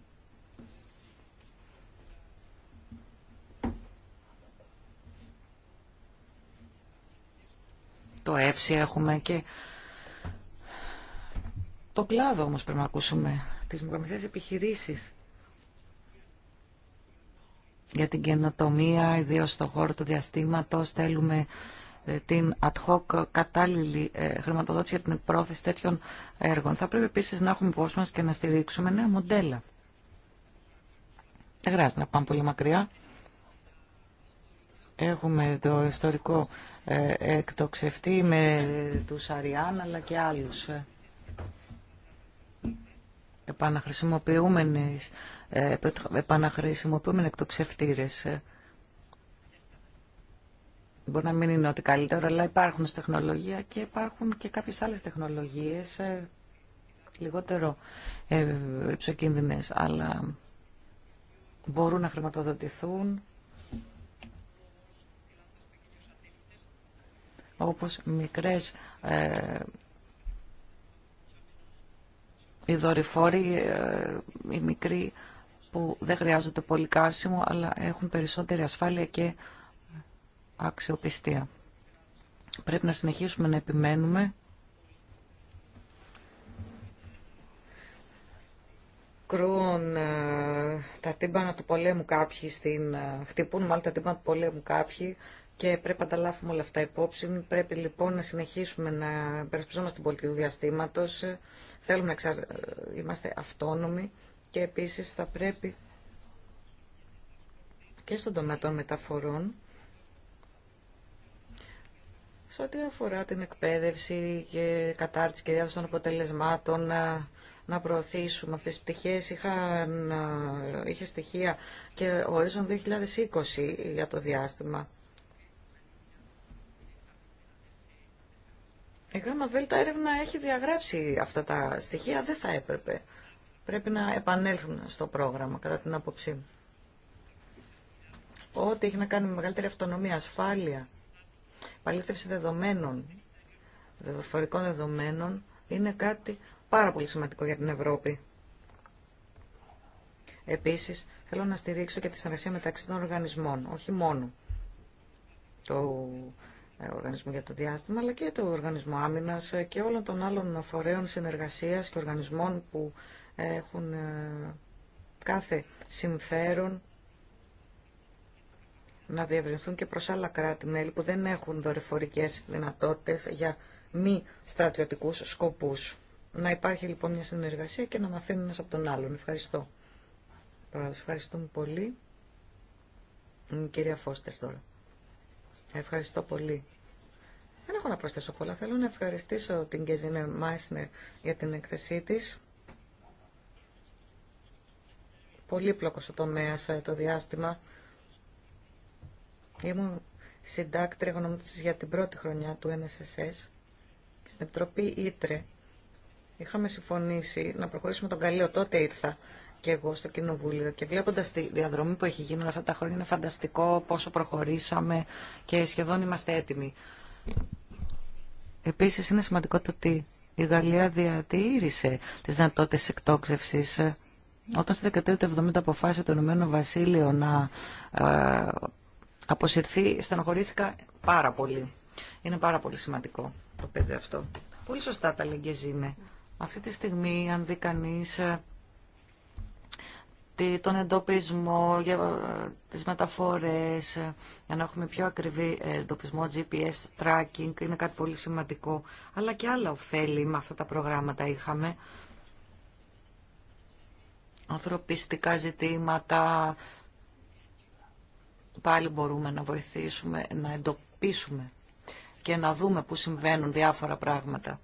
το έψι έχουμε και το κλάδο όμως πρέπει να ακούσουμε τις μικρομεσαίες επιχειρήσεις για την καινοτομία, ιδίως στον χώρο του διαστήματος, θέλουμε ε, την ad hoc κατάλληλη ε, χρηματοδότηση για την πρόθεση τέτοιων έργων. Θα πρέπει επίσης να έχουμε υπόψη μας και να στηρίξουμε νέα μοντέλα. Δεν χρειάζεται να πάμε πολύ μακριά. Έχουμε το ιστορικό ε, εκτοξευτεί με τους Αριάν αλλά και άλλους ε, επαναχρησιμοποιούμενες, ε, επαναχρησιμοποιούμενες εκτοξευτήρες. Μπορεί να μην είναι ότι καλύτερο, αλλά υπάρχουν τεχνολογία και υπάρχουν και κάποιες άλλες τεχνολογίες λιγότερο ψοκίνδυνες αλλά μπορούν να χρηματοδοτηθούν όπως μικρές ε, οι δορυφόροι, ε, οι μικροί που δεν χρειάζονται πολύ καύσιμο, αλλά έχουν περισσότερη ασφάλεια και αξιοπιστία. Πρέπει να συνεχίσουμε να επιμένουμε. Κρούν ε, τα τύμπανα του πολέμου κάποιοι στην... Ε, χτυπούν μάλλον τα τύμπανα του πολέμου κάποιοι και πρέπει να τα λάβουμε όλα αυτά υπόψη. Πρέπει λοιπόν να συνεχίσουμε να περασπιζόμαστε την πολιτική του διαστήματο. Θέλουμε να είμαστε αυτόνομοι και επίση θα πρέπει και στον τομέα των μεταφορών σε ό,τι αφορά την εκπαίδευση και κατάρτιση και διάθεση των αποτελεσμάτων, να, να προωθήσουμε αυτές τις πτυχές. Είχαν, ε, είχε στοιχεία και ορίζον 2020 για το διάστημα. Η ΓΑΜΑ ΔΕΛΤΑ έρευνα έχει διαγράψει αυτά τα στοιχεία, δεν θα έπρεπε. Πρέπει να επανέλθουν στο πρόγραμμα, κατά την άποψή μου. Ό,τι έχει να κάνει με μεγαλύτερη αυτονομία, ασφάλεια, παλήθευση δεδομένων, δεδοφορικών δεδομένων, είναι κάτι πάρα πολύ σημαντικό για την Ευρώπη. Επίσης, θέλω να στηρίξω και τη συνεργασία μεταξύ των οργανισμών, όχι μόνο ε, οργανισμού για το Διάστημα, αλλά και το οργανισμό Άμυνα ε, και όλων των άλλων φορέων συνεργασία και οργανισμών που ε, έχουν κάθε συμφέρον να διευρυνθούν και προς άλλα κράτη-μέλη που δεν έχουν δορυφορικές δυνατότητες για μη στρατιωτικούς σκοπούς. Να υπάρχει λοιπόν μια συνεργασία και να μαθαίνουμε από τον άλλον. Ευχαριστώ. ευχαριστούμε πολύ. Η κυρία Φώστερ τώρα. Ευχαριστώ πολύ. Δεν έχω να προσθέσω πολλά. Θέλω να ευχαριστήσω την Κεζίνε Μάισνερ για την έκθεσή της. Πολύ πλόκος ο τομέας ε, το διάστημα. Ήμουν συντάκτρια γνωμήτης για την πρώτη χρονιά του NSSS στην Επιτροπή Ήτρε. Είχαμε συμφωνήσει να προχωρήσουμε τον Καλείο. Τότε ήρθα και εγώ στο Κοινοβούλιο και βλέποντας τη διαδρομή που έχει γίνει όλα αυτά τα χρόνια είναι φανταστικό πόσο προχωρήσαμε και σχεδόν είμαστε έτοιμοι. Επίσης είναι σημαντικό το ότι η Γαλλία διατήρησε τις δυνατότητε εκτόξευσης όταν στη δεκαετία του 70 αποφάσισε το Ηνωμένο Βασίλειο να ε, αποσυρθεί, στενοχωρήθηκα πάρα πολύ. Είναι πάρα πολύ σημαντικό το παιδί αυτό. Πολύ σωστά τα λέγε Αυτή τη στιγμή, αν δει κανείς, ε, τον εντοπισμό, για ε, τις μεταφορές, ε, για να έχουμε πιο ακριβή ε, εντοπισμό, GPS, tracking, είναι κάτι πολύ σημαντικό. Αλλά και άλλα ωφέλη με αυτά τα προγράμματα είχαμε. Ανθρωπιστικά ζητήματα, πάλι μπορούμε να βοηθήσουμε, να εντοπίσουμε και να δούμε πού συμβαίνουν διάφορα πράγματα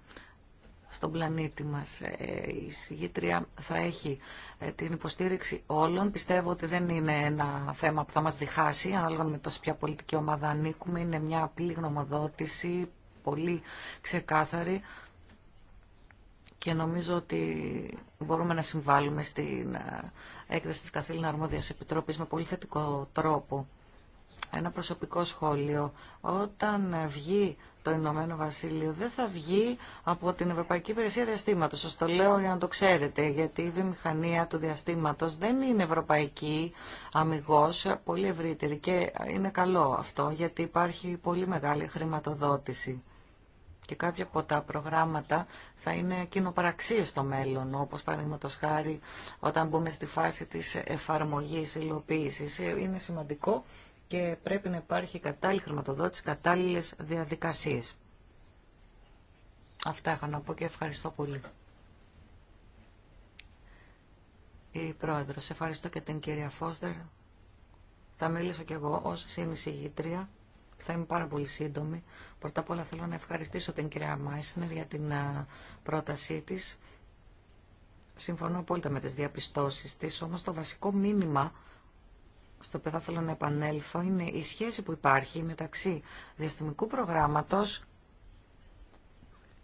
στον πλανήτη μας. Ε, η συγγήτρια θα έχει ε, την υποστήριξη όλων. Πιστεύω ότι δεν είναι ένα θέμα που θα μας διχάσει, ανάλογα με τόση ποια πολιτική ομάδα ανήκουμε. Είναι μια απλή γνωμοδότηση, πολύ ξεκάθαρη και νομίζω ότι μπορούμε να συμβάλλουμε στην ε, έκθεση της Καθήλυνα Αρμόδιας Επιτροπής με πολύ θετικό τρόπο ένα προσωπικό σχόλιο. Όταν βγει το Ηνωμένο Βασίλειο δεν θα βγει από την Ευρωπαϊκή Υπηρεσία Διαστήματο. Σα το λέω για να το ξέρετε, γιατί η βιομηχανία του διαστήματο δεν είναι ευρωπαϊκή αμυγό, πολύ ευρύτερη και είναι καλό αυτό, γιατί υπάρχει πολύ μεγάλη χρηματοδότηση. Και κάποια από τα προγράμματα θα είναι κοινοπαραξίε στο μέλλον, όπω παραδείγματο χάρη όταν μπούμε στη φάση τη εφαρμογή, υλοποίηση. Είναι σημαντικό και πρέπει να υπάρχει κατάλληλη χρηματοδότηση, κατάλληλες διαδικασίες. Αυτά είχα να πω και ευχαριστώ πολύ. Η Πρόεδρος, ευχαριστώ και την κυρία Φώστερ. Θα μιλήσω κι εγώ ως συνεισηγήτρια. Θα είμαι πάρα πολύ σύντομη. Πρώτα απ' όλα θέλω να ευχαριστήσω την κυρία Μάισνερ για την πρότασή της. Συμφωνώ απόλυτα με τις διαπιστώσεις της, όμως το βασικό μήνυμα στο οποίο θα ήθελα να επανέλθω είναι η σχέση που υπάρχει μεταξύ διαστημικού προγράμματος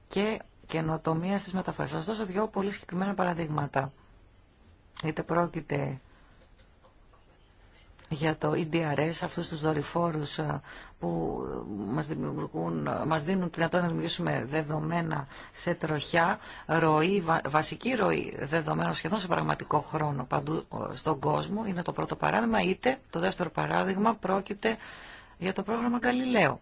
και καινοτομία στις μεταφορές. Θα σας δώσω δύο πολύ συγκεκριμένα παραδείγματα. Είτε πρόκειται για το EDRS, αυτούς τους δορυφόρους ε, που μας, δημιουργούν, ε, μας δίνουν τη δυνατότητα να δημιουργήσουμε δεδομένα σε τροχιά, ροή, βασική ροή δεδομένων σχεδόν σε πραγματικό χρόνο παντού ε, στον κόσμο, είναι το πρώτο παράδειγμα, είτε το δεύτερο παράδειγμα πρόκειται για το πρόγραμμα Galileo,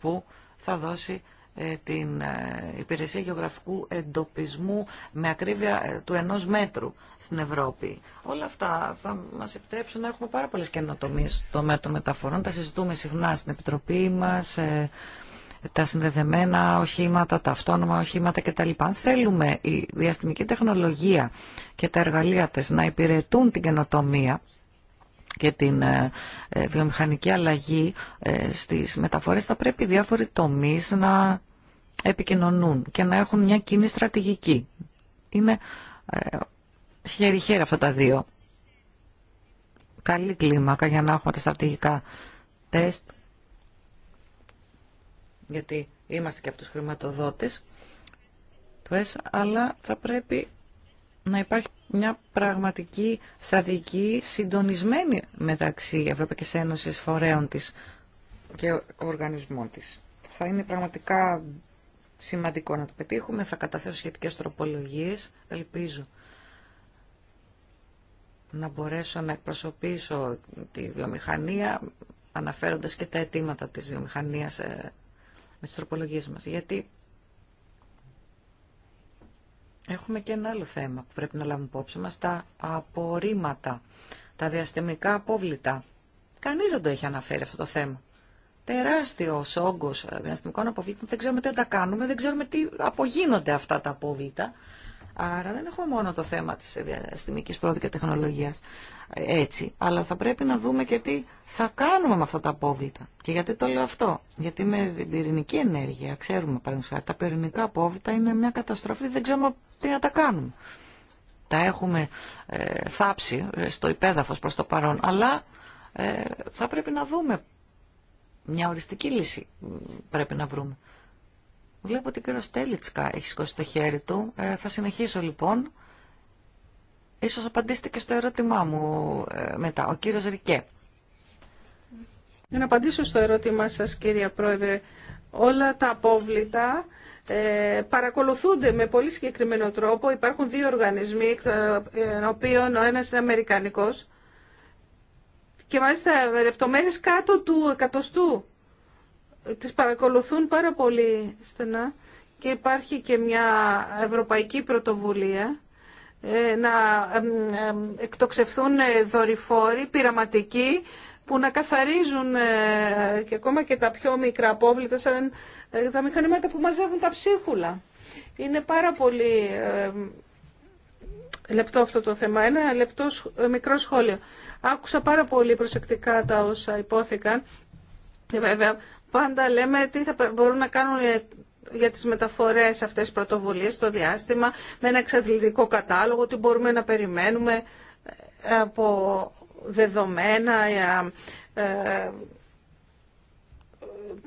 που θα δώσει ε, την ε, υπηρεσία γεωγραφικού εντοπισμού με ακρίβεια ε, του ενός μέτρου στην Ευρώπη. Όλα αυτά θα μας επιτρέψουν να έχουμε πάρα πολλές καινοτομίες στο μέτρο μεταφορών. Τα συζητούμε συχνά στην Επιτροπή μας, τα συνδεδεμένα οχήματα, τα αυτόνομα οχήματα κτλ. Αν θέλουμε η διαστημική τεχνολογία και τα εργαλεία της να υπηρετούν την καινοτομία, και την βιομηχανική αλλαγή στις μεταφορές θα πρέπει διάφοροι τομείς να επικοινωνούν και να έχουν μια κοινή στρατηγική. Είναι ε, χέρι-χέρι αυτά τα δύο. Καλή κλίμακα για να έχουμε τα στρατηγικά τεστ, γιατί είμαστε και από τους χρηματοδότες του ΕΣ, αλλά θα πρέπει να υπάρχει μια πραγματική στρατηγική συντονισμένη μεταξύ Ευρωπαϊκής Ένωσης φορέων της και οργανισμών της. Θα είναι πραγματικά σημαντικό να το πετύχουμε. Θα καταθέσω σχετικές τροπολογίες. Ελπίζω να μπορέσω να εκπροσωπήσω τη βιομηχανία αναφέροντας και τα αιτήματα της βιομηχανίας ε, με τις τροπολογίες μας. Γιατί έχουμε και ένα άλλο θέμα που πρέπει να λάβουμε υπόψη μας, τα απορρίμματα, τα διαστημικά απόβλητα. Κανείς δεν το έχει αναφέρει αυτό το θέμα τεράστιο όγκο διαστημικών αποβλήτων. Δεν ξέρουμε τι θα τα κάνουμε, δεν ξέρουμε τι απογίνονται αυτά τα απόβλητα. Άρα δεν έχουμε μόνο το θέμα της διαστημικής πρόοδου και τεχνολογίας ε, έτσι, αλλά θα πρέπει να δούμε και τι θα κάνουμε με αυτά τα απόβλητα. Και γιατί το λέω αυτό. Γιατί με την πυρηνική ενέργεια, ξέρουμε παραδείγματος, τα πυρηνικά απόβλητα είναι μια καταστροφή, δεν ξέρουμε τι να τα κάνουμε. Τα έχουμε ε, θάψει ε, στο υπέδαφος προς το παρόν, αλλά ε, θα πρέπει να δούμε μια οριστική λύση πρέπει να βρούμε. Βλέπω ότι ο κύριος Τέλιτσκα έχει σηκώσει το χέρι του. Ε, θα συνεχίσω λοιπόν. Ίσως απαντήστε και στο ερώτημά μου ε, μετά. Ο κύριος Ρικέ. να απαντήσω στο ερώτημά σας κυρία Πρόεδρε, όλα τα απόβλητα ε, παρακολουθούνται με πολύ συγκεκριμένο τρόπο. Υπάρχουν δύο οργανισμοί, ο ένας είναι αμερικανικός και μάλιστα λεπτομέρειες κάτω του εκατοστού. Τις παρακολουθούν πάρα πολύ στενά και υπάρχει και μια ευρωπαϊκή πρωτοβουλία ε, να εκτοξευθούν ε, δορυφόροι, πειραματικοί, που να καθαρίζουν ε, και ακόμα και τα πιο μικρά απόβλητα, σαν τα μηχανήματα που μαζεύουν τα ψίχουλα. Είναι πάρα πολύ λεπτό αυτό το θέμα. Ένα λεπτό μικρό σχόλιο. Άκουσα πάρα πολύ προσεκτικά τα όσα υπόθηκαν. Βέβαια, πάντα λέμε τι θα μπορούν να κάνουν για τις μεταφορές αυτές τις πρωτοβουλίες στο διάστημα, με ένα εξαντλητικό κατάλογο, τι μπορούμε να περιμένουμε από δεδομένα, ε, ε,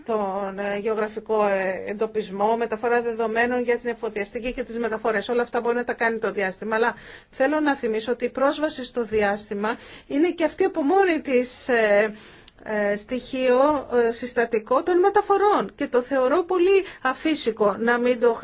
τον ε, γεωγραφικό ε, εντοπισμό, μεταφορά δεδομένων για την εφοδιαστική και τις μεταφορές. Όλα αυτά μπορεί να τα κάνει το διάστημα. Αλλά θέλω να θυμίσω ότι η πρόσβαση στο διάστημα είναι και αυτή από μόνη της ε, στοιχείο συστατικό των μεταφορών και το θεωρώ πολύ αφύσικο να μην το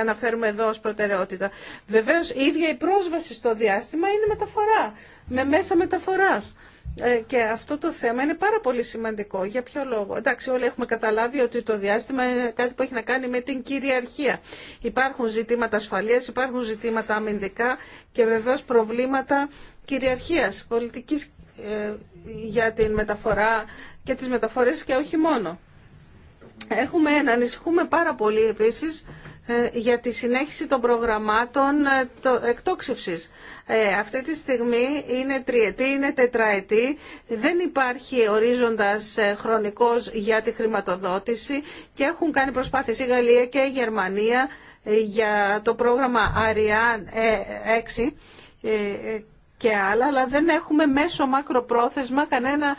αναφέρουμε εδώ ως προτεραιότητα. Βεβαίως η ίδια η πρόσβαση στο διάστημα είναι μεταφορά, με μέσα μεταφοράς. Ε, και αυτό το θέμα είναι πάρα πολύ σημαντικό. Για ποιο λόγο. Εντάξει, όλοι έχουμε καταλάβει ότι το διάστημα είναι κάτι που έχει να κάνει με την κυριαρχία. Υπάρχουν ζητήματα ασφαλείας, υπάρχουν ζητήματα αμυντικά και βεβαίω προβλήματα κυριαρχίας, πολιτικής ε, για την μεταφορά και τις μεταφορές και όχι μόνο. Έχουμε να ανησυχούμε πάρα πολύ επίσης ε, για τη συνέχιση των προγραμμάτων ε, εκτόξευσης. Ε, αυτή τη στιγμή είναι τριετή, είναι τετραετή. Δεν υπάρχει ορίζοντας χρονικός για τη χρηματοδότηση και έχουν κάνει προσπάθειες η Γαλλία και η Γερμανία για το πρόγραμμα Αριάν 6 και άλλα, αλλά δεν έχουμε μέσο μακροπρόθεσμα κανένα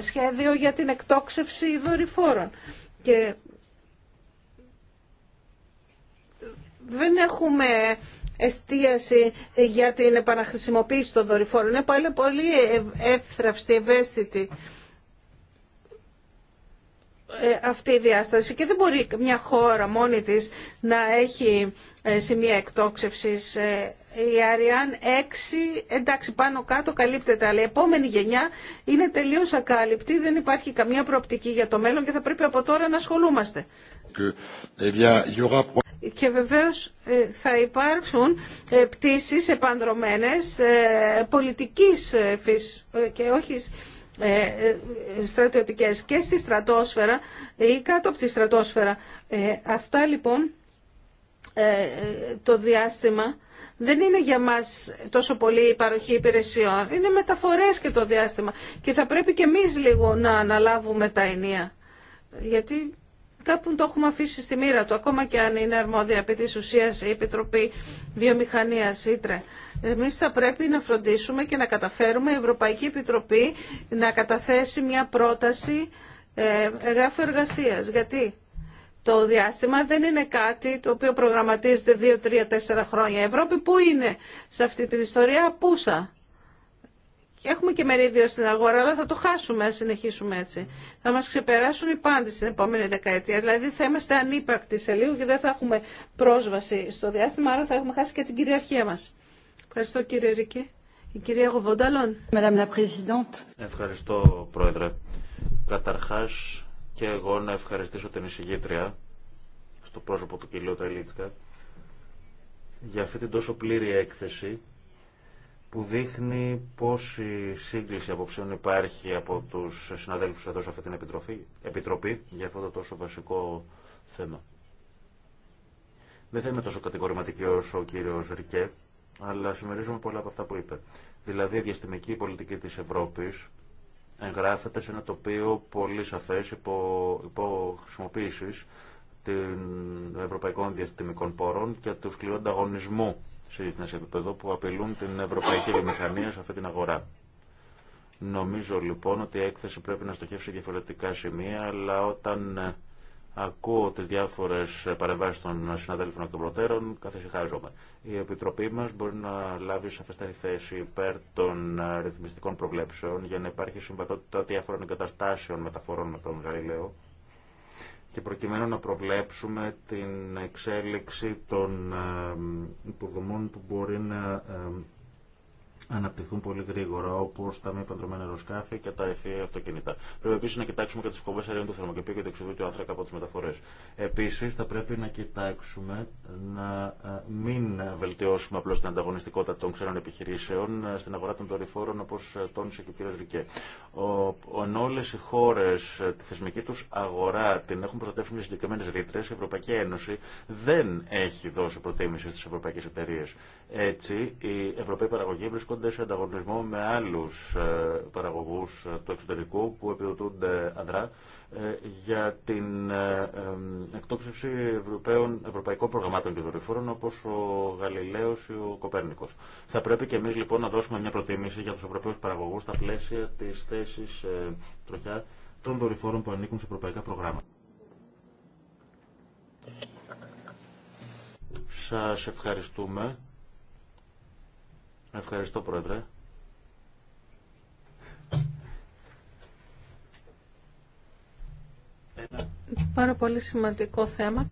σχέδιο για την εκτόξευση δορυφόρων. Και δεν έχουμε εστίαση για την επαναχρησιμοποίηση των δορυφόρων. Είναι πάλι πολύ εύθραυστη, ευαίσθητη ε, αυτή η διάσταση και δεν μπορεί μια χώρα μόνη της να έχει ε, σημεία εκτόξευσης. Ε, η Αριάν 6, εντάξει πάνω κάτω καλύπτεται, αλλά η επόμενη γενιά είναι τελείως ακάλυπτη, δεν υπάρχει καμία προοπτική για το μέλλον και θα πρέπει από τώρα να ασχολούμαστε. Eh και βεβαίως ε, θα υπάρξουν ε, πτήσεις επανδρομένες ε, πολιτικής και όχι στρατιωτικές και στη στρατόσφαιρα ή κάτω από τη στρατόσφαιρα. Αυτά λοιπόν το διάστημα δεν είναι για μας τόσο πολύ η παροχή υπηρεσιών. Είναι μεταφορές και το διάστημα. Και θα πρέπει και εμείς λίγο να αναλάβουμε τα ενία. Γιατί κάπου το έχουμε αφήσει στη μοίρα του, ακόμα και αν είναι αρμόδια επί της ουσίας η Επιτροπή Βιομηχανίας Ήτρε. Εμείς θα πρέπει να φροντίσουμε και να καταφέρουμε η Ευρωπαϊκή Επιτροπή να καταθέσει μια πρόταση ε, εγγράφου εργασίας. Γιατί το διάστημα δεν είναι κάτι το οποίο προγραμματίζεται 2, 3, 4 χρόνια. Η Ευρώπη πού είναι σε αυτή την ιστορία, πούσα έχουμε και μερίδιο στην αγορά, αλλά θα το χάσουμε αν συνεχίσουμε έτσι. Θα μας ξεπεράσουν οι πάντες στην επόμενη δεκαετία. Δηλαδή θα είμαστε ανύπαρκτοι σε λίγο και δεν θα έχουμε πρόσβαση στο διάστημα, άρα θα έχουμε χάσει και την κυριαρχία μας. Ευχαριστώ κύριε Ρίκη. Η κυρία Γοβονταλόν. Ευχαριστώ πρόεδρε. Καταρχάς και εγώ να ευχαριστήσω την εισηγήτρια στο πρόσωπο του κυρίου Τελίτσκα για αυτή την τόσο πλήρη έκθεση που δείχνει πόση σύγκληση απόψεων υπάρχει από τους συναδέλφους εδώ σε αυτή την επιτροπή, επιτροπή για αυτό το τόσο βασικό θέμα. Δεν θα είμαι τόσο κατηγορηματική όσο ο κύριος Ρικέ, αλλά συμμερίζομαι πολλά από αυτά που είπε. Δηλαδή η διαστημική πολιτική της Ευρώπης εγγράφεται σε ένα τοπίο πολύ σαφές υπό, υπό χρησιμοποίησης των ευρωπαϊκών διαστημικών πόρων και του σκληρού ανταγωνισμού σε διεθνέ επίπεδο που απειλούν την ευρωπαϊκή βιομηχανία σε αυτή την αγορά. Νομίζω λοιπόν ότι η έκθεση πρέπει να στοχεύσει διαφορετικά σημεία, αλλά όταν ε, ακούω τι διάφορε παρεμβάσει των συναδέλφων εκ των προτέρων, καθησυχάζομαι. Η Επιτροπή μα μπορεί να λάβει σαφέστερη θέση υπέρ των ε, ρυθμιστικών προβλέψεων για να υπάρχει συμβατότητα διάφορων εγκαταστάσεων μεταφορών με τον Γαλιλαίο και προκειμένου να προβλέψουμε την εξέλιξη των ε, υποδομών που μπορεί να ε, αναπτυχθούν πολύ γρήγορα, όπω τα μη παντρωμένα αεροσκάφη και τα ευφύ αυτοκίνητα. Πρέπει επίση να κοιτάξουμε και τι κομπέ αερίων του θερμοκηπίου και το εξοδού του άνθρακα από τι μεταφορέ. Επίση, θα πρέπει να κοιτάξουμε να ε, μην βελτιώσουμε απλώ την ανταγωνιστικότητα των ξένων επιχειρήσεων ε, στην αγορά των δορυφόρων, όπω ε, τόνισε και ο κ. Ρικέ. όλε οι χώρε τη θεσμική του αγορά την έχουν προστατεύσει με συγκεκριμένε ρήτρε, η Ευρωπαϊκή Ένωση δεν έχει δώσει προτίμηση στι ευρωπαϊκέ εταιρείε. Έτσι, οι Ευρωπαίοι παραγωγοί βρίσκονται σε ανταγωνισμό με άλλους ε, παραγωγούς ε, του εξωτερικού που επιδοτούνται αδρά ε, για την εκτόξευση Ευρωπαίων, ευρωπαϊκών προγραμμάτων και δορυφόρων όπω ο Γαλιλαίο ή ο Κοπέρνικος. Θα πρέπει και εμεί λοιπόν να δώσουμε μια προτίμηση για του Ευρωπαίου παραγωγού στα πλαίσια της θέσης τροχιά των δορυφόρων που ανήκουν σε ευρωπαϊκά προγράμματα. Σας ευχαριστούμε. Ευχαριστώ, Πρόεδρε. Πάρα πολύ σημαντικό θέμα.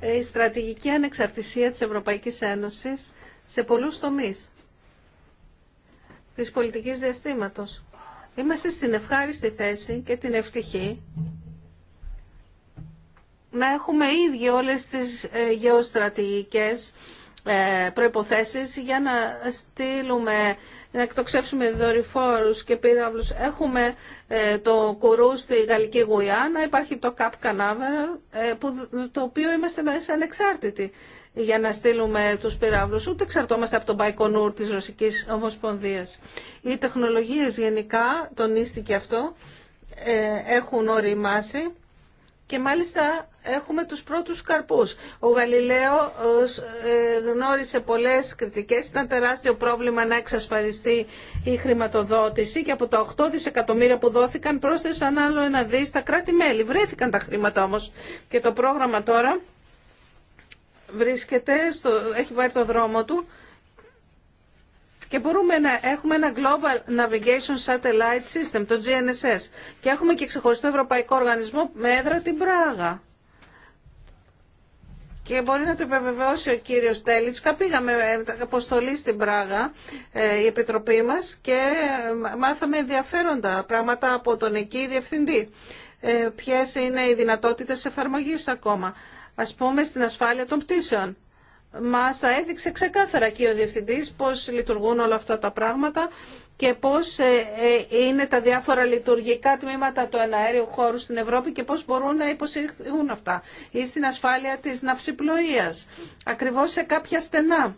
Ε, η στρατηγική ανεξαρτησία της Ευρωπαϊκής Ένωσης σε πολλούς τομείς της πολιτικής διαστήματος. Είμαστε στην ευχάριστη θέση και την ευτυχή να έχουμε ίδιοι όλες τις ε, γεωστρατηγικές ε, προϋποθέσεις για να στείλουμε, να εκτοξεύσουμε δορυφόρους και πύραυλους. Έχουμε ε, το κουρού στη Γαλλική Γουιάννα, υπάρχει το ΚΑΠ ε, που το οποίο είμαστε μέσα ανεξάρτητοι για να στείλουμε τους πυράβλους, ούτε εξαρτώμαστε από τον Μπαϊκονούρ της Ρωσικής Ομοσπονδίας. Οι τεχνολογίες γενικά, τονίστηκε αυτό, έχουν οριμάσει και μάλιστα έχουμε τους πρώτους καρπούς. Ο Γαλιλαίο ε, γνώρισε πολλές κριτικές, ήταν τεράστιο πρόβλημα να εξασφαλιστεί η χρηματοδότηση και από τα 8 δισεκατομμύρια που δόθηκαν πρόσθεσαν άλλο ένα δι στα κράτη-μέλη. Βρέθηκαν τα χρήματα όμως και το πρόγραμμα τώρα βρίσκεται, στο, έχει βάλει το δρόμο του και μπορούμε να έχουμε ένα Global Navigation Satellite System, το GNSS. Και έχουμε και ξεχωριστό ευρωπαϊκό οργανισμό με έδρα την Πράγα. Και μπορεί να το επιβεβαιώσει ο κύριος Τέλιτσκα. Πήγαμε ε, αποστολή στην Πράγα, ε, η Επιτροπή μας, και ε, μάθαμε ενδιαφέροντα πράγματα από τον εκεί διευθυντή. Ποιες είναι οι δυνατότητες εφαρμογής ακόμα. Ας πούμε στην ασφάλεια των πτήσεων μας έδειξε ξεκάθαρα και ο Διευθυντής πώς λειτουργούν όλα αυτά τα πράγματα και πώς ε, ε, είναι τα διάφορα λειτουργικά τμήματα του εναέριου χώρου στην Ευρώπη και πώς μπορούν να υποσυρθούν αυτά ή στην ασφάλεια της ναυσιπλοείας, ακριβώς σε κάποια στενά.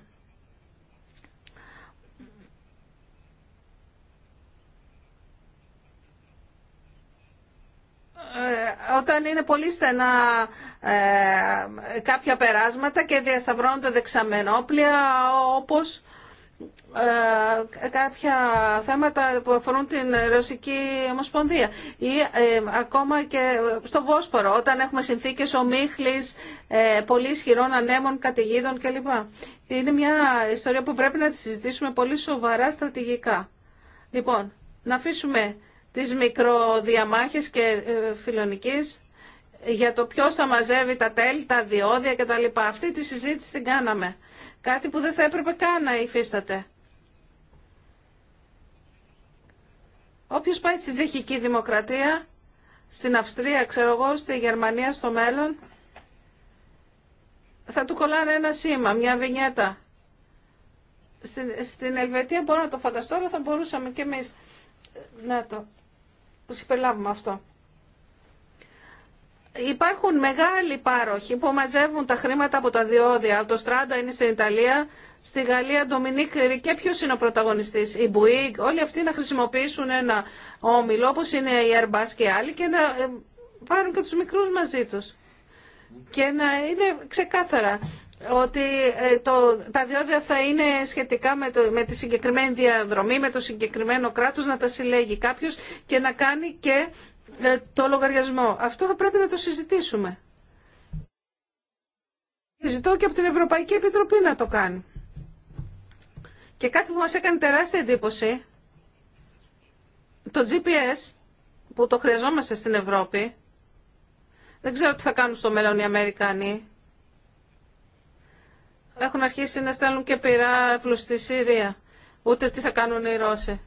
Ε, όταν είναι πολύ στενά ε, κάποια περάσματα και διασταυρώνονται δεξαμενόπλια όπως ε, κάποια θέματα που αφορούν την Ρωσική Ομοσπονδία ή ακόμα και στο Βόσπορο όταν έχουμε συνθήκες ομίχλης πολύ ισχυρών ανέμων καταιγίδων κλπ. Είναι μια ιστορία που πρέπει να τη συζητήσουμε πολύ σοβαρά στρατηγικά. Λοιπόν, να αφήσουμε της μικροδιαμάχης και ε, φιλονικής για το ποιο θα μαζεύει τα τέλη, τα διόδια κτλ. Αυτή τη συζήτηση την κάναμε. Κάτι που δεν θα έπρεπε καν να υφίσταται. Όποιος πάει στη τσεχική δημοκρατία, στην Αυστρία, ξέρω εγώ, στη Γερμανία στο μέλλον, θα του κολλάνε ένα σήμα, μια βινιέτα. Στην, στην Ελβετία μπορώ να το φανταστώ, αλλά θα μπορούσαμε κι εμείς να το συμπεριλάβουμε αυτό. Υπάρχουν μεγάλοι πάροχοι που μαζεύουν τα χρήματα από τα διόδια. Το Στράντα είναι στην Ιταλία, στη Γαλλία Ντομινίκ και ποιος είναι ο πρωταγωνιστής, η Μπουίγκ. Όλοι αυτοί να χρησιμοποιήσουν ένα όμιλο όπως είναι η Airbus και άλλοι και να ε, πάρουν και τους μικρούς μαζί τους. Και να είναι ξεκάθαρα ότι ε, το, τα διόδια θα είναι σχετικά με, το, με τη συγκεκριμένη διαδρομή, με το συγκεκριμένο κράτος, να τα συλλέγει κάποιος και να κάνει και ε, το λογαριασμό. Αυτό θα πρέπει να το συζητήσουμε. Ζητώ και από την Ευρωπαϊκή Επιτροπή να το κάνει. Και κάτι που μας έκανε τεράστια εντύπωση, το GPS που το χρειαζόμαστε στην Ευρώπη, δεν ξέρω τι θα κάνουν στο μέλλον οι Αμερικανοί, έχουν αρχίσει να στέλνουν και πειρά στη Συρία. Ούτε τι θα κάνουν οι Ρώσοι.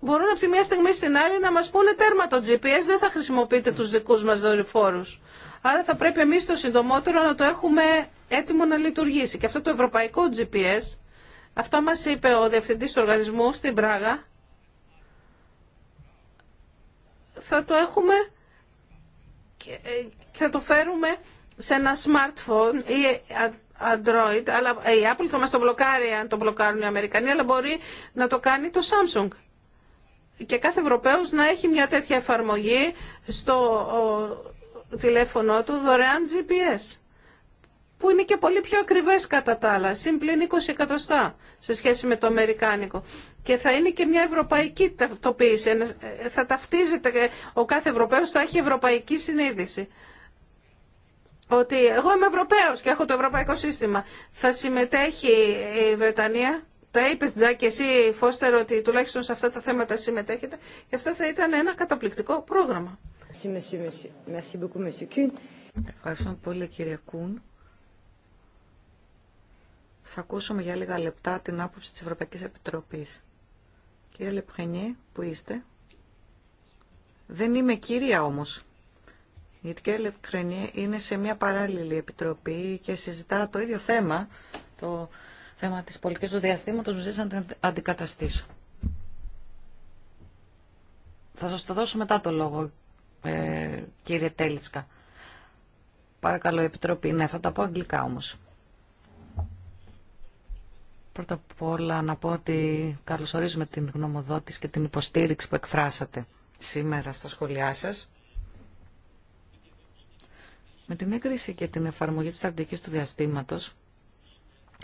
Μπορούν από τη μία στιγμή στην άλλη να μας πούνε τέρμα το GPS, δεν θα χρησιμοποιείτε τους δικούς μας δορυφόρους. Άρα θα πρέπει εμείς το συντομότερο να το έχουμε έτοιμο να λειτουργήσει. Και αυτό το ευρωπαϊκό GPS, αυτό μας είπε ο Διευθυντής του Οργανισμού στην Πράγα, θα το έχουμε και ε, θα το φέρουμε σε ένα smartphone ή Android, αλλά η Apple θα μας το μπλοκάρει αν το μπλοκάρουν οι Αμερικανοί, αλλά μπορεί να το κάνει το Samsung. Και κάθε Ευρωπαίος να έχει μια τέτοια εφαρμογή στο τηλέφωνο του δωρεάν GPS, που είναι και πολύ πιο ακριβές κατά τα άλλα, συμπλήν 20 εκατοστά σε σχέση με το Αμερικάνικο. Και θα είναι και μια ευρωπαϊκή ταυτοποίηση, ε, θα ταυτίζεται ο κάθε Ευρωπαίος, θα έχει ευρωπαϊκή συνείδηση ότι εγώ είμαι Ευρωπαίος και έχω το ευρωπαϊκό σύστημα. Θα συμμετέχει η Βρετανία. Τα είπε Τζάκ, και εσύ Φώστερ ότι τουλάχιστον σε αυτά τα θέματα συμμετέχετε και αυτό θα ήταν ένα καταπληκτικό πρόγραμμα. Ευχαριστώ πολύ κύριε Κούν. Θα ακούσουμε για λίγα λεπτά την άποψη της Ευρωπαϊκής Επιτροπής. Κύριε Λεπχενιέ, που είστε. Δεν είμαι κύρια όμως γιατί και Λεπκρενή είναι σε μια παράλληλη επιτροπή και συζητά το ίδιο θέμα, το θέμα της πολιτικής του διαστήματος, μου να την αντικαταστήσω. Θα σας το δώσω μετά το λόγο, ε, κύριε Τέλισκα Παρακαλώ, Επιτροπή. Ναι, θα τα πω αγγλικά όμως. Πρώτα απ' όλα να πω ότι καλωσορίζουμε την γνωμοδότηση και την υποστήριξη που εκφράσατε σήμερα στα σχολιά σας. Με την έγκριση και την εφαρμογή της στρατηγικής του διαστήματος,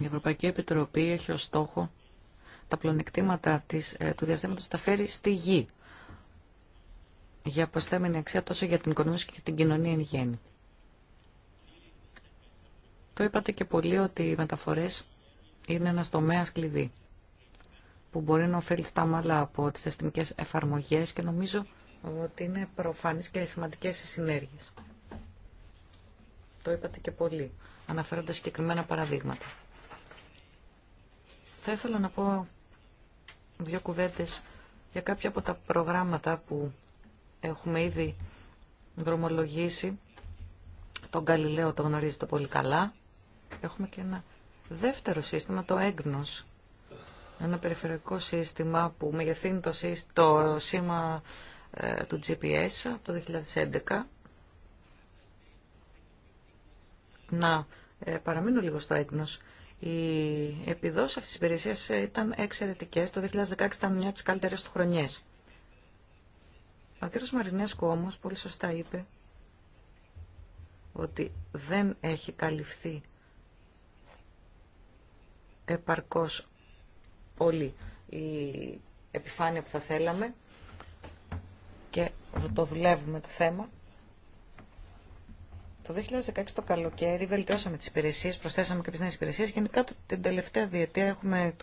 η Ευρωπαϊκή Επιτροπή έχει ως στόχο τα πλονεκτήματα της, ε, του διαστήματος τα φέρει στη γη για προστέμενη αξία τόσο για την οικονομία και την κοινωνία εν γέννη. Το είπατε και πολύ ότι οι μεταφορές είναι ένας τομέας κλειδί που μπορεί να ωφέλει μάλλα από τις θεσμικές εφαρμογές και νομίζω ότι είναι προφανείς και σημαντικές οι συνέργειες. Το είπατε και πολύ, αναφέροντας συγκεκριμένα παραδείγματα. Θα ήθελα να πω δύο κουβέντες για κάποια από τα προγράμματα που έχουμε ήδη δρομολογήσει. Τον Καλλιλέο το γνωρίζετε πολύ καλά. Έχουμε και ένα δεύτερο σύστημα, το έγνος. Ένα περιφερειακό σύστημα που μεγεθύνει το, το σήμα ε, του GPS από το 2011 να ε, παραμείνω λίγο στο έκνος. Οι επιδόσεις αυτής της υπηρεσίας ε, ήταν εξαιρετικές. Το 2016 ήταν μια από τις καλύτερες του χρονιές. Ο κ. Μαρινέσκου όμως πολύ σωστά είπε ότι δεν έχει καλυφθεί επαρκώς όλη η επιφάνεια που θα θέλαμε και το δουλεύουμε το θέμα. Το 2016 το καλοκαίρι βελτιώσαμε τις υπηρεσίε, προσθέσαμε και περισσότερες υπηρεσίε. υπηρεσίες. Γενικά την τελευταία διετία έχουμε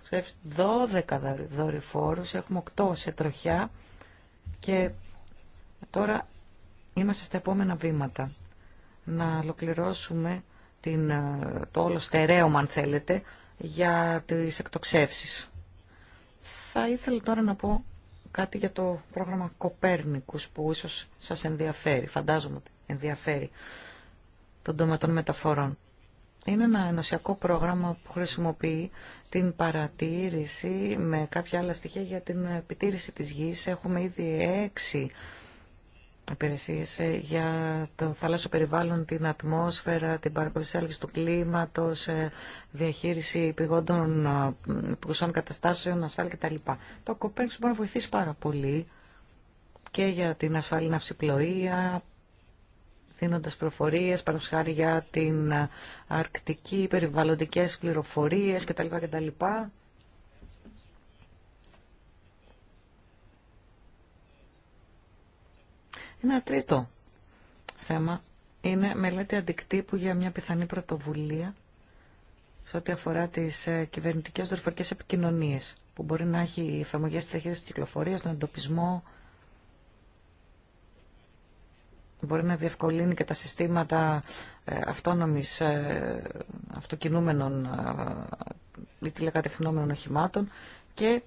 12 δορυφόρου, έχουμε 8 σε τροχιά και τώρα είμαστε στα επόμενα βήματα. Να ολοκληρώσουμε την, ε, το όλο στερέωμα, αν θέλετε, για τι εκτοξεύσεις. Θα ήθελα τώρα να πω κάτι για το πρόγραμμα Κοπέρνικους που ίσως σας ενδιαφέρει, φαντάζομαι ότι ενδιαφέρει των μεταφορών. Είναι ένα ενωσιακό πρόγραμμα που χρησιμοποιεί την παρατήρηση με κάποια άλλα στοιχεία για την επιτήρηση της γης. Έχουμε ήδη έξι υπηρεσίες ε, για το θαλάσσιο περιβάλλον, την ατμόσφαιρα, την παρακολουθήση του κλίματος, ε, διαχείριση πηγόντων υπουργουσών ε, καταστάσεων, ασφάλεια κτλ. Το Κοπέρνικος μπορεί να βοηθήσει πάρα πολύ και για την ασφαλή ναυσιπλοεία, δίνοντας προφορίες, χάρη για την αρκτική, περιβαλλοντικές πληροφορίες κτλ. κτλ. Ένα τρίτο θέμα είναι μελέτη αντικτύπου για μια πιθανή πρωτοβουλία σε ό,τι αφορά τις ε, κυβερνητικές δορυφορικές επικοινωνίες που μπορεί να έχει εφαρμογές στη τη κυκλοφορίας, στον εντοπισμό, μπορεί να διευκολύνει και τα συστήματα ε, αυτόνομης ε, αυτοκινούμενων ε, ή τηλεκατευθυνόμενων οχημάτων και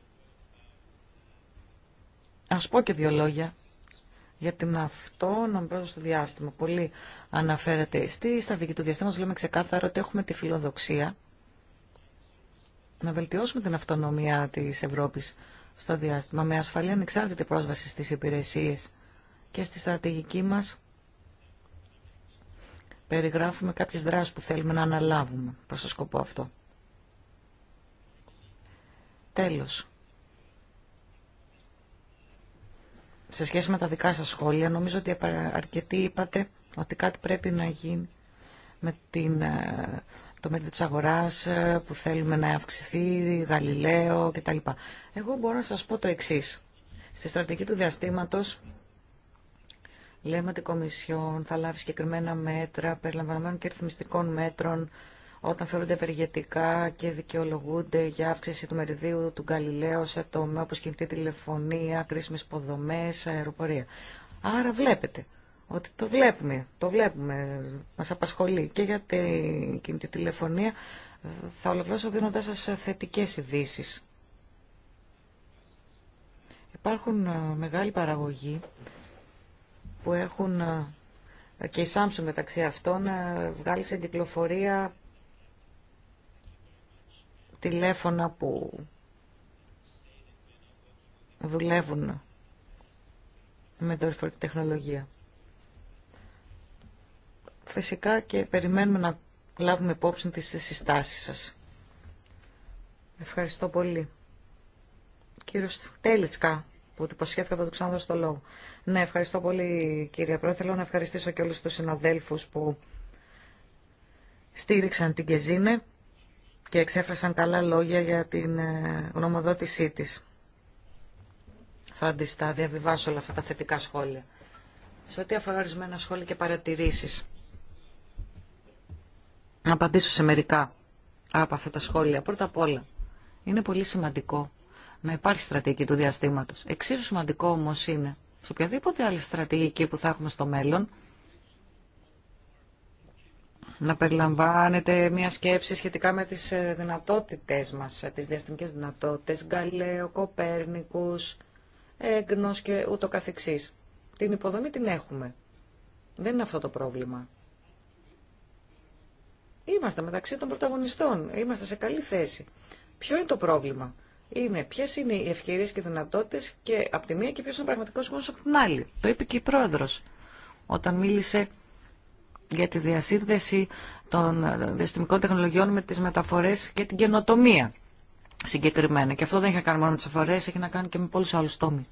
ας πω και δύο λόγια για την αυτόνομη πρόσβαση στο διάστημα. Πολύ αναφέρεται στη στρατηγική του διαστήματος, λέμε ξεκάθαρα ότι έχουμε τη φιλοδοξία να βελτιώσουμε την αυτονομία της Ευρώπης στο διάστημα με ασφαλή ανεξάρτητη πρόσβαση στις υπηρεσίες και στη στρατηγική μας περιγράφουμε κάποιες δράσεις που θέλουμε να αναλάβουμε προς το σκοπό αυτό. Τέλος. Σε σχέση με τα δικά σας σχόλια, νομίζω ότι αρκετοί είπατε ότι κάτι πρέπει να γίνει με την, ε, το μέρη της αγοράς ε, που θέλουμε να αυξηθεί, Γαλιλαίο κτλ. Εγώ μπορώ να σας πω το εξής. Στη στρατηγική του διαστήματος Λέμε ότι η Κομισιόν θα λάβει συγκεκριμένα μέτρα περιλαμβανομένων και ρυθμιστικών μέτρων όταν θεωρούνται ευεργετικά και δικαιολογούνται για αύξηση του μεριδίου του Γκαλιλαίου σε τομέα όπως κινητή τηλεφωνία, κρίσιμες υποδομές, αεροπορία. Άρα βλέπετε ότι το βλέπουμε, το βλέπουμε, μας απασχολεί και για την κινητή τηλεφωνία. Θα ολοκληρώσω δίνοντάς σας θετικές ειδήσει. Υπάρχουν ε, μεγάλη παραγωγή που έχουν ε, και η Samsung μεταξύ αυτών ε, βγάλει σε κυκλοφορία τηλέφωνα που δουλεύουν με δορυφορική τεχνολογία. Φυσικά και περιμένουμε να λάβουμε υπόψη τις συστάσεις σας. Ευχαριστώ πολύ. Κύριος Τέλιτσκα που του υποσχέθηκα θα του ξαναδώσω το λόγο. Ναι, ευχαριστώ πολύ κύριε Πρόεδρε. Θέλω να ευχαριστήσω και όλους τους συναδέλφους που στήριξαν την Κεζίνε και εξέφρασαν καλά λόγια για την ε, γνωμοδότησή της. Θα αντιστά, διαβιβάσω όλα αυτά τα θετικά σχόλια. Σε ό,τι αφορά ορισμένα σχόλια και παρατηρήσεις. Να απαντήσω σε μερικά από αυτά τα σχόλια. Πρώτα απ' όλα, είναι πολύ σημαντικό να υπάρχει στρατηγική του διαστήματο. Εξίσου σημαντικό όμω είναι, σε οποιαδήποτε άλλη στρατηγική που θα έχουμε στο μέλλον, να περιλαμβάνεται μια σκέψη σχετικά με τις ε, δυνατότητες μας, ε, τις διαστημικές δυνατότητες, Γκαλέο, Κοπέρνικους, Έγνος και ούτω καθεξής. Την υποδομή την έχουμε. Δεν είναι αυτό το πρόβλημα. Είμαστε μεταξύ των πρωταγωνιστών. Είμαστε σε καλή θέση. Ποιο είναι το πρόβλημα είναι ποιε είναι οι ευκαιρίε και δυνατότητε και από τη μία και ποιο είναι ο πραγματικό κόσμο από την άλλη. Το είπε και η πρόεδρο όταν μίλησε για τη διασύνδεση των διαστημικών τεχνολογιών με τι μεταφορέ και την καινοτομία συγκεκριμένα. Και αυτό δεν είχε να κάνει μόνο με τι αφορέ, έχει να κάνει και με πολλού άλλου τόμου.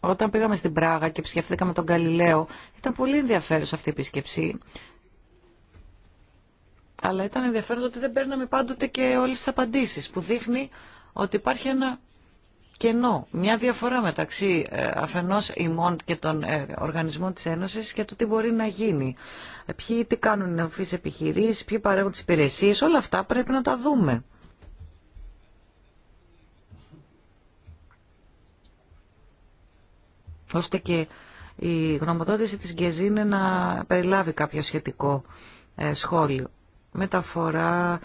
Όταν πήγαμε στην Πράγα και επισκεφθήκαμε τον Γαλιλαίο, ήταν πολύ ενδιαφέρουσα αυτή η επίσκεψη. Αλλά ήταν ενδιαφέρον ότι δεν παίρναμε πάντοτε και όλες τις απαντήσεις που δείχνει ότι υπάρχει ένα κενό, μια διαφορά μεταξύ ε, αφενός ημών και των ε, οργανισμών της Ένωσης και το τι μπορεί να γίνει. Ε, ποιοι τι κάνουν οι νεοφείς επιχειρήσεις, ποιοι παρέχουν τις υπηρεσίες, όλα αυτά πρέπει να τα δούμε. ώστε και η γνωμοδότηση της Γκεζίνε να περιλάβει κάποιο σχετικό σχόλιο. Ε, μεταφορά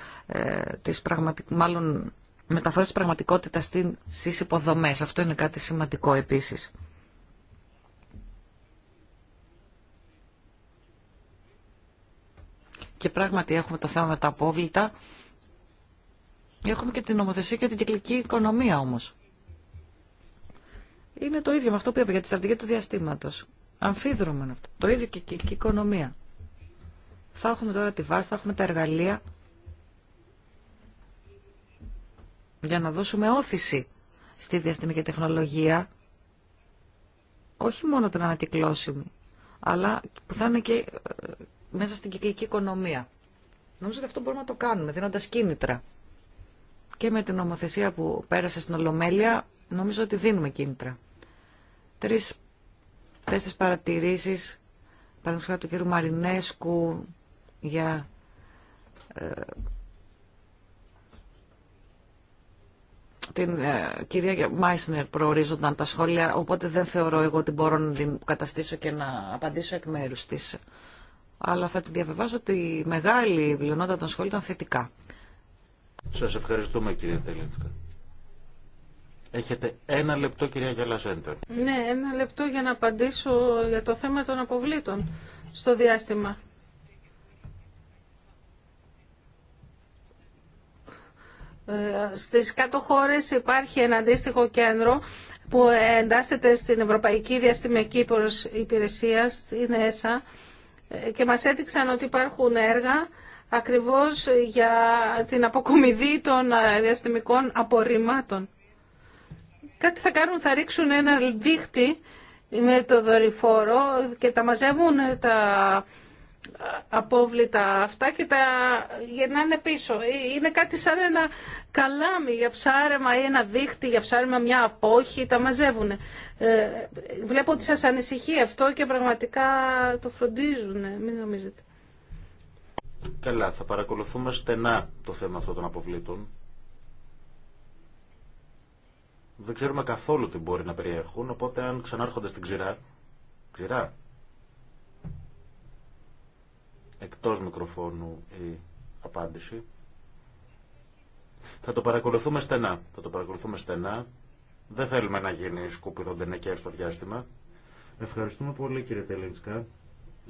της μάλλον μεταφορά πραγματικότητας στις υποδομές. Αυτό είναι κάτι σημαντικό επίσης. Και πράγματι έχουμε το θέμα με τα απόβλητα. Έχουμε και την νομοθεσία και την κυκλική οικονομία όμως. Είναι το ίδιο με αυτό που είπα για τη στρατηγική του διαστήματος. Αμφίδρομο αυτό. Το ίδιο και η κυκλική οικονομία. Θα έχουμε τώρα τη βάση, θα έχουμε τα εργαλεία για να δώσουμε όθηση στη διαστημική τεχνολογία, όχι μόνο την ανακυκλώσιμη, αλλά που θα είναι και ε, μέσα στην κυκλική οικονομία. Νομίζω ότι αυτό μπορούμε να το κάνουμε, δίνοντας κίνητρα. Και με την νομοθεσία που πέρασε στην Ολομέλεια, νομίζω ότι δίνουμε κίνητρα. Τρεις, τέσσερις παρατηρήσεις, παραδείγματος του κ. Μαρινέσκου, για ε, την ε, κυρία Μάισνερ προορίζονταν τα σχόλια, οπότε δεν θεωρώ εγώ ότι μπορώ να την καταστήσω και να απαντήσω εκ μέρους της. Αλλά θα τη διαβεβάσω ότι η μεγάλη πλειονότητα των σχόλων ήταν θετικά. Σας ευχαριστούμε κυρία Τελίντσκα. Έχετε ένα λεπτό κυρία Γελασέντερ. Ναι, ένα λεπτό για να απαντήσω για το θέμα των αποβλήτων στο διάστημα. Στις κάτω χώρες υπάρχει ένα αντίστοιχο κέντρο που εντάσσεται στην Ευρωπαϊκή Διαστημική Υπηρεσία, στην ΕΣΑ, και μας έδειξαν ότι υπάρχουν έργα ακριβώς για την αποκομιδή των ε, διαστημικών απορριμμάτων. Κάτι θα κάνουν, θα ρίξουν ένα δίχτυ με το δορυφόρο και τα μαζεύουν ε, τα απόβλητα αυτά και τα γεννάνε πίσω. Ε, είναι κάτι σαν ένα καλάμι για ψάρεμα ή ένα δίχτυ για ψάρεμα, μια απόχη, τα μαζεύουν. Ε, βλέπω ότι σας ανησυχεί αυτό και πραγματικά το φροντίζουν, μην νομίζετε. Καλά, θα παρακολουθούμε στενά το θέμα αυτό των αποβλήτων. Δεν ξέρουμε καθόλου τι μπορεί να περιέχουν, οπότε αν ξανάρχονται στην ξηρά, ξηρά, εκτός μικροφώνου η απάντηση. Θα το παρακολουθούμε στενά. Θα το παρακολουθούμε στενά. Δεν θέλουμε να γίνει σκουπιδόντε νεκέ στο διάστημα. Ευχαριστούμε πολύ κύριε Τελίντσκα.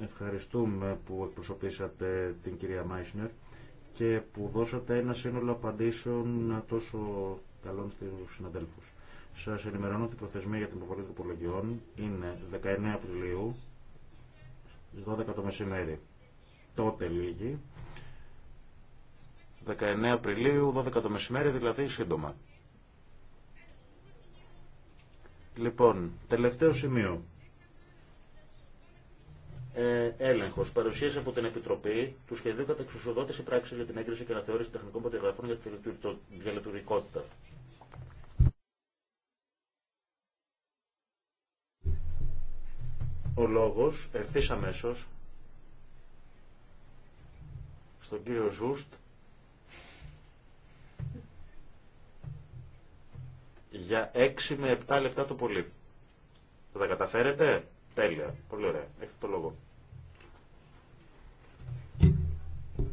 Ευχαριστούμε που εκπροσωπήσατε την κυρία Μάισνερ και που δώσατε ένα σύνολο απαντήσεων τόσο καλών στους συναδέλφους. Σας ενημερώνω ότι η προθεσμία για την υποβολή των είναι 19 Απριλίου, 12 το μεσημέρι τότε λίγη. 19 Απριλίου, 12 το μεσημέρι, δηλαδή σύντομα. Λοιπόν, τελευταίο σημείο. Ε, Έλεγχο. Παρουσίαση από την Επιτροπή του σχεδίου κατά εξουσιοδότηση πράξη για την έγκριση και αναθεώρηση τεχνικών πατεγραφών για τη διαλειτουργικότητα. Ο λόγο ευθύ αμέσω στον κύριο Ζούστ για 6 με 7 λεπτά το πολύ. Θα τα καταφέρετε? Τέλεια. Πολύ ωραία. Έχετε το λόγο.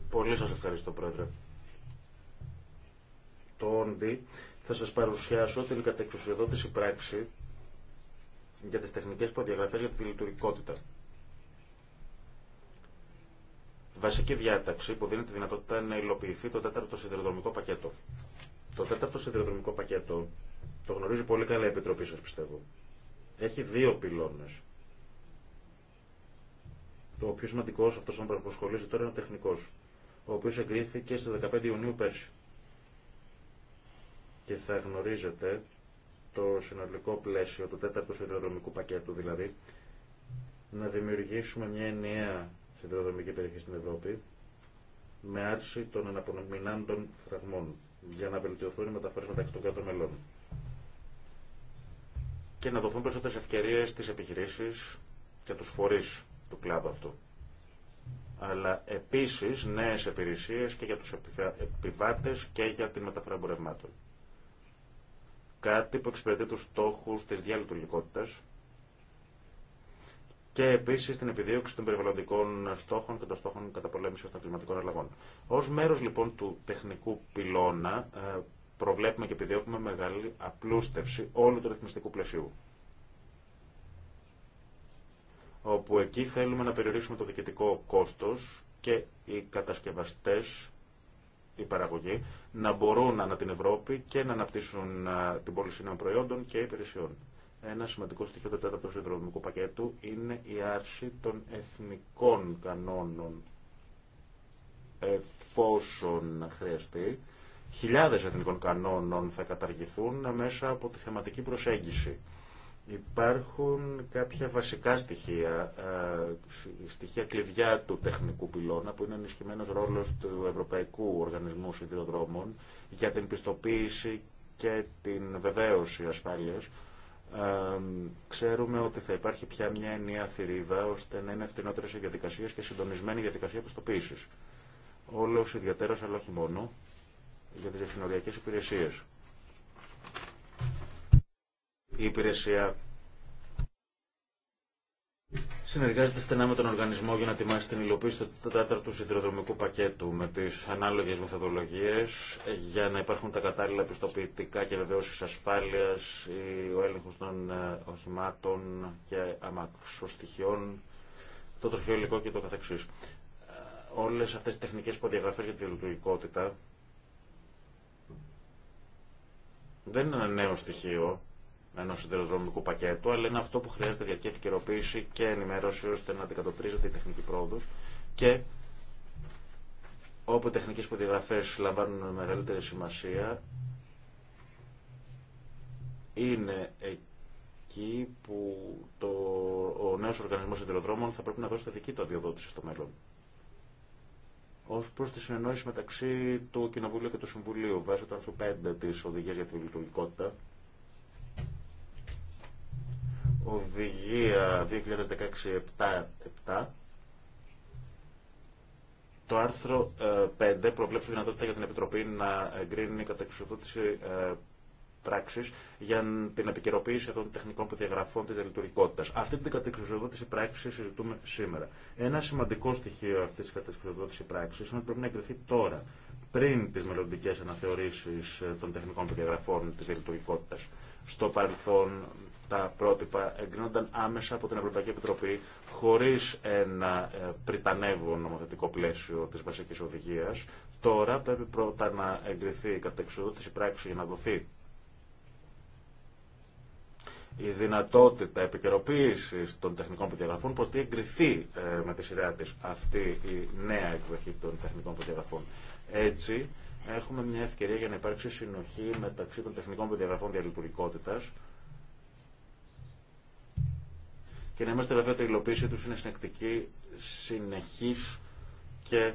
Πολύ σας ευχαριστώ πρόεδρε. Το όντι θα σας παρουσιάσω την κατεξουσιοδότηση πράξη για τις τεχνικές προδιαγραφές για τη λειτουργικότητα βασική διάταξη που δίνει τη δυνατότητα να υλοποιηθεί το τέταρτο σιδηροδρομικό πακέτο. Το τέταρτο σιδηροδρομικό πακέτο το γνωρίζει πολύ καλά η Επιτροπή σας πιστεύω. Έχει δύο πυλώνες. Το πιο σημαντικό αυτό που θα τώρα είναι ο τεχνικό, ο οποίο εγκρίθηκε στι 15 Ιουνίου πέρσι. Και θα γνωρίζετε το συνολικό πλαίσιο του τέταρτου σιδηροδρομικού πακέτου, δηλαδή να δημιουργήσουμε μια ενιαία σιδηροδρομική περιοχή στην Ευρώπη με άρση των αναπομεινάντων φραγμών για να βελτιωθούν οι μεταφορέ μεταξύ των κάτω μελών και να δοθούν περισσότερες ευκαιρίε στις επιχειρήσει και του φορεί του κλάδου αυτού. Αλλά επίσης νέες υπηρεσίε και για τους επιβάτε και για τη μεταφορά εμπορευμάτων. Κάτι που εξυπηρετεί του στόχου τη διάλειτουργικότητα, και επίση την επιδίωξη των περιβαλλοντικών στόχων και των στόχων καταπολέμηση των κλιματικών αλλαγών. Ω μέρο λοιπόν του τεχνικού πυλώνα, ε, προβλέπουμε και επιδιώκουμε μεγάλη απλούστευση όλου του ρυθμιστικού πλαισίου. Όπου εκεί θέλουμε να περιορίσουμε το διοικητικό κόστο και οι κατασκευαστέ, η παραγωγή, να μπορούν ανά την Ευρώπη και να αναπτύσσουν ε, την πώληση νέων προϊόντων και υπηρεσιών. Ένα σημαντικό στοιχείο του τέταρτου συνδρομικού πακέτου είναι η άρση των εθνικών κανόνων εφόσον χρειαστεί. Χιλιάδες εθνικών κανόνων θα καταργηθούν μέσα από τη θεματική προσέγγιση. Υπάρχουν κάποια βασικά στοιχεία, ε, στοιχεία κλειδιά του τεχνικού πυλώνα, που είναι ενισχυμένο ρόλο του Ευρωπαϊκού Οργανισμού Σιδηροδρόμων για την πιστοποίηση και την βεβαίωση ασφάλειας ξέρουμε ότι θα υπάρχει πια μια ενιαία θηρίδα ώστε να είναι ευθυνότερε οι διαδικασίε και συντονισμένη η διαδικασία πιστοποίηση. Όλο ιδιαίτερα αλλά όχι μόνο, για τι διασυνοριακέ υπηρεσίε. Η υπηρεσία συνεργάζεται στενά με τον οργανισμό για να ετοιμάσει την υλοποίηση του τέταρτου σιδηροδρομικού πακέτου με τι ανάλογε μεθοδολογίε για να υπάρχουν τα κατάλληλα πιστοποιητικά και βεβαιώσει ασφάλεια, ο έλεγχο των ε, οχημάτων και αμαξοστοιχειών, το τροχιολικό και το καθεξής. Ε, όλες αυτές οι τεχνικέ υποδιαγραφέ για τη λειτουργικότητα δεν είναι ένα νέο στοιχείο ενό σιδηροδρομικού πακέτου, αλλά είναι αυτό που χρειάζεται διαρκή επικαιροποίηση και ενημέρωση ώστε να αντικατοπτρίζεται η τεχνική πρόοδο και όπου οι τεχνικέ περιγραφέ λαμβάνουν μεγαλύτερη σημασία, είναι εκεί που το, ο νέο οργανισμό σιδηροδρόμων θα πρέπει να δώσει τη δική του αδειοδότηση στο μέλλον. Ω προ τη συνεννόηση μεταξύ του Κοινοβουλίου και του Συμβουλίου, βάσει του άρθρου 5 τη Οδηγία για τη Λειτουργικότητα, Οδηγία 2016-7 το άρθρο 5 ε, προβλέπει τη δυνατότητα για την Επιτροπή να εγκρίνει κατά εξουσιοδότηση ε, πράξη για την επικαιροποίηση αυτών των τεχνικών προδιαγραφών τη λειτουργικότητα. Αυτή την κατεξουσιοδότηση πράξη συζητούμε σήμερα. Ένα σημαντικό στοιχείο αυτή τη εξουσιοδότηση πράξη είναι ότι πρέπει να εγκριθεί τώρα, πριν τι μελλοντικέ αναθεωρήσει ε, των τεχνικών προδιαγραφών τη λειτουργικότητα. Στο παρελθόν τα πρότυπα εγκρίνονταν άμεσα από την Ευρωπαϊκή Επιτροπή χωρίς ένα ε, πριτανεύον νομοθετικό πλαίσιο της βασικής οδηγίας. Τώρα πρέπει πρώτα να εγκριθεί η κατεξοδότηση πράξη για να δοθεί η δυνατότητα επικαιροποίηση των τεχνικών προδιαγραφών, προτεί εγκριθεί ε, με τη σειρά τη αυτή η νέα εκδοχή των τεχνικών προδιαγραφών. Έτσι, έχουμε μια ευκαιρία για να υπάρξει συνοχή μεταξύ των τεχνικών προδιαγραφών διαλειτουργικότητα και να είμαστε βέβαια ότι η υλοποίησή του είναι συνεκτική, συνεχή και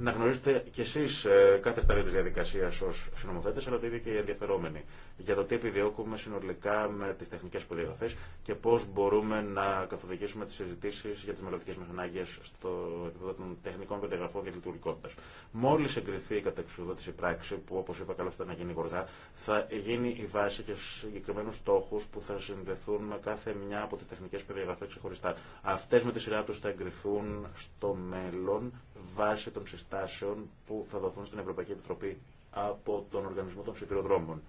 να γνωρίζετε κι εσεί ε, κάθε στάδιο τη διαδικασία ω συνομοθέτε, αλλά το ίδιο και οι ενδιαφερόμενοι. Για το τι επιδιώκουμε συνολικά με τι τεχνικέ περιγραφέ και πώ μπορούμε να καθοδηγήσουμε τι συζητήσει για τι μελλοντικέ μα ανάγκε στο επίπεδο των τεχνικών περιγραφών και λειτουργικότητα. Μόλι εγκριθεί η κατεξουδότηση πράξη, που όπω είπα καλό θα να γίνει γοργά, θα γίνει η βάση και συγκεκριμένου στόχου που θα συνδεθούν με κάθε μια από τι τεχνικέ περιγραφέ ξεχωριστά. Αυτέ με τη σειρά του θα εγκριθούν στο μέλλον βάσει των συστημών συστάσεων που θα δοθούν στην Ευρωπαϊκή Επιτροπή από τον Οργανισμό των Σιδηροδρόμων.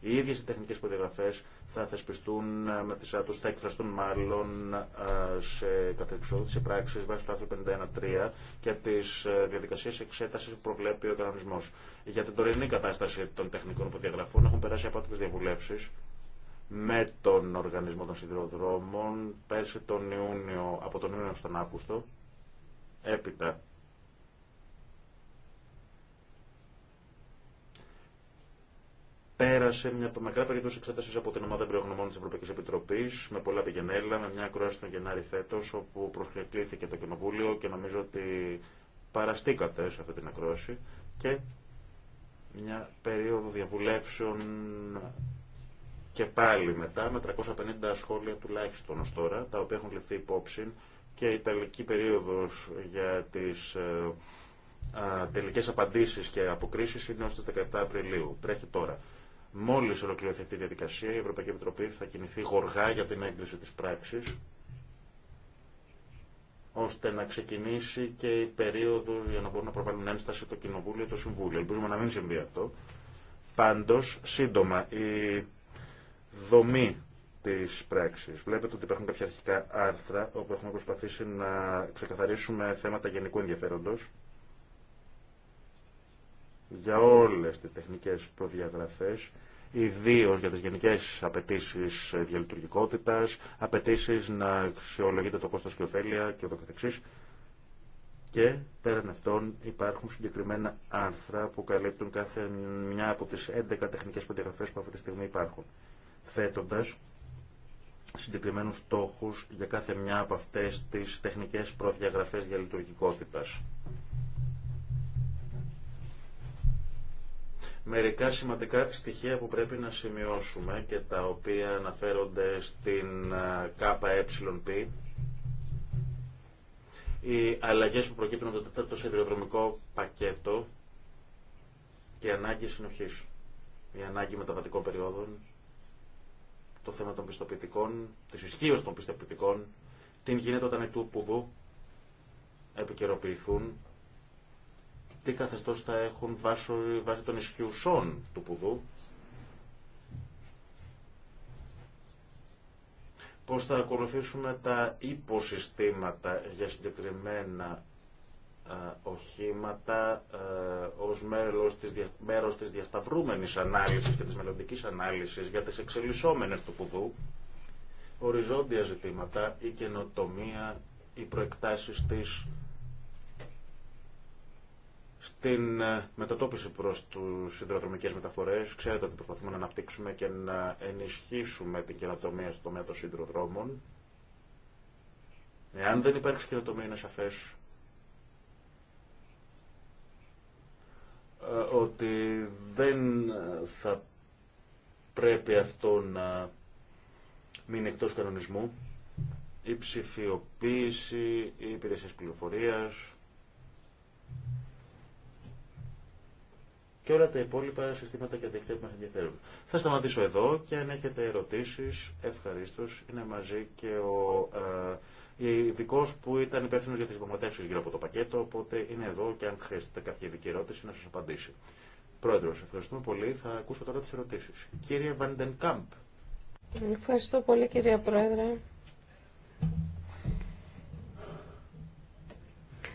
Οι ίδιε οι τεχνικέ προδιαγραφέ θα θεσπιστούν ε, με τη σειρά του, θα εκφραστούν μάλλον ε, σε τη πράξη βάσει του άρθρου 51.3 και τι ε, διαδικασίε εξέταση που προβλέπει ο κανονισμό. Για την τωρινή κατάσταση των τεχνικών προδιαγραφών έχουν περάσει από τι διαβουλεύσει με τον Οργανισμό των Σιδηροδρόμων πέρσι τον Ιούνιο, από τον Ιούνιο στον Αύγουστο. Έπειτα πέρασε μια μακρά περίπτωση εξέταση από την ομάδα εμπειρογνωμών τη Ευρωπαϊκή Επιτροπή με πολλά πηγενέλα, με μια ακρόαση τον Γενάρη φέτο, όπου προσκλήθηκε το Κοινοβούλιο και νομίζω ότι παραστήκατε σε αυτή την ακρόαση και μια περίοδο διαβουλεύσεων και πάλι μετά με 350 σχόλια τουλάχιστον ως τώρα, τα οποία έχουν ληφθεί υπόψη και η τελική περίοδος για τις τελικέ απαντήσει τελικές και αποκρίσεις είναι ως τις 17 Απριλίου. Τρέχει τώρα. Μόλι ολοκληρωθεί αυτή η διαδικασία, η Ευρωπαϊκή Επιτροπή θα κινηθεί γοργά για την έγκριση τη πράξη, ώστε να ξεκινήσει και η περίοδο για να μπορούν να προβάλλουν ένσταση το Κοινοβούλιο και το Συμβούλιο. Ελπίζουμε να μην συμβεί αυτό. Πάντω, σύντομα, η δομή τη πράξη. Βλέπετε ότι υπάρχουν κάποια αρχικά άρθρα όπου έχουμε προσπαθήσει να ξεκαθαρίσουμε θέματα γενικού ενδιαφέροντο για όλες τις τεχνικές προδιαγραφές, ιδίω για τις γενικές απαιτήσεις διαλειτουργικότητας, απαιτήσεις να αξιολογείται το κόστος και ωφέλεια και ούτω καθεξής. Και πέραν αυτών υπάρχουν συγκεκριμένα άρθρα που καλύπτουν κάθε μια από τις 11 τεχνικές προδιαγραφές που αυτή τη στιγμή υπάρχουν, θέτοντας συγκεκριμένους στόχους για κάθε μια από αυτές τις τεχνικές προδιαγραφές διαλειτουργικότητας. Μερικά σημαντικά στοιχεία που πρέπει να σημειώσουμε και τα οποία αναφέρονται στην ΚΕΠ οι αλλαγές που προκύπτουν από το τέταρτο σιδηροδρομικό πακέτο και η ανάγκη συνοχής, η ανάγκη μεταβατικών περιόδων, το θέμα των πιστοποιητικών, τη ισχύω των πιστοποιητικών, την γίνεται όταν οι του επικαιροποιηθούν τι καθεστώς θα έχουν βάσει, των ισχυουσών του πουδού, πώς θα ακολουθήσουμε τα υποσυστήματα για συγκεκριμένα ε, οχήματα ε, ως μέρος της, μέρος της ανάλυσης και της μελλοντική ανάλυσης για τις εξελισσόμενες του πουδού, οριζόντια ζητήματα, η καινοτομία, οι προεκτάσεις της, στην ε, μετατόπιση προς τους συνδροδρομικές μεταφορές. Ξέρετε ότι προσπαθούμε να αναπτύξουμε και να ενισχύσουμε την καινοτομία στο τομέα των συνδροδρόμων. Εάν δεν υπάρξει καινοτομία είναι σαφές ε, ότι δεν θα πρέπει αυτό να μείνει εκτός κανονισμού. Η ψηφιοποίηση, ή υπηρεσία πληροφορίας, και όλα τα υπόλοιπα συστήματα και δίκτυα που μας ενδιαφέρουν. Θα σταματήσω εδώ και αν έχετε ερωτήσεις, ευχαρίστω. Είναι μαζί και ο ε, ειδικό που ήταν υπεύθυνο για τις υπομετεύσεις γύρω από το πακέτο, οπότε είναι εδώ και αν χρειάζεται κάποια ειδική ερώτηση να σας απαντήσει. Πρόεδρος, ευχαριστούμε πολύ. Θα ακούσω τώρα τις ερωτήσεις. Κύριε Βαντενκάμπ. Ευχαριστώ πολύ κύριε Πρόεδρε.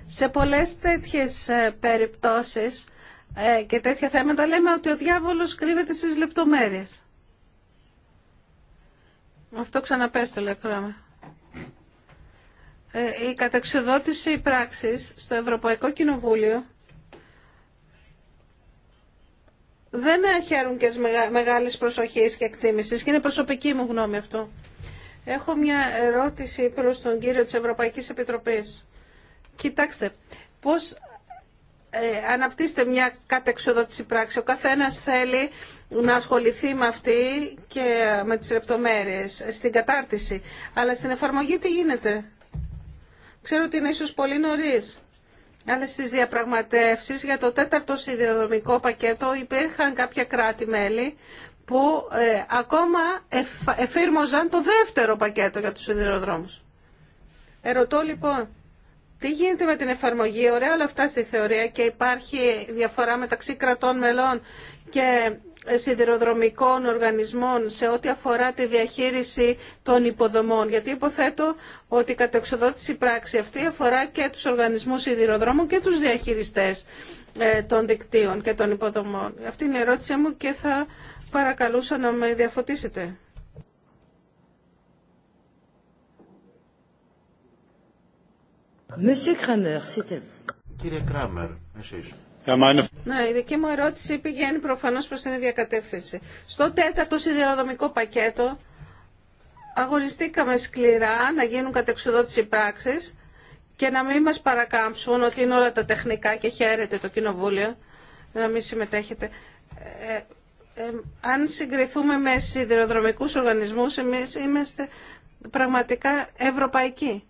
Σε πολλές τέτοιες ε, περιπτώσεις ε, και τέτοια θέματα λέμε ότι ο διάβολος κρύβεται στις λεπτομέρειες. Αυτό ξαναπέστωλε, λέει κράμα. Ε, η καταξιοδότηση πράξης στο Ευρωπαϊκό Κοινοβούλιο δεν χαίρουν και μεγάλης προσοχής και εκτίμησης και είναι προσωπική μου γνώμη αυτό. Έχω μια ερώτηση προς τον κύριο της Ευρωπαϊκής Επιτροπής. Κοιτάξτε, πώς ε, Αναπτύστε μια κατεξοδότηση πράξη. Ο καθένας θέλει να ασχοληθεί με αυτή και με τις λεπτομέρειες στην κατάρτιση. Αλλά στην εφαρμογή τι γίνεται. Ξέρω ότι είναι ίσως πολύ νωρίς. Αλλά στις διαπραγματεύσεις για το τέταρτο σιδηροδρομικό πακέτο υπήρχαν κάποια κράτη-μέλη που ε, ακόμα εφήρμοζαν το δεύτερο πακέτο για τους σιδηροδρόμους. Ερωτώ λοιπόν, τι γίνεται με την εφαρμογή, ωραία όλα αυτά στη θεωρία και υπάρχει διαφορά μεταξύ κρατών μελών και σιδηροδρομικών οργανισμών σε ό,τι αφορά τη διαχείριση των υποδομών. Γιατί υποθέτω ότι η κατεξοδότηση πράξη αυτή αφορά και τους οργανισμούς σιδηροδρόμων και τους διαχειριστές ε, των δικτύων και των υποδομών. Αυτή είναι η ερώτησή μου και θα παρακαλούσα να με διαφωτίσετε. Κύριε Κράμερ, εσείς. Ναι, η δική μου ερώτηση πηγαίνει προφανώς προς την ίδια κατεύθυνση. Στο τέταρτο σιδηροδομικό πακέτο αγωνιστήκαμε σκληρά να γίνουν κατεξουδότηση πράξη και να μην μας παρακάμψουν ότι είναι όλα τα τεχνικά και χαίρεται το Κοινοβούλιο να μην συμμετέχετε. Ε, ε, αν συγκριθούμε με σιδηροδρομικούς οργανισμούς, εμείς είμαστε πραγματικά ευρωπαϊκοί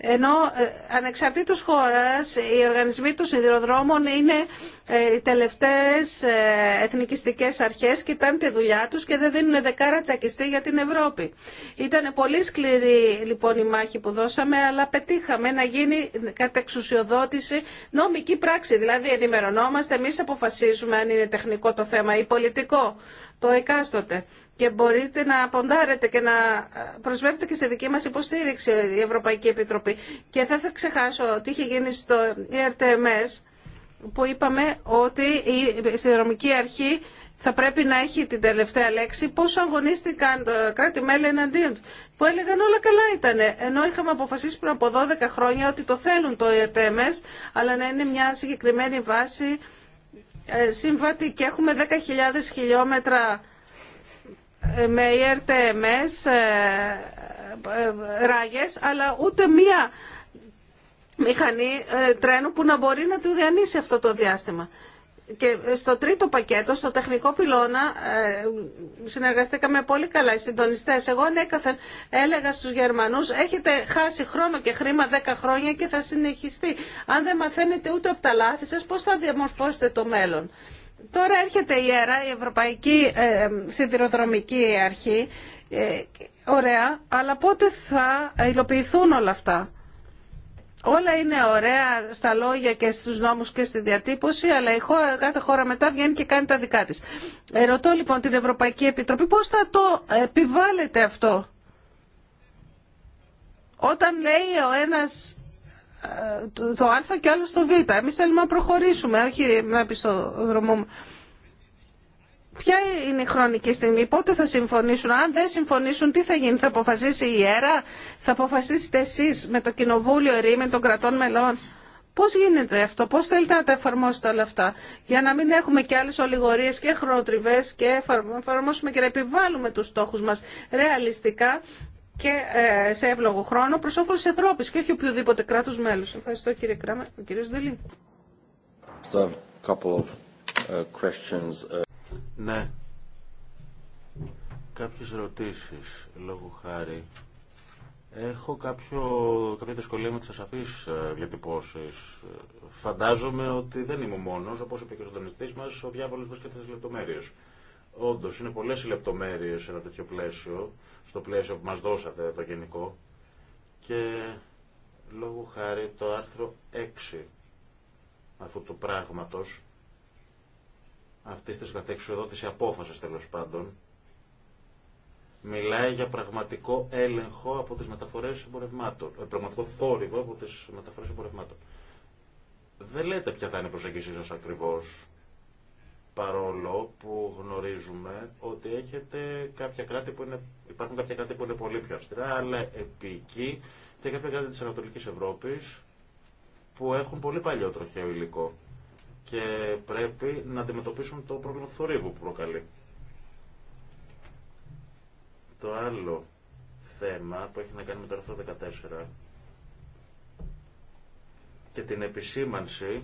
ενώ ε, ανεξαρτήτως χώρας οι οργανισμοί των σιδηροδρόμων είναι ε, οι τελευταίες ε, εθνικιστικές αρχές, κοιτάνε τη δουλειά τους και δεν δίνουν δεκάρα τσακιστή για την Ευρώπη. Ήταν πολύ σκληρή λοιπόν η μάχη που δώσαμε, αλλά πετύχαμε να γίνει εξουσιοδότηση νομική πράξη. Δηλαδή ενημερωνόμαστε, εμείς αποφασίζουμε αν είναι τεχνικό το θέμα ή πολιτικό το εκάστοτε και μπορείτε να ποντάρετε και να προσβεύετε και στη δική μας υποστήριξη η Ευρωπαϊκή Επιτροπή. Και δεν θα ξεχάσω τι είχε γίνει στο ERTMS που είπαμε ότι η συνδρομική αρχή θα πρέπει να έχει την τελευταία λέξη πόσο τα αγωνίστηκαν κράτη-μέλη εναντίον του. Που έλεγαν όλα καλά ήταν. Ενώ είχαμε αποφασίσει πριν από 12 χρόνια ότι το θέλουν το ERTMS, αλλά να είναι μια συγκεκριμένη βάση ε, συμβατή. Και έχουμε 10.000 χιλιόμετρα με ε, ε, ράγες, αλλά ούτε μία μηχανή ε, τρένου που να μπορεί να τη διανύσει αυτό το διάστημα. Και στο τρίτο πακέτο, στο τεχνικό πυλώνα, ε, συνεργαστήκαμε πολύ καλά οι συντονιστέ. Εγώ ανέκαθεν έλεγα στου Γερμανού, έχετε χάσει χρόνο και χρήμα 10 χρόνια και θα συνεχιστεί. Αν δεν μαθαίνετε ούτε από τα λάθη σα, πώ θα διαμορφώσετε το μέλλον. Τώρα έρχεται η ΕΡΑ, η Ευρωπαϊκή ε, ε, Σιδηροδρομική Αρχή. Ε, ωραία, αλλά πότε θα υλοποιηθούν όλα αυτά. Όλα είναι ωραία στα λόγια και στους νόμους και στη διατύπωση, αλλά η κάθε χώρα μετά βγαίνει και κάνει τα δικά της. Ρωτώ λοιπόν την Ευρωπαϊκή Επιτροπή πώς θα το επιβάλλεται αυτό. Όταν λέει ο ένας το Α και άλλο στο Β. Εμείς θέλουμε να προχωρήσουμε, όχι να μου. Ποια είναι η χρονική στιγμή, πότε θα συμφωνήσουν, αν δεν συμφωνήσουν τι θα γίνει, θα αποφασίσει η ΙΕΡΑ, θα αποφασίσετε εσεί, με το Κοινοβούλιο Ρήμεν των κρατών μελών. Πώ γίνεται αυτό, Πώ θέλετε να τα εφαρμόσετε όλα αυτά, για να μην έχουμε και άλλε ολιγορίε και χρονοτριβέ και εφαρμόσουμε και να επιβάλλουμε του στόχου μα ρεαλιστικά και ε, σε εύλογο χρόνο προς όφελο τη Ευρώπης και όχι οποιοδήποτε κράτο μέλο. Ευχαριστώ κύριε Κράμερ. Ο κύριο Δελή. Uh, uh, ναι. Κάποιε ερωτήσει λόγω χάρη. Έχω κάποιο, κάποια δυσκολία με τι ασαφεί ε, διατυπώσεις. Φαντάζομαι ότι δεν είμαι μόνο όπω είπε και ο συντονιστή μα, ο διάβολο βρίσκεται στι λεπτομέρειε. Όντω, είναι πολλέ οι λεπτομέρειε σε ένα τέτοιο πλαίσιο, στο πλαίσιο που μα δώσατε το γενικό. Και λόγω χάρη το άρθρο 6 αυτού του πράγματο, αυτή τη κατεξουδότηση απόφαση τέλο πάντων, μιλάει για πραγματικό έλεγχο από τι μεταφορέ εμπορευμάτων. Ε, πραγματικό θόρυβο από τι μεταφορέ εμπορευμάτων. Δεν λέτε ποια θα είναι η προσέγγιση σα ακριβώ παρόλο που γνωρίζουμε ότι έχετε κάποια κράτη που είναι, υπάρχουν κάποια κράτη που είναι πολύ πιο αυστηρά, αλλά επί εκεί και κάποια κράτη της Ανατολικής Ευρώπης που έχουν πολύ παλιό τροχαίο υλικό και πρέπει να αντιμετωπίσουν το πρόβλημα του θορύβου που προκαλεί. Το άλλο θέμα που έχει να κάνει με το άρθρο 14 και την επισήμανση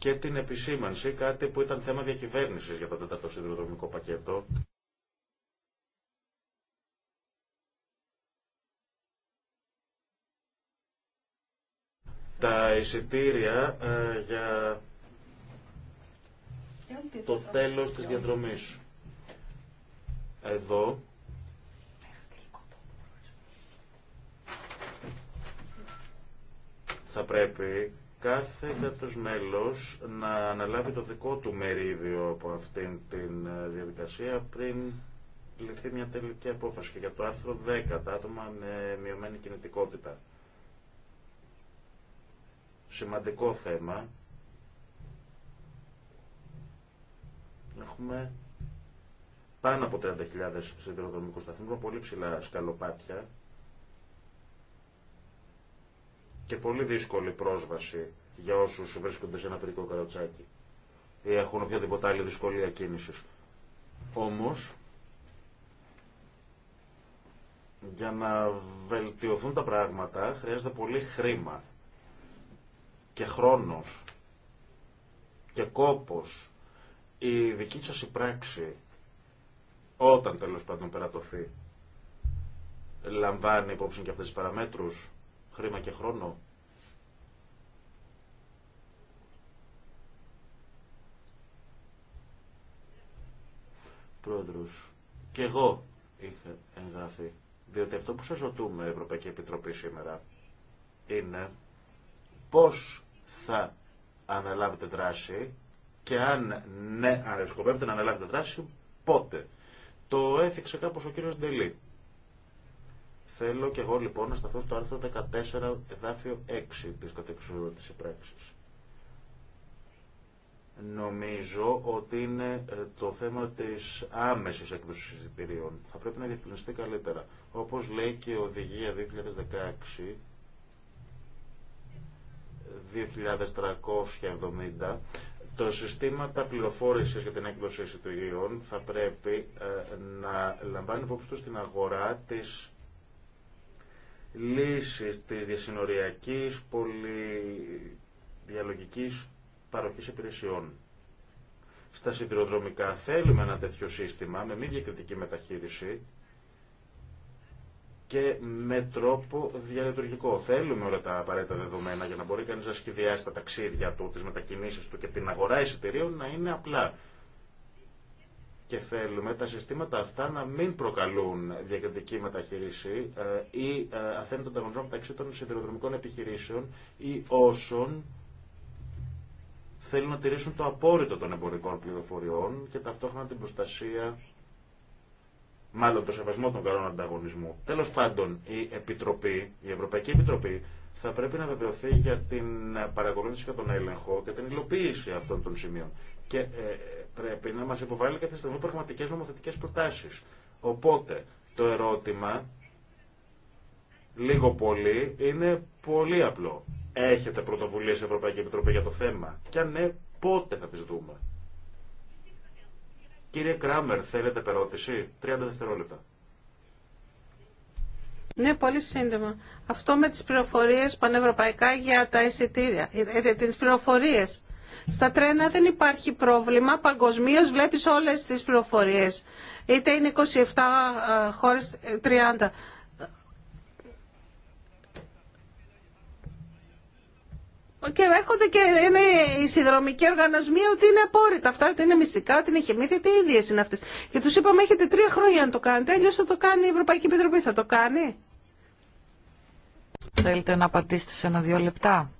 και την επισήμανση, κάτι που ήταν θέμα διακυβέρνησης για το τέταρτο συνδρομικό πακέτο. Τα εισιτήρια ε, για το τέλος της διαδρομής. Εδώ θα πρέπει κάθε κράτος μέλος να αναλάβει το δικό του μερίδιο από αυτήν την ε, διαδικασία πριν ληφθεί μια τελική απόφαση. Και για το άρθρο 10, τα άτομα με μειωμένη κινητικότητα. Σημαντικό θέμα. Έχουμε πάνω από 30.000 σιδηροδρομικούς σταθμούς, πολύ ψηλά σκαλοπάτια, και πολύ δύσκολη πρόσβαση για όσους βρίσκονται σε ένα παιδικό καροτσάκι ή έχουν οποιαδήποτε άλλη δυσκολία κίνηση. Όμως, για να βελτιωθούν τα πράγματα χρειάζεται πολύ χρήμα και χρόνος και κόπος. Η δική σας η πράξη, όταν τέλος πάντων περατωθεί, λαμβάνει υπόψη και αυτές τις παραμέτρους χρήμα και χρόνο. Πρόεδρος, και εγώ είχα εγγραφεί, διότι αυτό που σας ζωτούμε Ευρωπαϊκή Επιτροπή, σήμερα, είναι πώς θα αναλάβετε δράση και αν ναι, αν σκοπεύετε να αναλάβετε δράση, πότε. Το έθιξε κάπως ο κύριος Ντελή. Θέλω και εγώ λοιπόν να σταθώ στο άρθρο 14 εδάφιο 6 της της πράξης. Νομίζω ότι είναι ε, το θέμα της άμεσης έκδοσης εισιτηρίων. Θα πρέπει να διευκρινιστεί καλύτερα. Όπως λέει και η Οδηγία 2016, 2370, το τα πληροφόρηση για την έκδοση εισιτηρίων θα πρέπει ε, να λαμβάνει υπόψη του στην αγορά της λύσεις της διασυνοριακής πολυδιαλογικής παροχής υπηρεσιών. Στα σιδηροδρομικά θέλουμε ένα τέτοιο σύστημα με μη διακριτική μεταχείριση και με τρόπο διαλειτουργικό. Θέλουμε όλα τα απαραίτητα δεδομένα για να μπορεί κανείς να σχεδιάσει τα ταξίδια του, τις μετακινήσεις του και την αγορά εισιτηρίων να είναι απλά και θέλουμε τα συστήματα αυτά να μην προκαλούν διακριτική μεταχείριση ε, ή ε, αθέμητο ανταγωνισμό μεταξύ των σιδηροδρομικών επιχειρήσεων ή όσων θέλουν να τηρήσουν το απόρριτο των εμπορικών πληροφοριών και ταυτόχρονα την προστασία, μάλλον το σεβασμό των καλών ανταγωνισμού. Τέλος πάντων, η τον ανταγωνισμο μεταξυ των σιδηροδρομικων επιχειρησεων η Ευρωπαϊκή Επιτροπή, θα πρέπει να βεβαιωθεί για την παρακολούθηση και τον έλεγχο και την υλοποίηση αυτών των σημείων. Και ε, πρέπει να μας υποβάλει κάποια στιγμή πραγματικές νομοθετικές προτάσεις. Οπότε, το ερώτημα, λίγο πολύ, είναι πολύ απλό. Έχετε πρωτοβουλίε στην Ευρωπαϊκή Επιτροπή για το θέμα. Και αν ναι, πότε θα τις δούμε. Κύριε Κράμερ, θέλετε περώτηση. 30 δευτερόλεπτα. Ναι, πολύ σύντομα. Αυτό με τις πληροφορίες πανευρωπαϊκά για τα εισιτήρια, για τις πληροφορίες. Στα τρένα δεν υπάρχει πρόβλημα. Παγκοσμίω βλέπει όλες τις πληροφορίε. Είτε είναι 27 χώρες, 30. Ε, και έρχονται και είναι οι συνδρομικοί οργανισμοί ότι είναι απόρριτα αυτά, ότι είναι μυστικά, ότι είναι χεμήθεια, τι ίδιε είναι αυτέ. Και του είπαμε έχετε τρία χρόνια να το κάνετε, Έλλειω θα το κάνει η Ευρωπαϊκή Επιτροπή. Θα το κάνει. Θέλετε να απαντήσετε σε ένα-δύο λεπτά.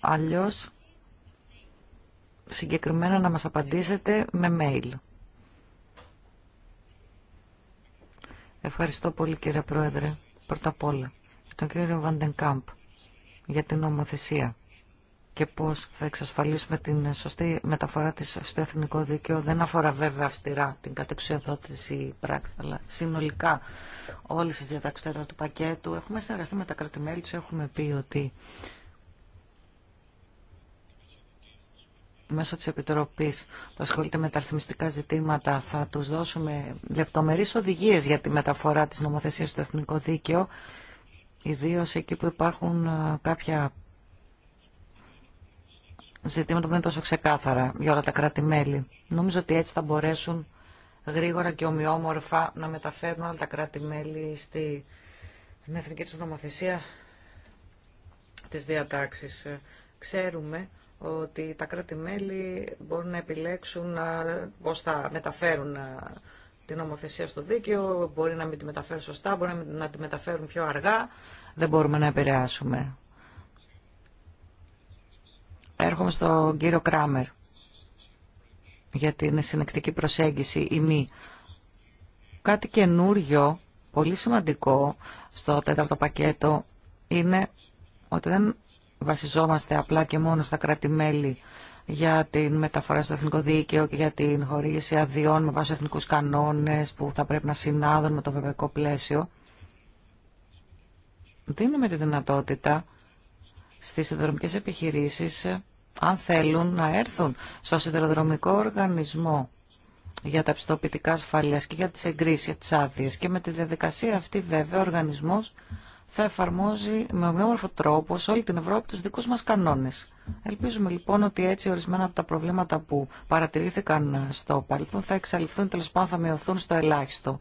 Αλλιώς συγκεκριμένα να μας απαντήσετε με mail. Ευχαριστώ πολύ κύριε Πρόεδρε. Πρώτα απ' όλα τον κύριο Βαντενκάμπ για την νομοθεσία και πώς θα εξασφαλίσουμε την σωστή μεταφορά της στο εθνικό δίκαιο. Δεν αφορά βέβαια αυστηρά την κατεξουσιοδότηση πράξη, αλλά συνολικά όλες τις διατάξεις του πακέτου. Έχουμε συνεργαστεί με τα κρατημέλη τους, έχουμε πει ότι μέσω της Επιτροπής που ασχολείται με τα αριθμιστικά ζητήματα θα τους δώσουμε λεπτομερείς οδηγίες για τη μεταφορά της νομοθεσίας στο εθνικό δίκαιο, ιδίως εκεί που υπάρχουν κάποια ζητήματα που είναι τόσο ξεκάθαρα για όλα τα κράτη-μέλη. Νομίζω ότι έτσι θα μπορέσουν γρήγορα και ομοιόμορφα να μεταφέρουν όλα τα κράτη-μέλη στην εθνική τους νομοθεσία της Διατάξης. Ξέρουμε ότι τα κράτη-μέλη μπορούν να επιλέξουν πώς θα μεταφέρουν την νομοθεσία στο δίκαιο, μπορεί να μην τη μεταφέρουν σωστά, μπορεί να τη μεταφέρουν πιο αργά. Δεν μπορούμε να επηρεάσουμε. Έρχομαι στον κύριο Κράμερ για την συνεκτική προσέγγιση ή μη. Κάτι καινούριο, πολύ σημαντικό στο τέταρτο πακέτο είναι ότι δεν βασιζόμαστε απλά και μόνο στα κράτη-μέλη για την μεταφορά στο εθνικό δίκαιο και για την χορήγηση αδειών με βάση εθνικούς κανόνες που θα πρέπει να συνάδουν με το βεβαϊκό πλαίσιο. Δίνουμε τη δυνατότητα στις σιδηροδρομικές επιχειρήσεις, αν θέλουν, να έρθουν στο σιδηροδρομικό οργανισμό για τα πιστοποιητικά ασφαλείας και για τις εγκρίσεις, για τις Και με τη διαδικασία αυτή βέβαια ο οργανισμός θα εφαρμόζει με ομοιόμορφο τρόπο σε όλη την Ευρώπη τους δικούς μας κανόνες. Ελπίζουμε λοιπόν ότι έτσι ορισμένα από τα προβλήματα που παρατηρήθηκαν στο παρελθόν θα εξαλειφθούν, τέλο πάντων θα μειωθούν στο ελάχιστο.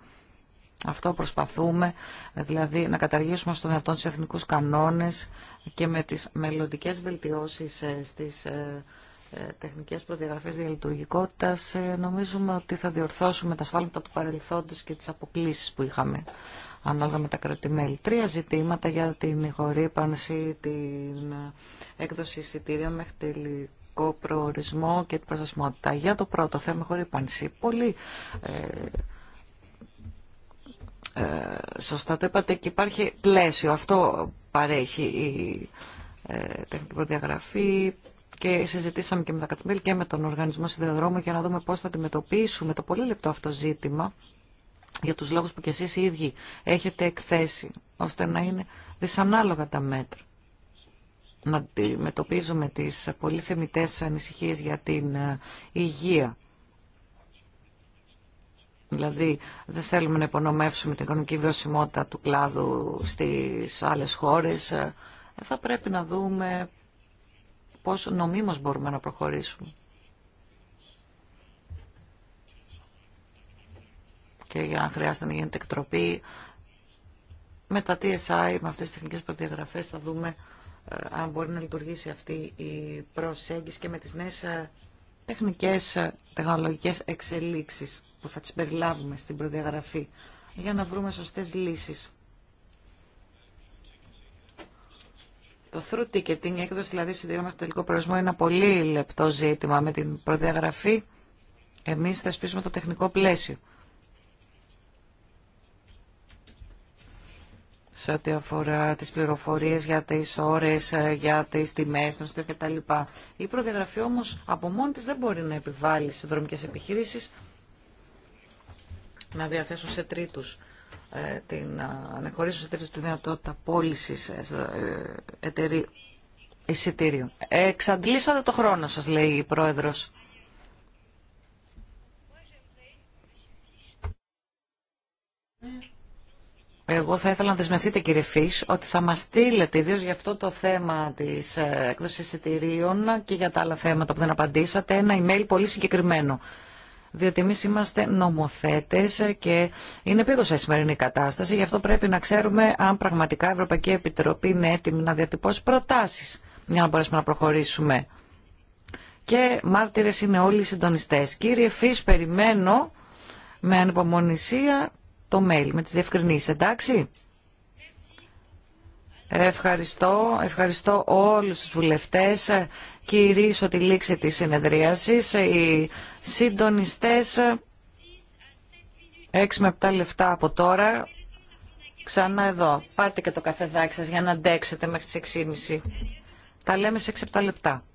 Αυτό προσπαθούμε, δηλαδή να καταργήσουμε στο δυνατόν του εθνικούς κανόνες και με τις μελλοντικέ βελτιώσεις ε, στις ε, ε, τεχνικές προδιαγραφές διαλειτουργικότητας νομίζουμε ότι θα διορθώσουμε τα σφάλματα του παρελθόντος και τις αποκλήσει που είχαμε ανάλογα με τα κρατημέλη. Τρία ζητήματα για την χορύπανση, την έκδοση εισιτήριων μέχρι τελικό προορισμό και την προστασμότητα. Για το πρώτο θέμα χορύπανση, πολύ ε, ε, σωστά το είπατε και υπάρχει πλαίσιο. Αυτό παρέχει η ε, τεχνική προδιαγραφή, και συζητήσαμε και με τα κατημέλη και με τον Οργανισμό Συνδεδρόμου για να δούμε πώς θα αντιμετωπίσουμε το πολύ λεπτό αυτό ζήτημα για τους λόγους που κι εσείς οι ίδιοι έχετε εκθέσει, ώστε να είναι δυσανάλογα τα μέτρα. Να αντιμετωπίζουμε τις πολύ θεμητές ανησυχίες για την ε, υγεία. Δηλαδή δεν θέλουμε να υπονομεύσουμε την οικονομική βιωσιμότητα του κλάδου στις άλλες χώρες. Ε, θα πρέπει να δούμε πώς νομίμως μπορούμε να προχωρήσουμε. και για αν χρειάζεται να γίνεται εκτροπή. Με τα TSI, με αυτές τις τεχνικές προδιαγραφές, θα δούμε ε, αν μπορεί να λειτουργήσει αυτή η προσέγγιση και με τις νέες ε, τεχνικές, ε, τεχνολογικές εξελίξεις που θα τις περιλάβουμε στην προδιαγραφή για να βρούμε σωστές λύσεις. Το through ticketing, η έκδοση δηλαδή με το τελικό προορισμό, είναι ένα πολύ λεπτό ζήτημα με την προδιαγραφή. Εμείς θα σπίσουμε το τεχνικό πλαίσιο σε ό,τι αφορά τις πληροφορίες για τις ώρες, ε, για τις τιμές των κτλ. Η προδιαγραφή όμως από μόνη της δεν μπορεί να επιβάλλει σε δρομικές επιχειρήσεις να διαθέσουν σε τρίτους ε, την, να σε τη δυνατότητα πώλησης ε, εταιρεί, εισιτήριου. Εξαντλήσατε το χρόνο σας, λέει η Πρόεδρος. Εγώ θα ήθελα να δεσμευτείτε κύριε Φύς ότι θα μας στείλετε ιδίως για αυτό το θέμα της ε, έκδοσης εισιτηρίων και για τα άλλα θέματα που δεν απαντήσατε ένα email πολύ συγκεκριμένο. Διότι εμεί είμαστε νομοθέτες και είναι επίγουσα η σημερινή κατάσταση. Γι' αυτό πρέπει να ξέρουμε αν πραγματικά η Ευρωπαϊκή Επιτροπή είναι έτοιμη να διατυπώσει προτάσεις για να μπορέσουμε να προχωρήσουμε. Και μάρτυρες είναι όλοι οι συντονιστές. Κύριε Φύς, περιμένω με ανυπομονησία το mail με τις διευκρινήσεις, εντάξει. Ευχαριστώ, ευχαριστώ όλους τους βουλευτές, κυρίως τη λήξη τη συνεδρίαση οι συντονιστές 6 με 7 λεπτά από τώρα, ξανά εδώ, πάρτε και το καφεδάκι σας για να αντέξετε μέχρι τις 6.30. Τα λέμε σε 6-7 λεπτά.